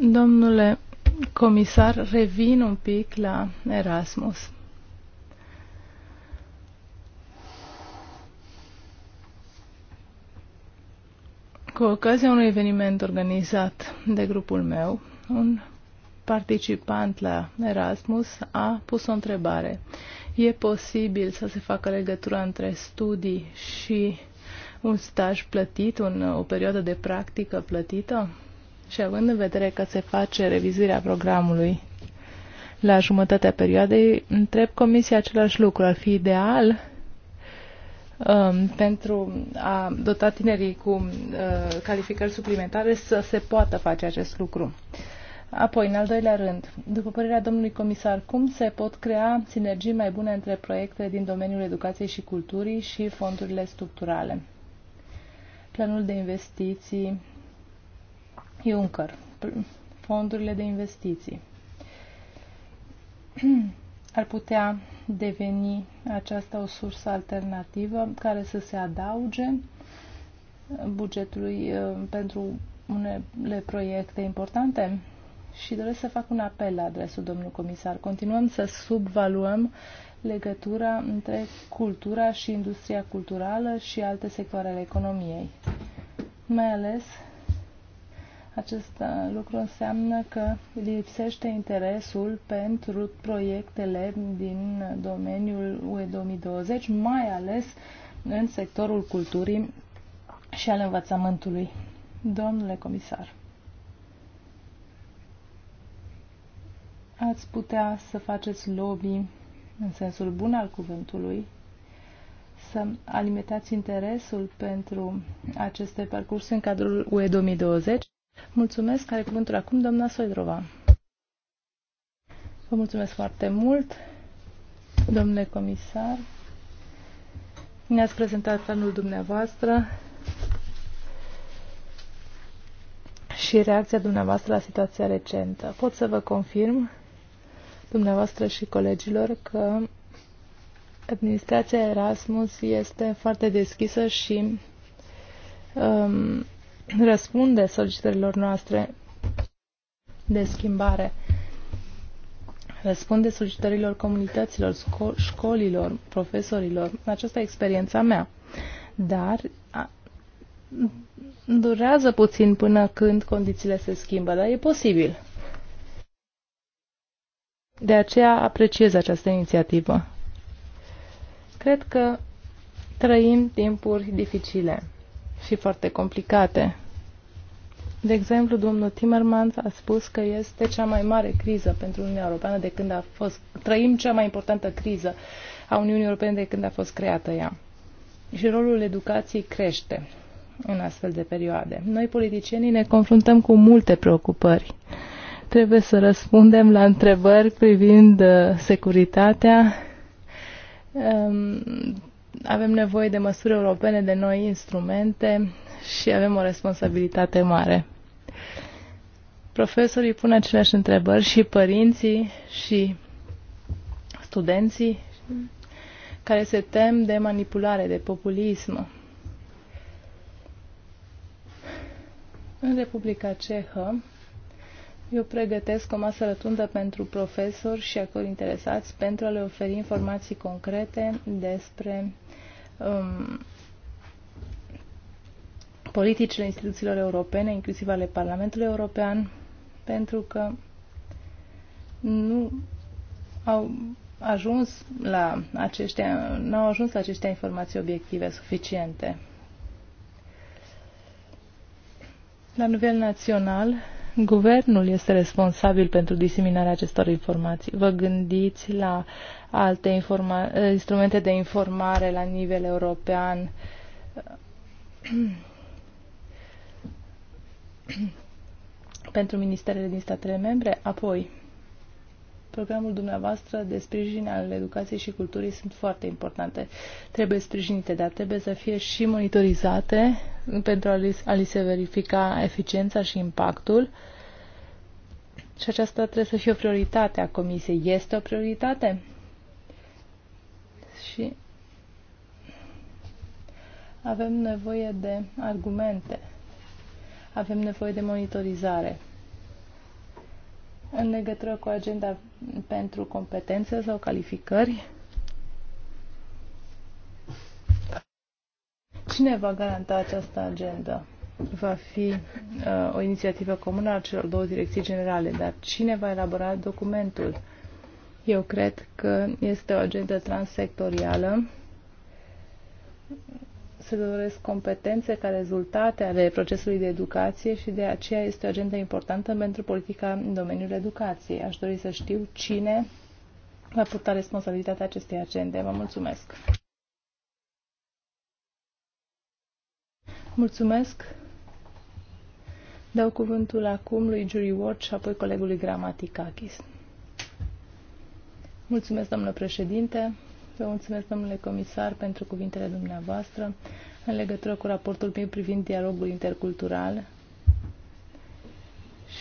Domnule comisar, revin un pic la Erasmus. Cu ocazia unui eveniment organizat de grupul meu, un participant la Erasmus a pus o întrebare. E posibil să se facă legătura între studii și un staj plătit, un, o perioadă de practică plătită? Și având în vedere că se face revizuirea programului la jumătatea perioadei, întreb Comisia același lucru. Ar fi ideal um, pentru a dota tinerii cu uh, calificări suplimentare să se poată face acest lucru. Apoi, în al doilea rând, după părerea domnului comisar, cum se pot crea sinergii mai bune între proiecte din domeniul educației și culturii și fondurile structurale? Planul de investiții Juncker, fondurile de investiții, ar putea deveni aceasta o sursă alternativă care să se adauge bugetului uh, pentru unele proiecte importante? Și doresc să fac un apel la adresul domnului comisar. Continuăm să subvaluăm legătura între cultura și industria culturală și alte sectoare ale economiei, mai ales acest uh, lucru înseamnă că lipsește interesul pentru proiectele din domeniul UE 2020, mai ales în sectorul culturii și al învățământului. Domnule comisar, ați putea să faceți lobby în sensul bun al cuvântului, să alimentați interesul pentru aceste parcursuri în cadrul UE 2020 Mulțumesc. Care cuvântul acum, doamna Soidrova? Vă mulțumesc foarte mult, domnule comisar. Ne-ați prezentat planul dumneavoastră și reacția dumneavoastră la situația recentă. Pot să vă confirm, dumneavoastră și colegilor, că administrația Erasmus este foarte deschisă și um, răspunde solicitărilor noastre de schimbare, răspunde solicitărilor comunităților, școlilor, profesorilor. Aceasta e experiența mea. Dar a, durează puțin până când condițiile se schimbă, dar e posibil. De aceea apreciez această inițiativă. Cred că trăim timpuri dificile fi foarte complicate. De exemplu, domnul Timmermans a spus că este cea mai mare criză pentru Uniunea Europeană de când a fost, trăim cea mai importantă criză a Uniunii Europene de când a fost creată ea. Și rolul educației crește în astfel de perioade. Noi, politicienii, ne confruntăm cu multe preocupări. Trebuie să răspundem la întrebări privind uh, securitatea, um, avem nevoie de măsuri europene, de noi instrumente și avem o responsabilitate mare. Profesorii pun aceleași întrebări și părinții și studenții care se tem de manipulare, de populism. În Republica Cehă eu pregătesc o masă rotundă pentru profesori și acolo interesați pentru a le oferi informații concrete despre um, politicile instituțiilor europene, inclusiv ale Parlamentului European, pentru că nu au ajuns la aceștia, nu au ajuns la aceștia informații obiective suficiente. La nivel național, Guvernul este responsabil pentru diseminarea acestor informații. Vă gândiți la alte instrumente de informare la nivel european? pentru ministerele din statele membre, apoi programul dumneavoastră de sprijin al educației și culturii sunt foarte importante. Trebuie sprijinite, dar trebuie să fie și monitorizate pentru a li, a li se verifica eficiența și impactul. Și aceasta trebuie să fie o prioritate a Comisiei. Este o prioritate? Și avem nevoie de argumente. Avem nevoie de monitorizare în legătură cu agenda pentru competențe sau calificări. Cine va garanta această agendă? Va fi uh, o inițiativă comună a celor două direcții generale, dar cine va elabora documentul? Eu cred că este o agendă transsectorială se doresc competențe ca rezultate ale procesului de educație și de aceea este o agenda importantă pentru politica în domeniul educației. Aș dori să știu cine va purta responsabilitatea acestei agende. Vă mulțumesc! Mulțumesc! Dau cuvântul acum lui jury watch și apoi colegului Gramaticakis. Mulțumesc, domnule președinte! Vă mulțumesc, domnule comisar, pentru cuvintele dumneavoastră în legătură cu raportul meu privind dialogul intercultural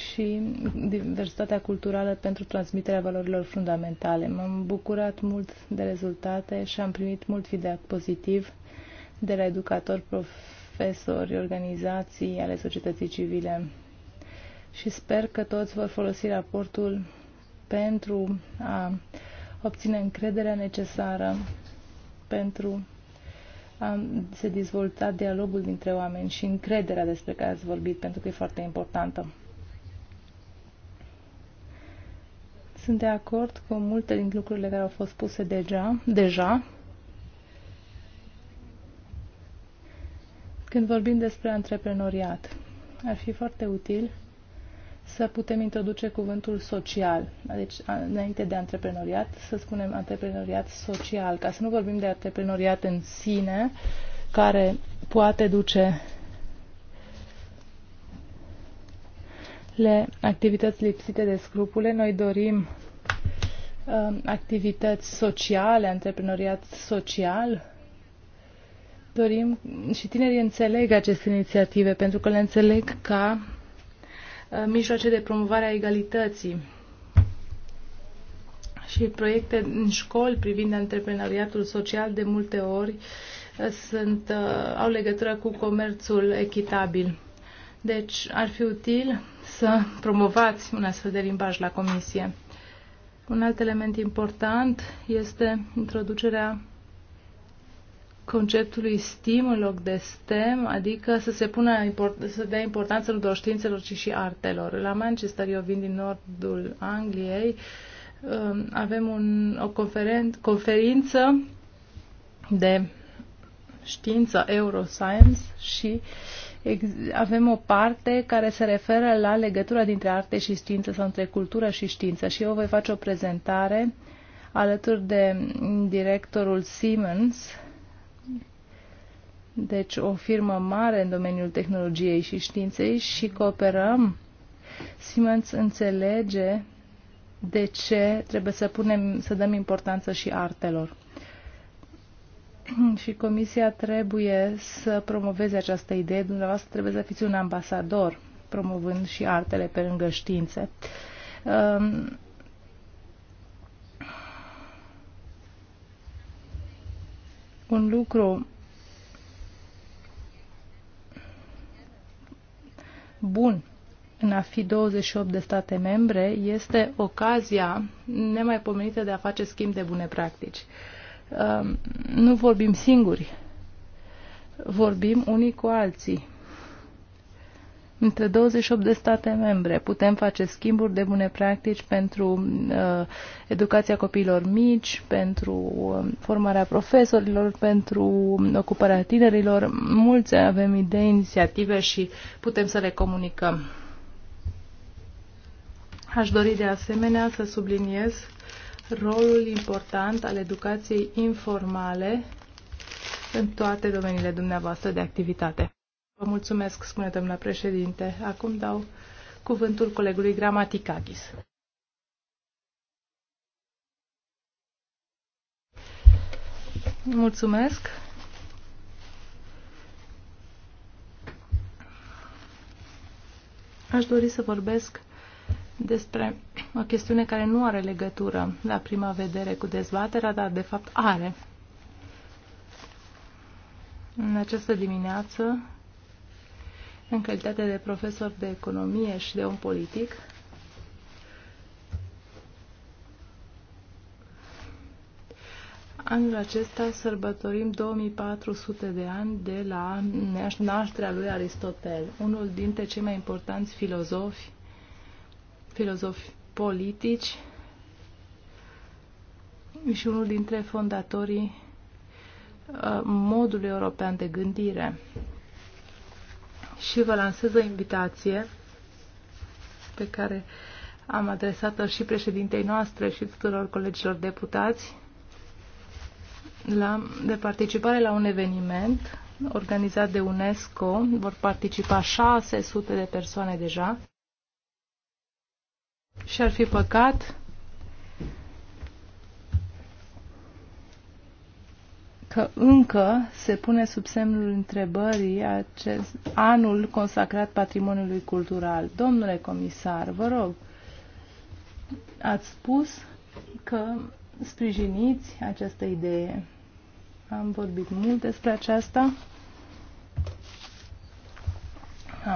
și diversitatea culturală pentru transmiterea valorilor fundamentale. M-am bucurat mult de rezultate și am primit mult feedback pozitiv de la educatori, profesori, organizații ale societății civile și sper că toți vor folosi raportul pentru a obține încrederea necesară pentru a se dezvolta dialogul dintre oameni și încrederea despre care ați vorbit, pentru că e foarte importantă. Sunt de acord cu multe din lucrurile care au fost puse deja, deja. Când vorbim despre antreprenoriat, ar fi foarte util să putem introduce cuvântul social. Deci, înainte de antreprenoriat, să spunem antreprenoriat social, ca să nu vorbim de antreprenoriat în sine, care poate duce le activități lipsite de scrupule. Noi dorim uh, activități sociale, antreprenoriat social. Dorim și tinerii înțeleg aceste inițiative pentru că le înțeleg ca Uh, mijloace de promovare a egalității și proiecte în școli privind antreprenoriatul social de multe ori uh, sunt, uh, au legătură cu comerțul echitabil. Deci ar fi util să promovați un astfel de limbaj la comisie. Un alt element important este introducerea conceptului STEAM în loc de STEM, adică să se pună să dea importanță nu doar științelor, ci și artelor. La Manchester, eu vin din nordul Angliei, um, avem un, o conferen, conferință de știință Euroscience și avem o parte care se referă la legătura dintre arte și știință sau între cultură și știință și eu voi face o prezentare alături de directorul Siemens deci o firmă mare în domeniul tehnologiei și științei și cooperăm. Siemens înțelege de ce trebuie să, punem, să dăm importanță și artelor. și Comisia trebuie să promoveze această idee. Dumneavoastră trebuie să fiți un ambasador, promovând și artele pe lângă științe. Um, un lucru bun în a fi 28 de state membre este ocazia nemaipomenită de a face schimb de bune practici. Um, nu vorbim singuri, vorbim unii cu alții între 28 de state membre. Putem face schimburi de bune practici pentru uh, educația copiilor mici, pentru uh, formarea profesorilor, pentru um, ocuparea tinerilor. Mulți avem idei, inițiative și putem să le comunicăm. Aș dori de asemenea să subliniez rolul important al educației informale în toate domeniile dumneavoastră de activitate. Vă mulțumesc, spune domnule președinte. Acum dau cuvântul colegului Gramaticakis. Mulțumesc. Aș dori să vorbesc despre o chestiune care nu are legătură la prima vedere cu dezbaterea, dar de fapt are. În această dimineață în calitate de profesor de economie și de om politic, Anul acesta sărbătorim 2400 de ani de la nașterea lui Aristotel, unul dintre cei mai importanți filozofi, filozofi politici și unul dintre fondatorii uh, modului european de gândire și vă lansez o invitație pe care am adresat-o și președintei noastre și tuturor colegilor deputați la, de participare la un eveniment organizat de UNESCO. Vor participa 600 de persoane deja. Și ar fi păcat că încă se pune sub semnul întrebării acest anul consacrat patrimoniului cultural. Domnule comisar, vă rog, ați spus că sprijiniți această idee. Am vorbit mult despre aceasta.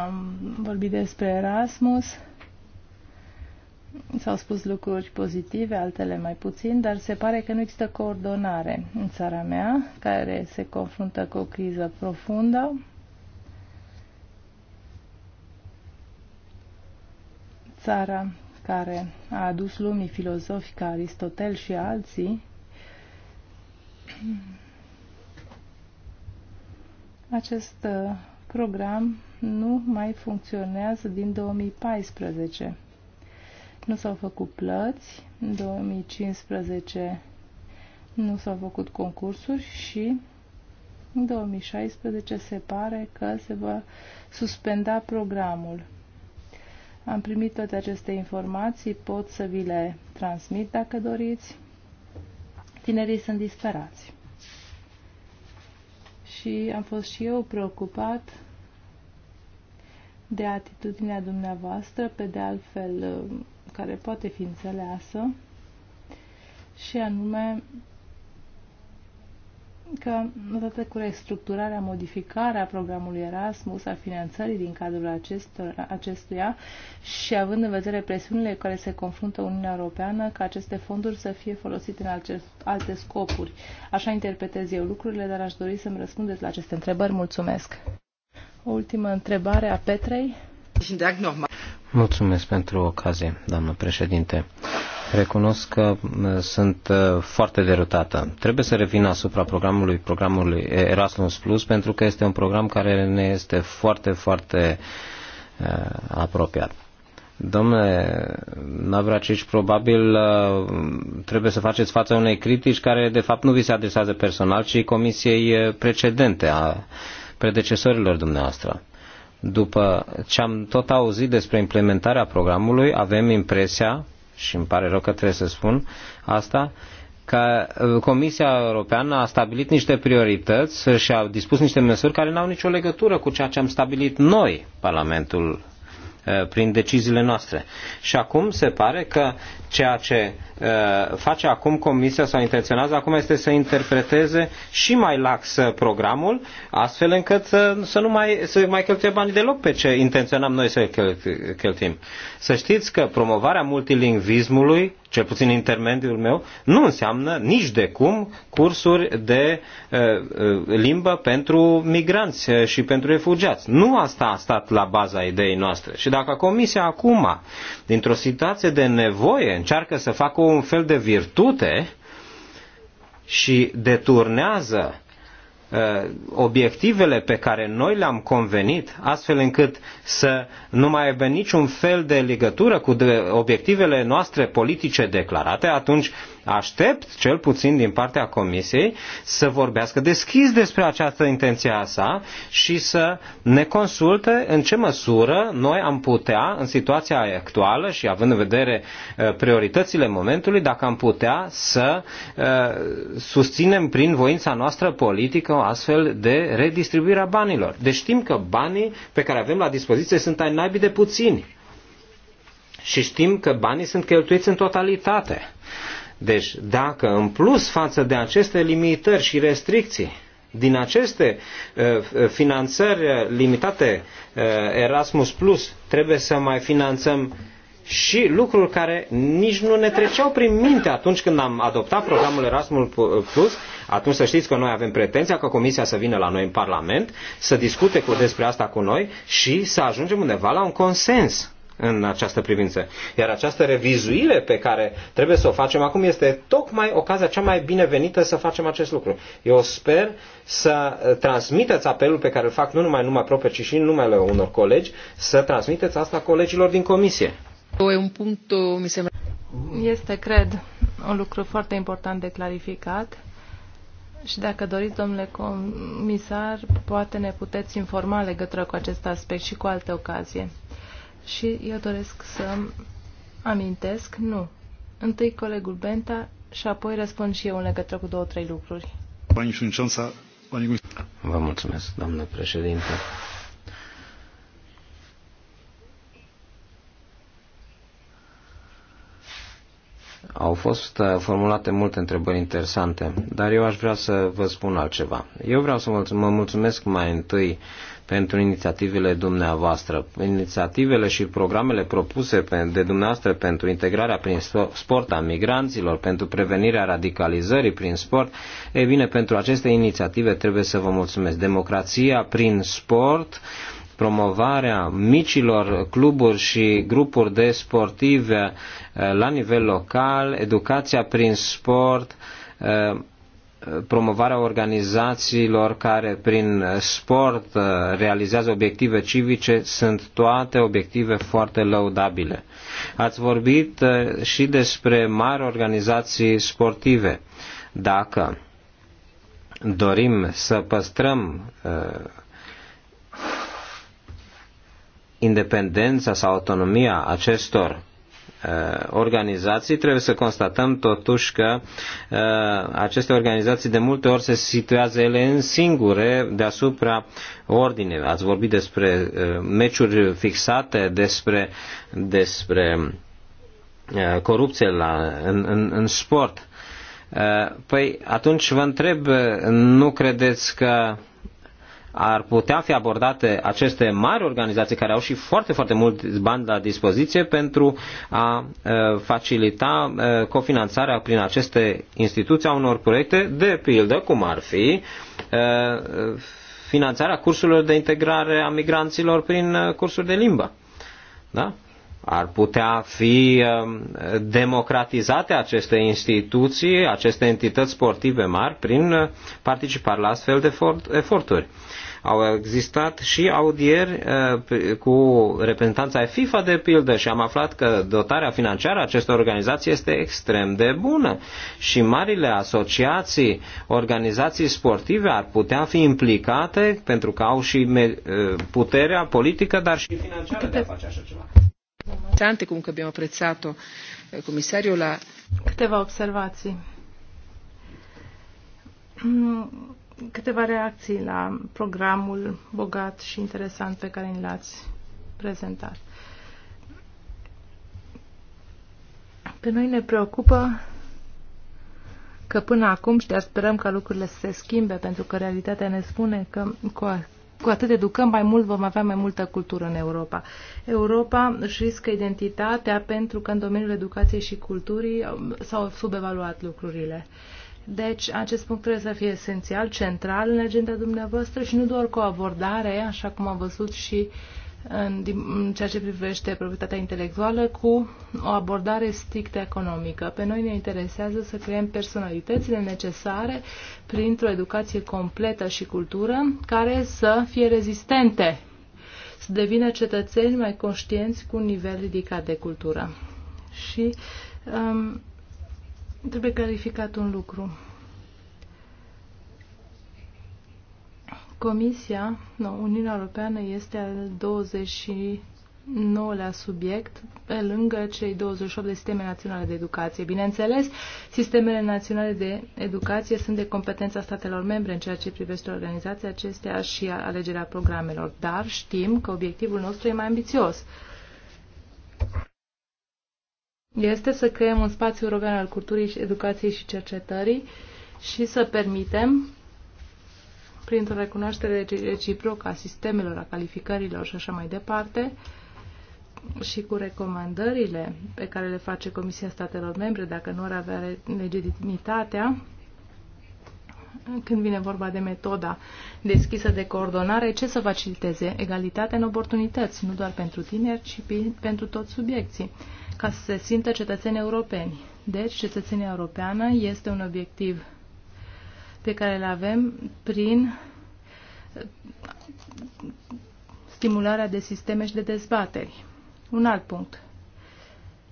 Am vorbit despre Erasmus S-au spus lucruri pozitive, altele mai puțin, dar se pare că nu există coordonare în țara mea, care se confruntă cu o criză profundă. Țara care a adus lumii filozofi ca Aristotel și alții, acest uh, program nu mai funcționează din 2014 nu s-au făcut plăți, în 2015 nu s-au făcut concursuri și în 2016 se pare că se va suspenda programul. Am primit toate aceste informații, pot să vi le transmit dacă doriți. Tinerii sunt disperați. Și am fost și eu preocupat de atitudinea dumneavoastră, pe de altfel care poate fi înțeleasă și anume că odată cu restructurarea, modificarea programului Erasmus, a finanțării din cadrul acestor, acestuia și având în vedere presiunile cu care se confruntă Uniunea Europeană, ca aceste fonduri să fie folosite în alte, alte scopuri. Așa interpretez eu lucrurile, dar aș dori să-mi răspundeți la aceste întrebări. Mulțumesc! O ultimă întrebare a Petrei. Mulțumesc pentru ocazie, doamnă președinte. Recunosc că sunt uh, foarte derutată. Trebuie să revin asupra programului, programului Erasmus Plus, pentru că este un program care ne este foarte, foarte uh, apropiat. Domnule Navracici, probabil uh, trebuie să faceți față unei critici care de fapt nu vi se adresează personal, ci comisiei precedente, a predecesorilor dumneavoastră după ce am tot auzit despre implementarea programului, avem impresia, și îmi pare rău că trebuie să spun asta, că uh, Comisia Europeană a stabilit niște priorități și a dispus niște măsuri care nu au nicio legătură cu ceea ce am stabilit noi, Parlamentul Uh, prin deciziile noastre. Și acum se pare că ceea ce uh, face acum Comisia sau intenționează acum este să interpreteze și mai lax uh, programul, astfel încât să, să nu mai, să mai cheltuie banii deloc pe ce intenționam noi să cheltuim. Să știți că promovarea multilingvismului cel puțin intermediul meu, nu înseamnă nici de cum cursuri de eh, eh, limbă pentru migranți eh, și pentru refugiați. Nu asta a stat la baza ideii noastre. Și dacă Comisia acum, dintr-o situație de nevoie, încearcă să facă un fel de virtute și deturnează Uh, obiectivele pe care noi le-am convenit, astfel încât să nu mai aibă niciun fel de legătură cu obiectivele noastre politice declarate, atunci Aștept, cel puțin din partea Comisiei, să vorbească deschis despre această intenție a sa și să ne consulte în ce măsură noi am putea, în situația actuală și având în vedere uh, prioritățile momentului, dacă am putea să uh, susținem prin voința noastră politică o astfel de redistribuire a banilor. Deci știm că banii pe care avem la dispoziție sunt ai naibii de puțini. Și știm că banii sunt cheltuiți în totalitate. Deci, dacă în plus față de aceste limitări și restricții, din aceste uh, uh, finanțări limitate uh, Erasmus Plus, trebuie să mai finanțăm și lucruri care nici nu ne treceau prin minte atunci când am adoptat programul Erasmus Plus, atunci să știți că noi avem pretenția că Comisia să vină la noi în Parlament, să discute cu, despre asta cu noi și să ajungem undeva la un consens în această privință. Iar această revizuire pe care trebuie să o facem acum este tocmai ocazia cea mai binevenită să facem acest lucru. Eu sper să transmiteți apelul pe care îl fac nu numai în numai proprie ci și în numele unor colegi, să transmiteți asta colegilor din comisie. Este, cred, un lucru foarte important de clarificat. Și dacă doriți, domnule comisar, poate ne puteți informa legătură cu acest aspect și cu alte ocazie și eu doresc să amintesc, nu. Întâi colegul Benta și apoi răspund și eu în legătură cu două, trei lucruri. Vă mulțumesc, doamnă președinte. Au fost uh, formulate multe întrebări interesante, dar eu aș vrea să vă spun altceva. Eu vreau să mă mulțumesc mai întâi pentru inițiativele dumneavoastră. Inițiativele și programele propuse de dumneavoastră pentru integrarea prin sport a migranților, pentru prevenirea radicalizării prin sport, e bine, pentru aceste inițiative trebuie să vă mulțumesc. Democrația prin sport, promovarea micilor cluburi și grupuri de sportive eh, la nivel local, educația prin sport, eh, promovarea organizațiilor care prin sport eh, realizează obiective civice sunt toate obiective foarte lăudabile. Ați vorbit și despre mari organizații sportive. Dacă dorim să păstrăm independența sau autonomia acestor uh, organizații, trebuie să constatăm totuși că uh, aceste organizații de multe ori se situează ele în singure deasupra ordinei. Ați vorbit despre uh, meciuri fixate, despre, despre uh, corupție la, în, în, în sport. Uh, păi atunci vă întreb, nu credeți că ar putea fi abordate aceste mari organizații care au și foarte, foarte mult bani la dispoziție pentru a facilita cofinanțarea prin aceste instituții a unor proiecte, de pildă, cum ar fi finanțarea cursurilor de integrare a migranților prin cursuri de limbă. Da? Ar putea fi democratizate aceste instituții, aceste entități sportive mari prin participare la astfel de eforturi. Au existat și audieri uh, cu reprezentanța FIFA de pildă și am aflat că dotarea financiară a acestor organizații este extrem de bună și marile asociații, organizații sportive ar putea fi implicate pentru că au și uh, puterea politică, dar și financiară de a face așa ceva. Tante, că abbiamo apprezzato, eh, comisario, la... Câteva observații. Mm, câteva reacții la programul bogat și interesant pe care ni l-ați prezentat. Pe noi ne preocupă că până acum, și de sperăm că lucrurile să se schimbe, pentru că realitatea ne spune că cu, cu atât educăm mai mult, vom avea mai multă cultură în Europa. Europa își riscă identitatea pentru că în domeniul educației și culturii um, s-au subevaluat lucrurile. Uh, deci, acest punct trebuie să fie esențial, central în legenda dumneavoastră și nu doar cu o abordare, așa cum am văzut și în, în ceea ce privește proprietatea intelectuală, cu o abordare strict economică. Pe noi ne interesează să creăm personalitățile necesare printr-o educație completă și cultură care să fie rezistente, să devină cetățeni mai conștienți cu un nivel ridicat de cultură. Și um, Trebuie clarificat un lucru. Comisia, nu, Uniunea Europeană este al 29-lea subiect, pe lângă cei 28 de sisteme naționale de educație. Bineînțeles, sistemele naționale de educație sunt de competența statelor membre în ceea ce privește organizația acestea și alegerea programelor, dar știm că obiectivul nostru e mai ambițios este să creăm un spațiu european al culturii, educației și cercetării și să permitem, printr-o recunoaștere reciprocă a sistemelor, a calificărilor și așa mai departe, și cu recomandările pe care le face Comisia Statelor Membre, dacă nu ar avea legitimitatea, când vine vorba de metoda deschisă de coordonare, ce să faciliteze? Egalitatea în oportunități, nu doar pentru tineri, ci pentru toți subiecții ca să se simtă cetățeni europeni. Deci, cetățenia europeană este un obiectiv pe care îl avem prin uh, stimularea de sisteme și de dezbateri. Un alt punct.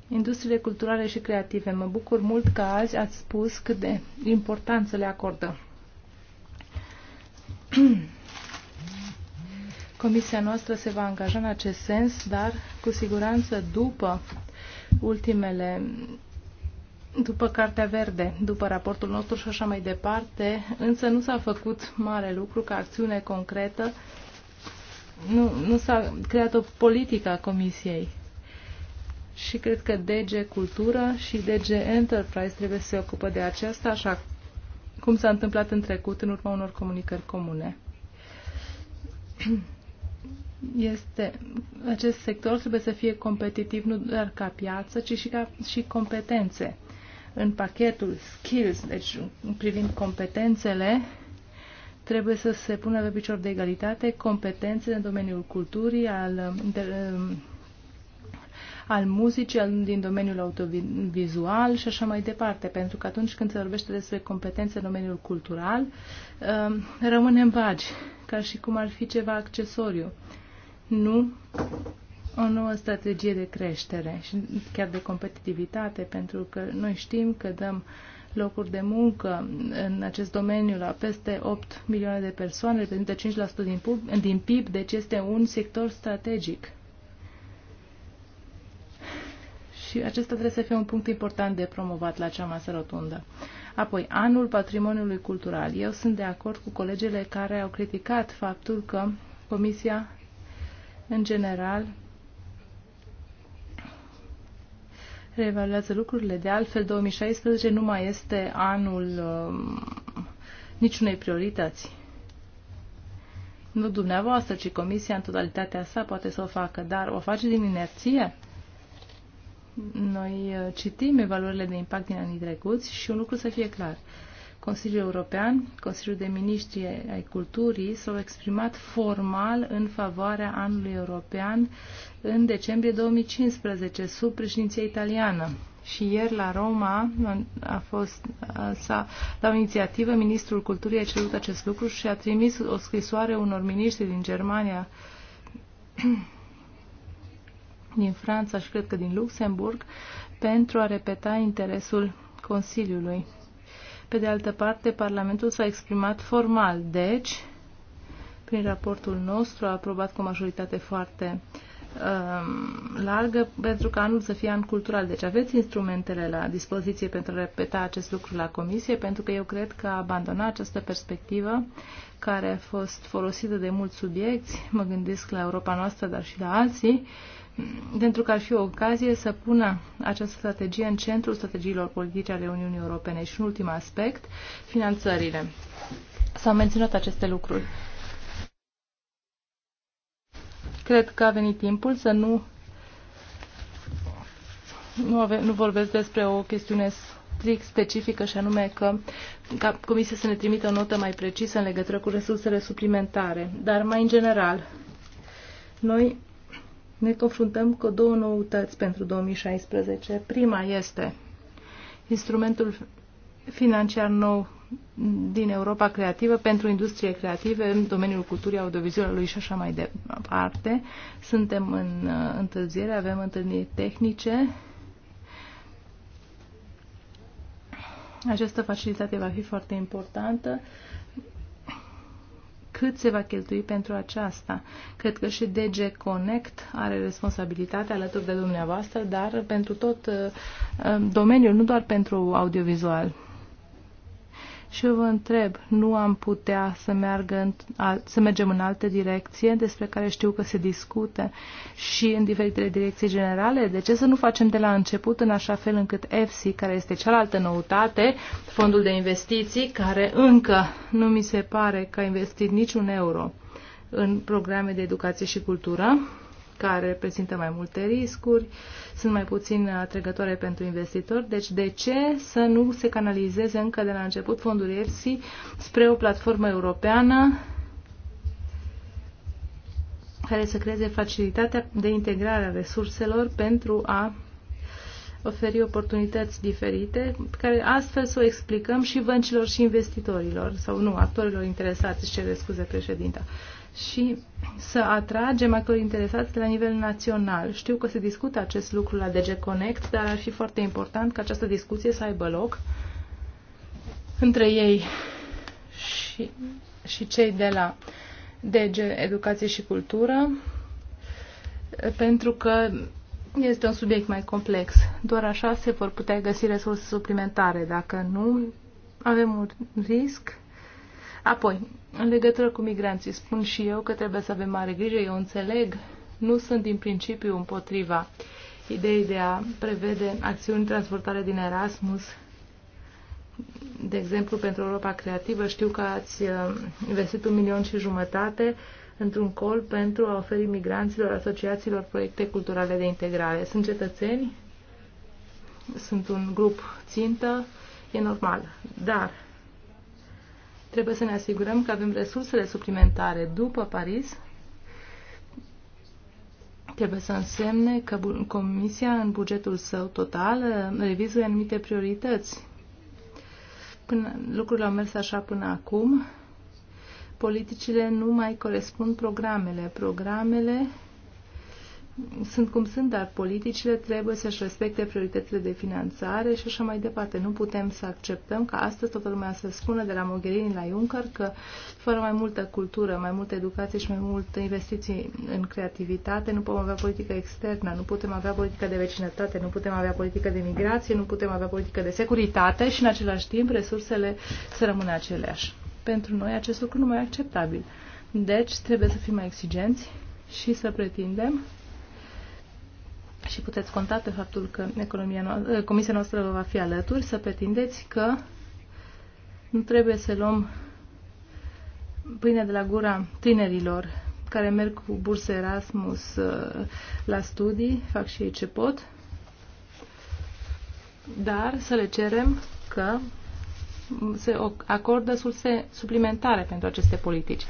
Industriile culturale și creative. Mă bucur mult că azi ați spus cât de importanță le acordă. Comisia noastră se va angaja în acest sens, dar cu siguranță după ultimele după Cartea Verde, după raportul nostru și așa mai departe, însă nu s-a făcut mare lucru ca acțiune concretă, nu, nu s-a creat o politică a Comisiei. Și cred că DG Cultură și DG Enterprise trebuie să se ocupă de aceasta, așa cum s-a întâmplat în trecut, în urma unor comunicări comune este, acest sector trebuie să fie competitiv nu doar ca piață, ci și ca și competențe. În pachetul skills, deci privind competențele, trebuie să se pună pe picior de egalitate competențe în domeniul culturii, al, de, um, al muzicii, al, din domeniul autovizual și așa mai departe, pentru că atunci când se vorbește despre competențe în domeniul cultural, um, rămânem vagi, ca și cum ar fi ceva accesoriu nu o nouă strategie de creștere și chiar de competitivitate, pentru că noi știm că dăm locuri de muncă în acest domeniu la peste 8 milioane de persoane, reprezintă 5% din, pub, din PIB, deci este un sector strategic. Și acesta trebuie să fie un punct important de promovat la cea masă rotundă. Apoi, anul patrimoniului cultural. Eu sunt de acord cu colegele care au criticat faptul că Comisia în general, reevaluează lucrurile. De altfel, 2016 nu mai este anul uh, niciunei priorități. Nu dumneavoastră, ci comisia în totalitatea sa poate să o facă, dar o face din inerție. Noi uh, citim evaluările de impact din anii trecuți și un lucru să fie clar. Uh, Consiliul European, Consiliul de Ministri ai Culturii, s-au exprimat formal în favoarea anului european în decembrie 2015, sub președinția italiană. Și ieri la Roma a fost a, la o inițiativă, ministrul culturii a cerut acest lucru și a trimis o scrisoare unor miniștri din Germania, din Franța și cred că din Luxemburg, pentru a repeta interesul Consiliului pe de altă parte, Parlamentul s-a exprimat formal, deci, prin raportul nostru, a aprobat cu o majoritate foarte um, largă pentru că anul să fie an cultural. Deci aveți instrumentele la dispoziție pentru a repeta acest lucru la comisie, pentru că eu cred că a abandona această perspectivă care a fost folosită de mulți subiecti, mă gândesc la Europa noastră, dar și la alții, uh, pentru că ar fi o ocazie să pună această strategie în centrul strategiilor politice ale Uniunii Europene. Și un ultim aspect, finanțările. S-au menționat aceste lucruri. Cred că a venit timpul să nu nu, ave, nu vorbesc despre o chestiune strict specifică și anume că ca Comisia să ne trimită o notă mai precisă în legătură cu resursele suplimentare. Dar mai în general, noi ne confruntăm cu două noutăți pentru 2016. Prima este instrumentul financiar nou din Europa Creativă pentru industrie creative în domeniul culturii, audiovizualului și așa mai departe. Suntem în uh, întârziere, avem întâlniri tehnice. Această facilitate va fi foarte importantă cât se va cheltui pentru aceasta. Cred că și DG Connect are responsabilitatea alături de dumneavoastră, dar pentru tot uh, uh, domeniul, nu doar pentru audiovizual și eu vă întreb, nu am putea să, meargă în, să mergem în alte direcție despre care știu că se discute, și în diferitele direcții generale? De ce să nu facem de la început în așa fel încât EFSI, care este cealaltă noutate, fondul de investiții, care încă nu mi se pare că a investit niciun euro în programe de educație și cultură, care prezintă mai multe riscuri, sunt mai puțin atrăgătoare pentru investitori, deci de ce să nu se canalizeze încă de la început fonduri ERSI spre o platformă europeană care să creeze facilitatea de integrare a resurselor pentru a oferi oportunități diferite, care astfel să o explicăm și băncilor și investitorilor, sau nu, actorilor interesați, își cere scuze președinta și să atragem actorii interesați la nivel național. Știu că se discută acest lucru la DG Connect, dar ar fi foarte important ca această discuție să aibă loc între ei și, și cei de la DG Educație și Cultură, pentru că este un subiect mai complex. Doar așa se vor putea găsi resurse suplimentare. Dacă nu, avem un risc Apoi, în legătură cu migranții, spun și eu că trebuie să avem mare grijă, eu înțeleg, nu sunt din principiu împotriva ideii de a prevede acțiuni transportare din Erasmus, de exemplu, pentru Europa Creativă. Știu că ați uh, investit un milion și jumătate într-un col pentru a oferi migranților, asociațiilor proiecte culturale de integrare. Sunt cetățeni, sunt un grup țintă, e normal. Dar Trebuie să ne asigurăm că avem resursele suplimentare după Paris. Trebuie să însemne că Comisia, în bugetul său total, revizuie anumite priorități. Până, lucrurile au mers așa până acum. Politicile nu mai corespund programele. Programele sunt cum sunt, dar politicile trebuie să-și respecte prioritățile de finanțare și așa mai departe. Nu putem să acceptăm că astăzi toată lumea să spună de la Mogherini la Juncker că fără mai multă cultură, mai multă educație și mai multe investiții în creativitate nu putem avea politică externă, nu putem avea politică de vecinătate, nu putem avea politică de migrație, nu putem avea politică de securitate și în același timp resursele să rămână aceleași. Pentru noi acest lucru nu mai e acceptabil. Deci trebuie să fim mai exigenți și să pretindem și puteți conta pe faptul că economia noastră, eh, comisia noastră vă va fi alături, să pretindeți că nu trebuie să luăm pâine de la gura tinerilor care merg cu burse Erasmus eh, la studii, fac și ei ce pot, dar să le cerem că se acordă surse suplimentare pentru aceste politici.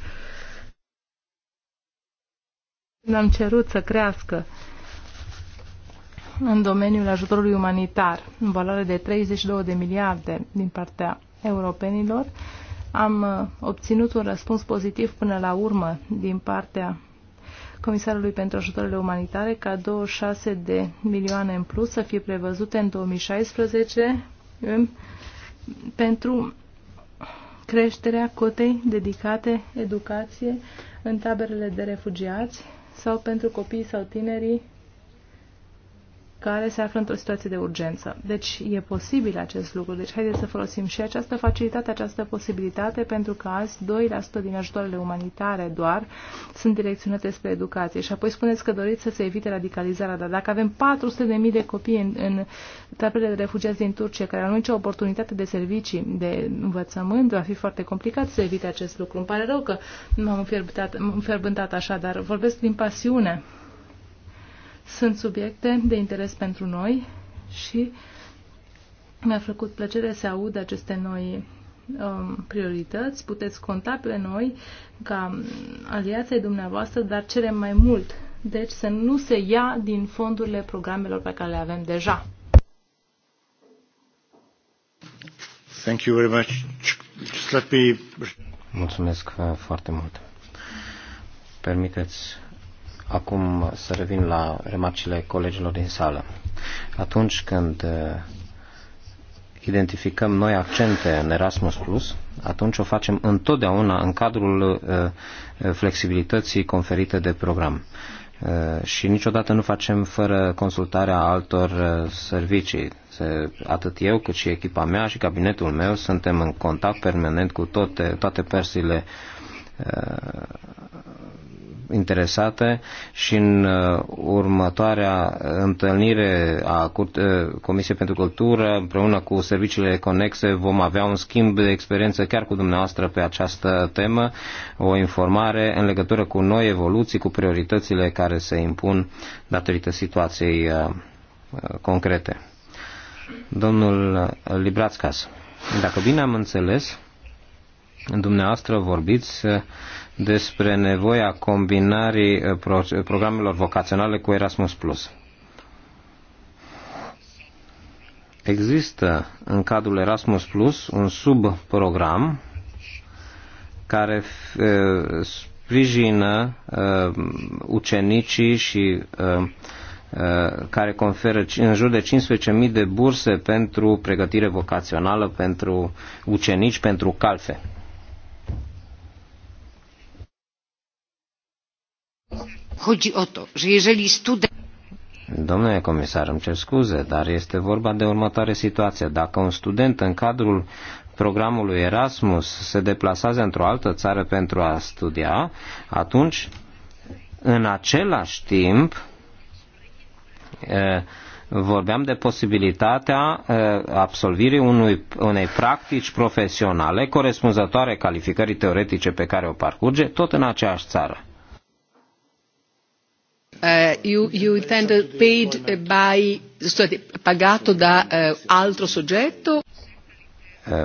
Ne-am cerut să crească în domeniul ajutorului umanitar, în valoare de 32 de miliarde din partea europenilor. Am uh, obținut un răspuns pozitiv până la urmă din partea Comisarului pentru Ajutorile umanitare ca 26 de milioane în plus să fie prevăzute în 2016 în, pentru creșterea cotei dedicate educație în taberele de refugiați sau pentru copiii sau tinerii care se află într-o situație de urgență. Deci e posibil acest lucru. Deci haideți să folosim și această facilitate, această posibilitate, pentru că azi 2% din ajutoarele umanitare doar sunt direcționate spre educație. Și apoi spuneți că doriți să se evite radicalizarea, dar dacă avem 400.000 de copii în, în taberele de refugiați din Turcia care au nicio oportunitate de servicii, de învățământ, va fi foarte complicat să evite acest lucru. Îmi pare rău că m-am înfierbântat, înfierbântat așa, dar vorbesc din pasiune sunt subiecte de interes pentru noi și mi-a făcut plăcere să aud aceste noi um, priorități. Puteți conta pe noi ca aliații dumneavoastră, dar cerem mai mult. Deci să nu se ia din fondurile programelor pe care le avem deja. Thank you very much. Just let me... Mulțumesc uh, foarte mult. Permiteți Acum să revin la remarcile colegilor din sală. Atunci când uh, identificăm noi accente în Erasmus Plus, atunci o facem întotdeauna în cadrul uh, flexibilității conferite de program. Uh, și niciodată nu facem fără consultarea altor servicii. Atât eu cât și echipa mea și cabinetul meu suntem în contact permanent cu toate, toate persile interesate și în uh, următoarea întâlnire a uh, Comisiei pentru Cultură, împreună cu serviciile conexe, vom avea un schimb de experiență chiar cu dumneavoastră pe această temă, o informare în legătură cu noi evoluții, cu prioritățile care se impun datorită situației uh, concrete. Domnul Librațcas, dacă bine am înțeles, dumneavoastră vorbiți despre nevoia combinării eh, eh, programelor vocaționale cu Erasmus+. Plus. Există în cadrul Erasmus Plus un subprogram care eh, sprijină ucenicii și care conferă în jur de 15.000 de burse pentru pregătire vocațională pentru ucenici, pentru calfe. Chodzi o to, że jeżeli student... Domnule comisar, îmi cer scuze, dar este vorba de următoare situație. Dacă un student în cadrul programului Erasmus se deplasează într-o altă țară pentru a studia, atunci, în același timp, vorbeam de posibilitatea absolvirii unui, unei practici profesionale corespunzătoare calificării teoretice pe care o parcurge, tot în aceeași țară. Uh, you, you intend paid by, scusate, pagato da uh, altro soggetto? Uh,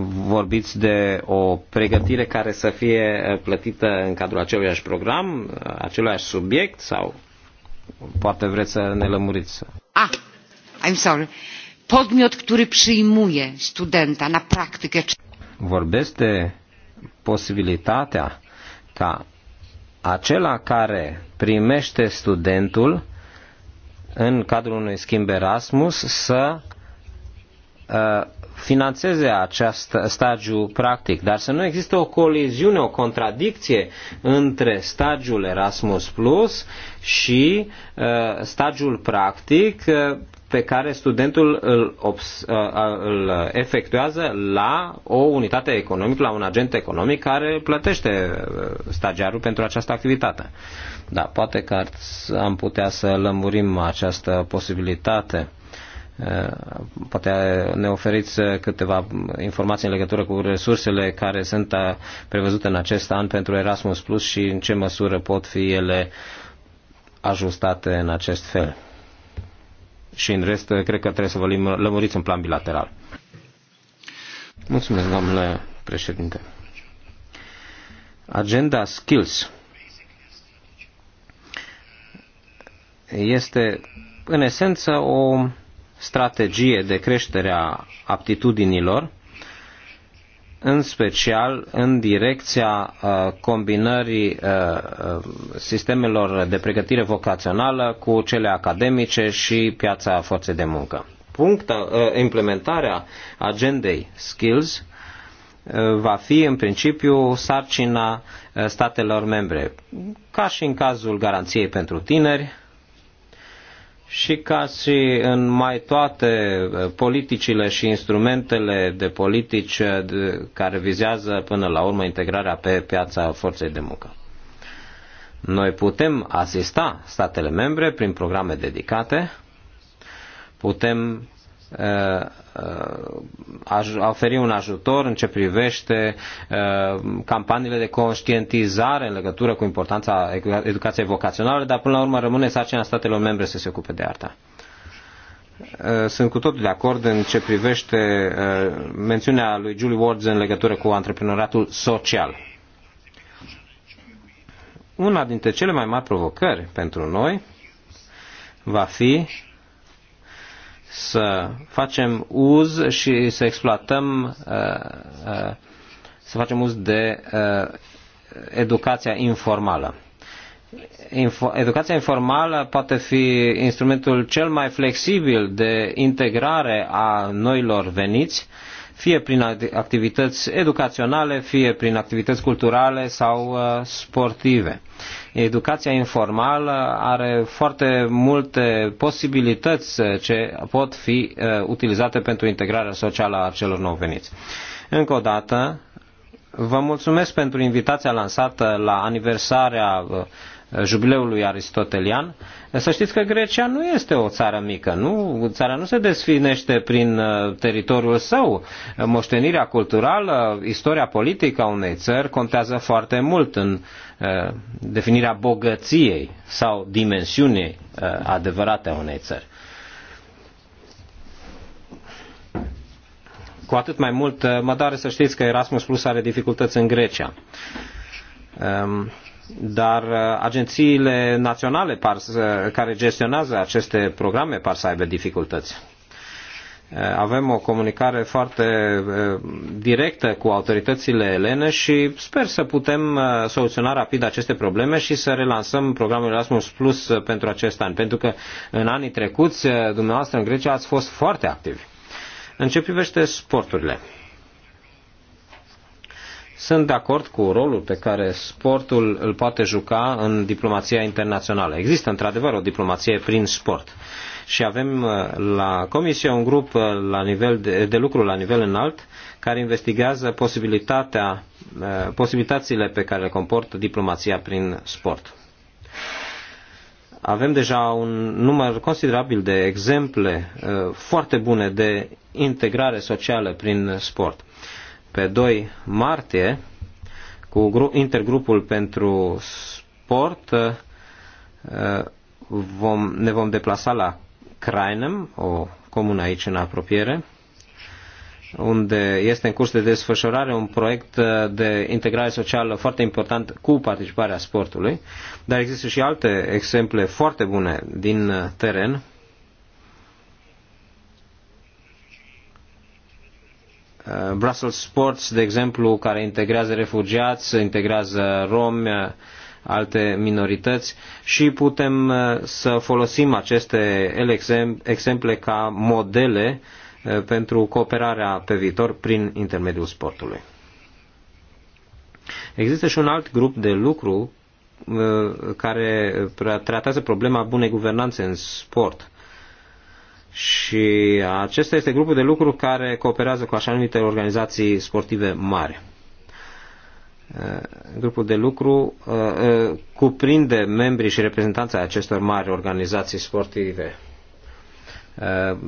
vorbiți de o pregătire care să fie plătită în cadrul aceluiași program, aceluiași subiect sau poate vreți să ne lămuriți? Ah, I'm sorry. Podmiot, który przyjmuje studenta na praktykę. Vorbesc de posibilitatea ca acela care primește studentul în cadrul unui schimb Erasmus să uh, finanțeze acest stagiu practic, dar să nu existe o coliziune, o contradicție între stagiul Erasmus Plus și uh, stagiul practic uh, pe care studentul îl, obs, uh, uh îl efectuează la o unitate economică, la un agent economic care plătește uh, stagiarul pentru această activitate. Da, poate că am putea să lămurim această posibilitate Poate ne oferiți câteva informații în legătură cu resursele care sunt uh, prevăzute în acest an pentru Erasmus Plus și în ce măsură pot fi ele ajustate în acest fel. Și în rest, cred că trebuie să vă lămuriți în plan bilateral. Mulțumesc, domnule președinte. Agenda Skills este, în esență, o strategie de creștere a aptitudinilor, în special în direcția uh, combinării uh, uh, sistemelor de pregătire vocațională cu cele academice și piața forței de muncă. Puncta, implementarea agendei Skills va fi în principiu sarcina statelor membre, ca și în cazul garanției pentru tineri, și ca și în mai toate uh, politicile și instrumentele de politici uh, care vizează până la urmă integrarea pe piața forței de muncă. Noi putem asista statele membre prin programe dedicate, putem Uh, uh, a oferi un ajutor în ce privește uh, campaniile de conștientizare în legătură cu importanța educației vocaționale, dar până la urmă rămâne sarcina statelor membre să se ocupe de arta. Sunt cu totul de acord în ce privește mențiunea lui Julie Ward în legătură cu antreprenoratul social. Una dintre cele mai mari provocări pentru noi va fi să facem uz și să exploatăm, uh, uh, să facem uz de uh, educația informală. Info, educația informală poate fi instrumentul cel mai flexibil de integrare a noilor veniți, fie prin activități educaționale, fie prin activități culturale sau sportive. Educația informală are foarte multe posibilități eh, ce pot fi eh, utilizate pentru integrarea socială a celor nou veniți. Încă o dată, vă mulțumesc pentru invitația lansată la aniversarea eh, Eh, jubileului aristotelian, eh, să știți că Grecia nu este o țară mică, nu? Țara nu se desfinește prin eh, teritoriul său. Moștenirea culturală, istoria politică a unei țări contează foarte mult în definirea bogăției sau dimensiunii adevărate a unei țări. Cu atât mai mult mă doare să știți că Erasmus Plus are dificultăți în Grecia. Ehm, dar uh, agențiile naționale par să, care gestionează aceste programe par să aibă dificultăți. Uh, avem o comunicare foarte uh, directă cu autoritățile elene și sper să putem soluționa rapid aceste probleme și să relansăm programul Erasmus Plus pentru acest an, pentru că în anii trecuți dumneavoastră în Grecia ați fost foarte activi. În ce privește sporturile, sunt de acord cu rolul pe care sportul îl poate juca în diplomația internațională. Există într-adevăr o diplomație prin sport. Și avem uh, la comisie un grup uh, la nivel de, de lucru la nivel înalt care investigează posibilitatea, uh, posibilitățile pe care le comportă diplomația prin sport. Avem deja un număr considerabil de exemple foarte bune de integrare socială prin sport pe 2 martie cu intergrupul pentru sport uh, vom, ne vom deplasa la Crainem, o comună aici în apropiere, unde este în curs de desfășurare un proiect uh, de integrare socială foarte important cu participarea sportului, dar există și alte exemple foarte bune din uh, teren Uh, Brussels Sports, de exemplu, care integrează refugiați, integrează romi, uh, alte minorități și putem uh, să folosim aceste exemple ca modele pentru cooperarea pe viitor prin intermediul sportului. Există și un alt grup de lucru care tratează problema bunei guvernanțe în sport. Și acesta este grupul de lucru care cooperează cu așa numite organizații sportive mari. Uh, grupul de lucru uh, uh, cuprinde membrii și reprezentanții acestor mari organizații sportive.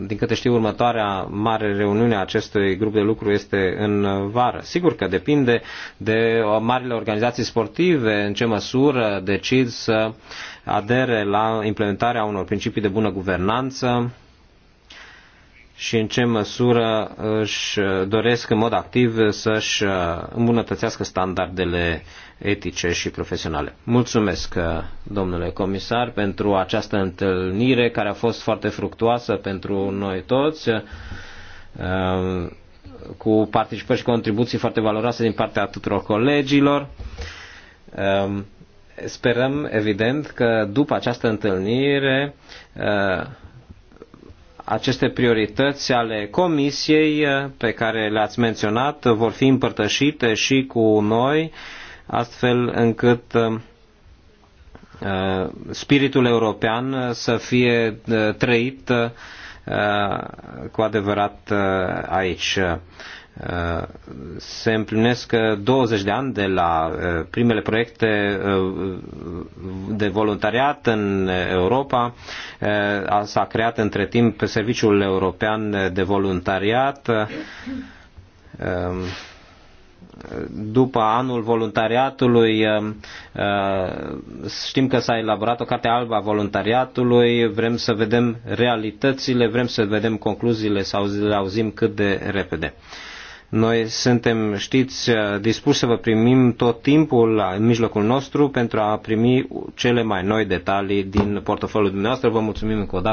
Din câte știu, următoarea mare reuniune a acestui grup de lucru este în vară. Sigur că depinde de marile organizații sportive, în ce măsură decid să adere la implementarea unor principii de bună guvernanță, și în ce măsură își doresc în mod activ să-și uh, îmbunătățească standardele etice și profesionale. Mulțumesc, uh, domnule comisar, pentru această întâlnire care a fost foarte fructuoasă pentru noi toți, uh, cu participări și contribuții foarte valoroase din partea tuturor colegilor. Um, sperăm, evident, că după această întâlnire aceste priorități ale Comisiei uh, pe care le-ați menționat uh, vor fi împărtășite și cu noi, astfel încât uh, spiritul european să fie trăit cu adevărat aici. Uh, se împlinesc 20 uh, de ani de la uh, primele proiecte de voluntariat în Europa. S-a creat între timp Serviciul European de Voluntariat. După anul voluntariatului știm că s-a elaborat o carte albă a voluntariatului, vrem să vedem realitățile, vrem să vedem concluziile sau le auzim cât de repede. Noi suntem, știți, dispuși să vă primim tot timpul la mijlocul nostru pentru a primi cele mai noi detalii din portofoliul dumneavoastră. Vă mulțumim încă o dată.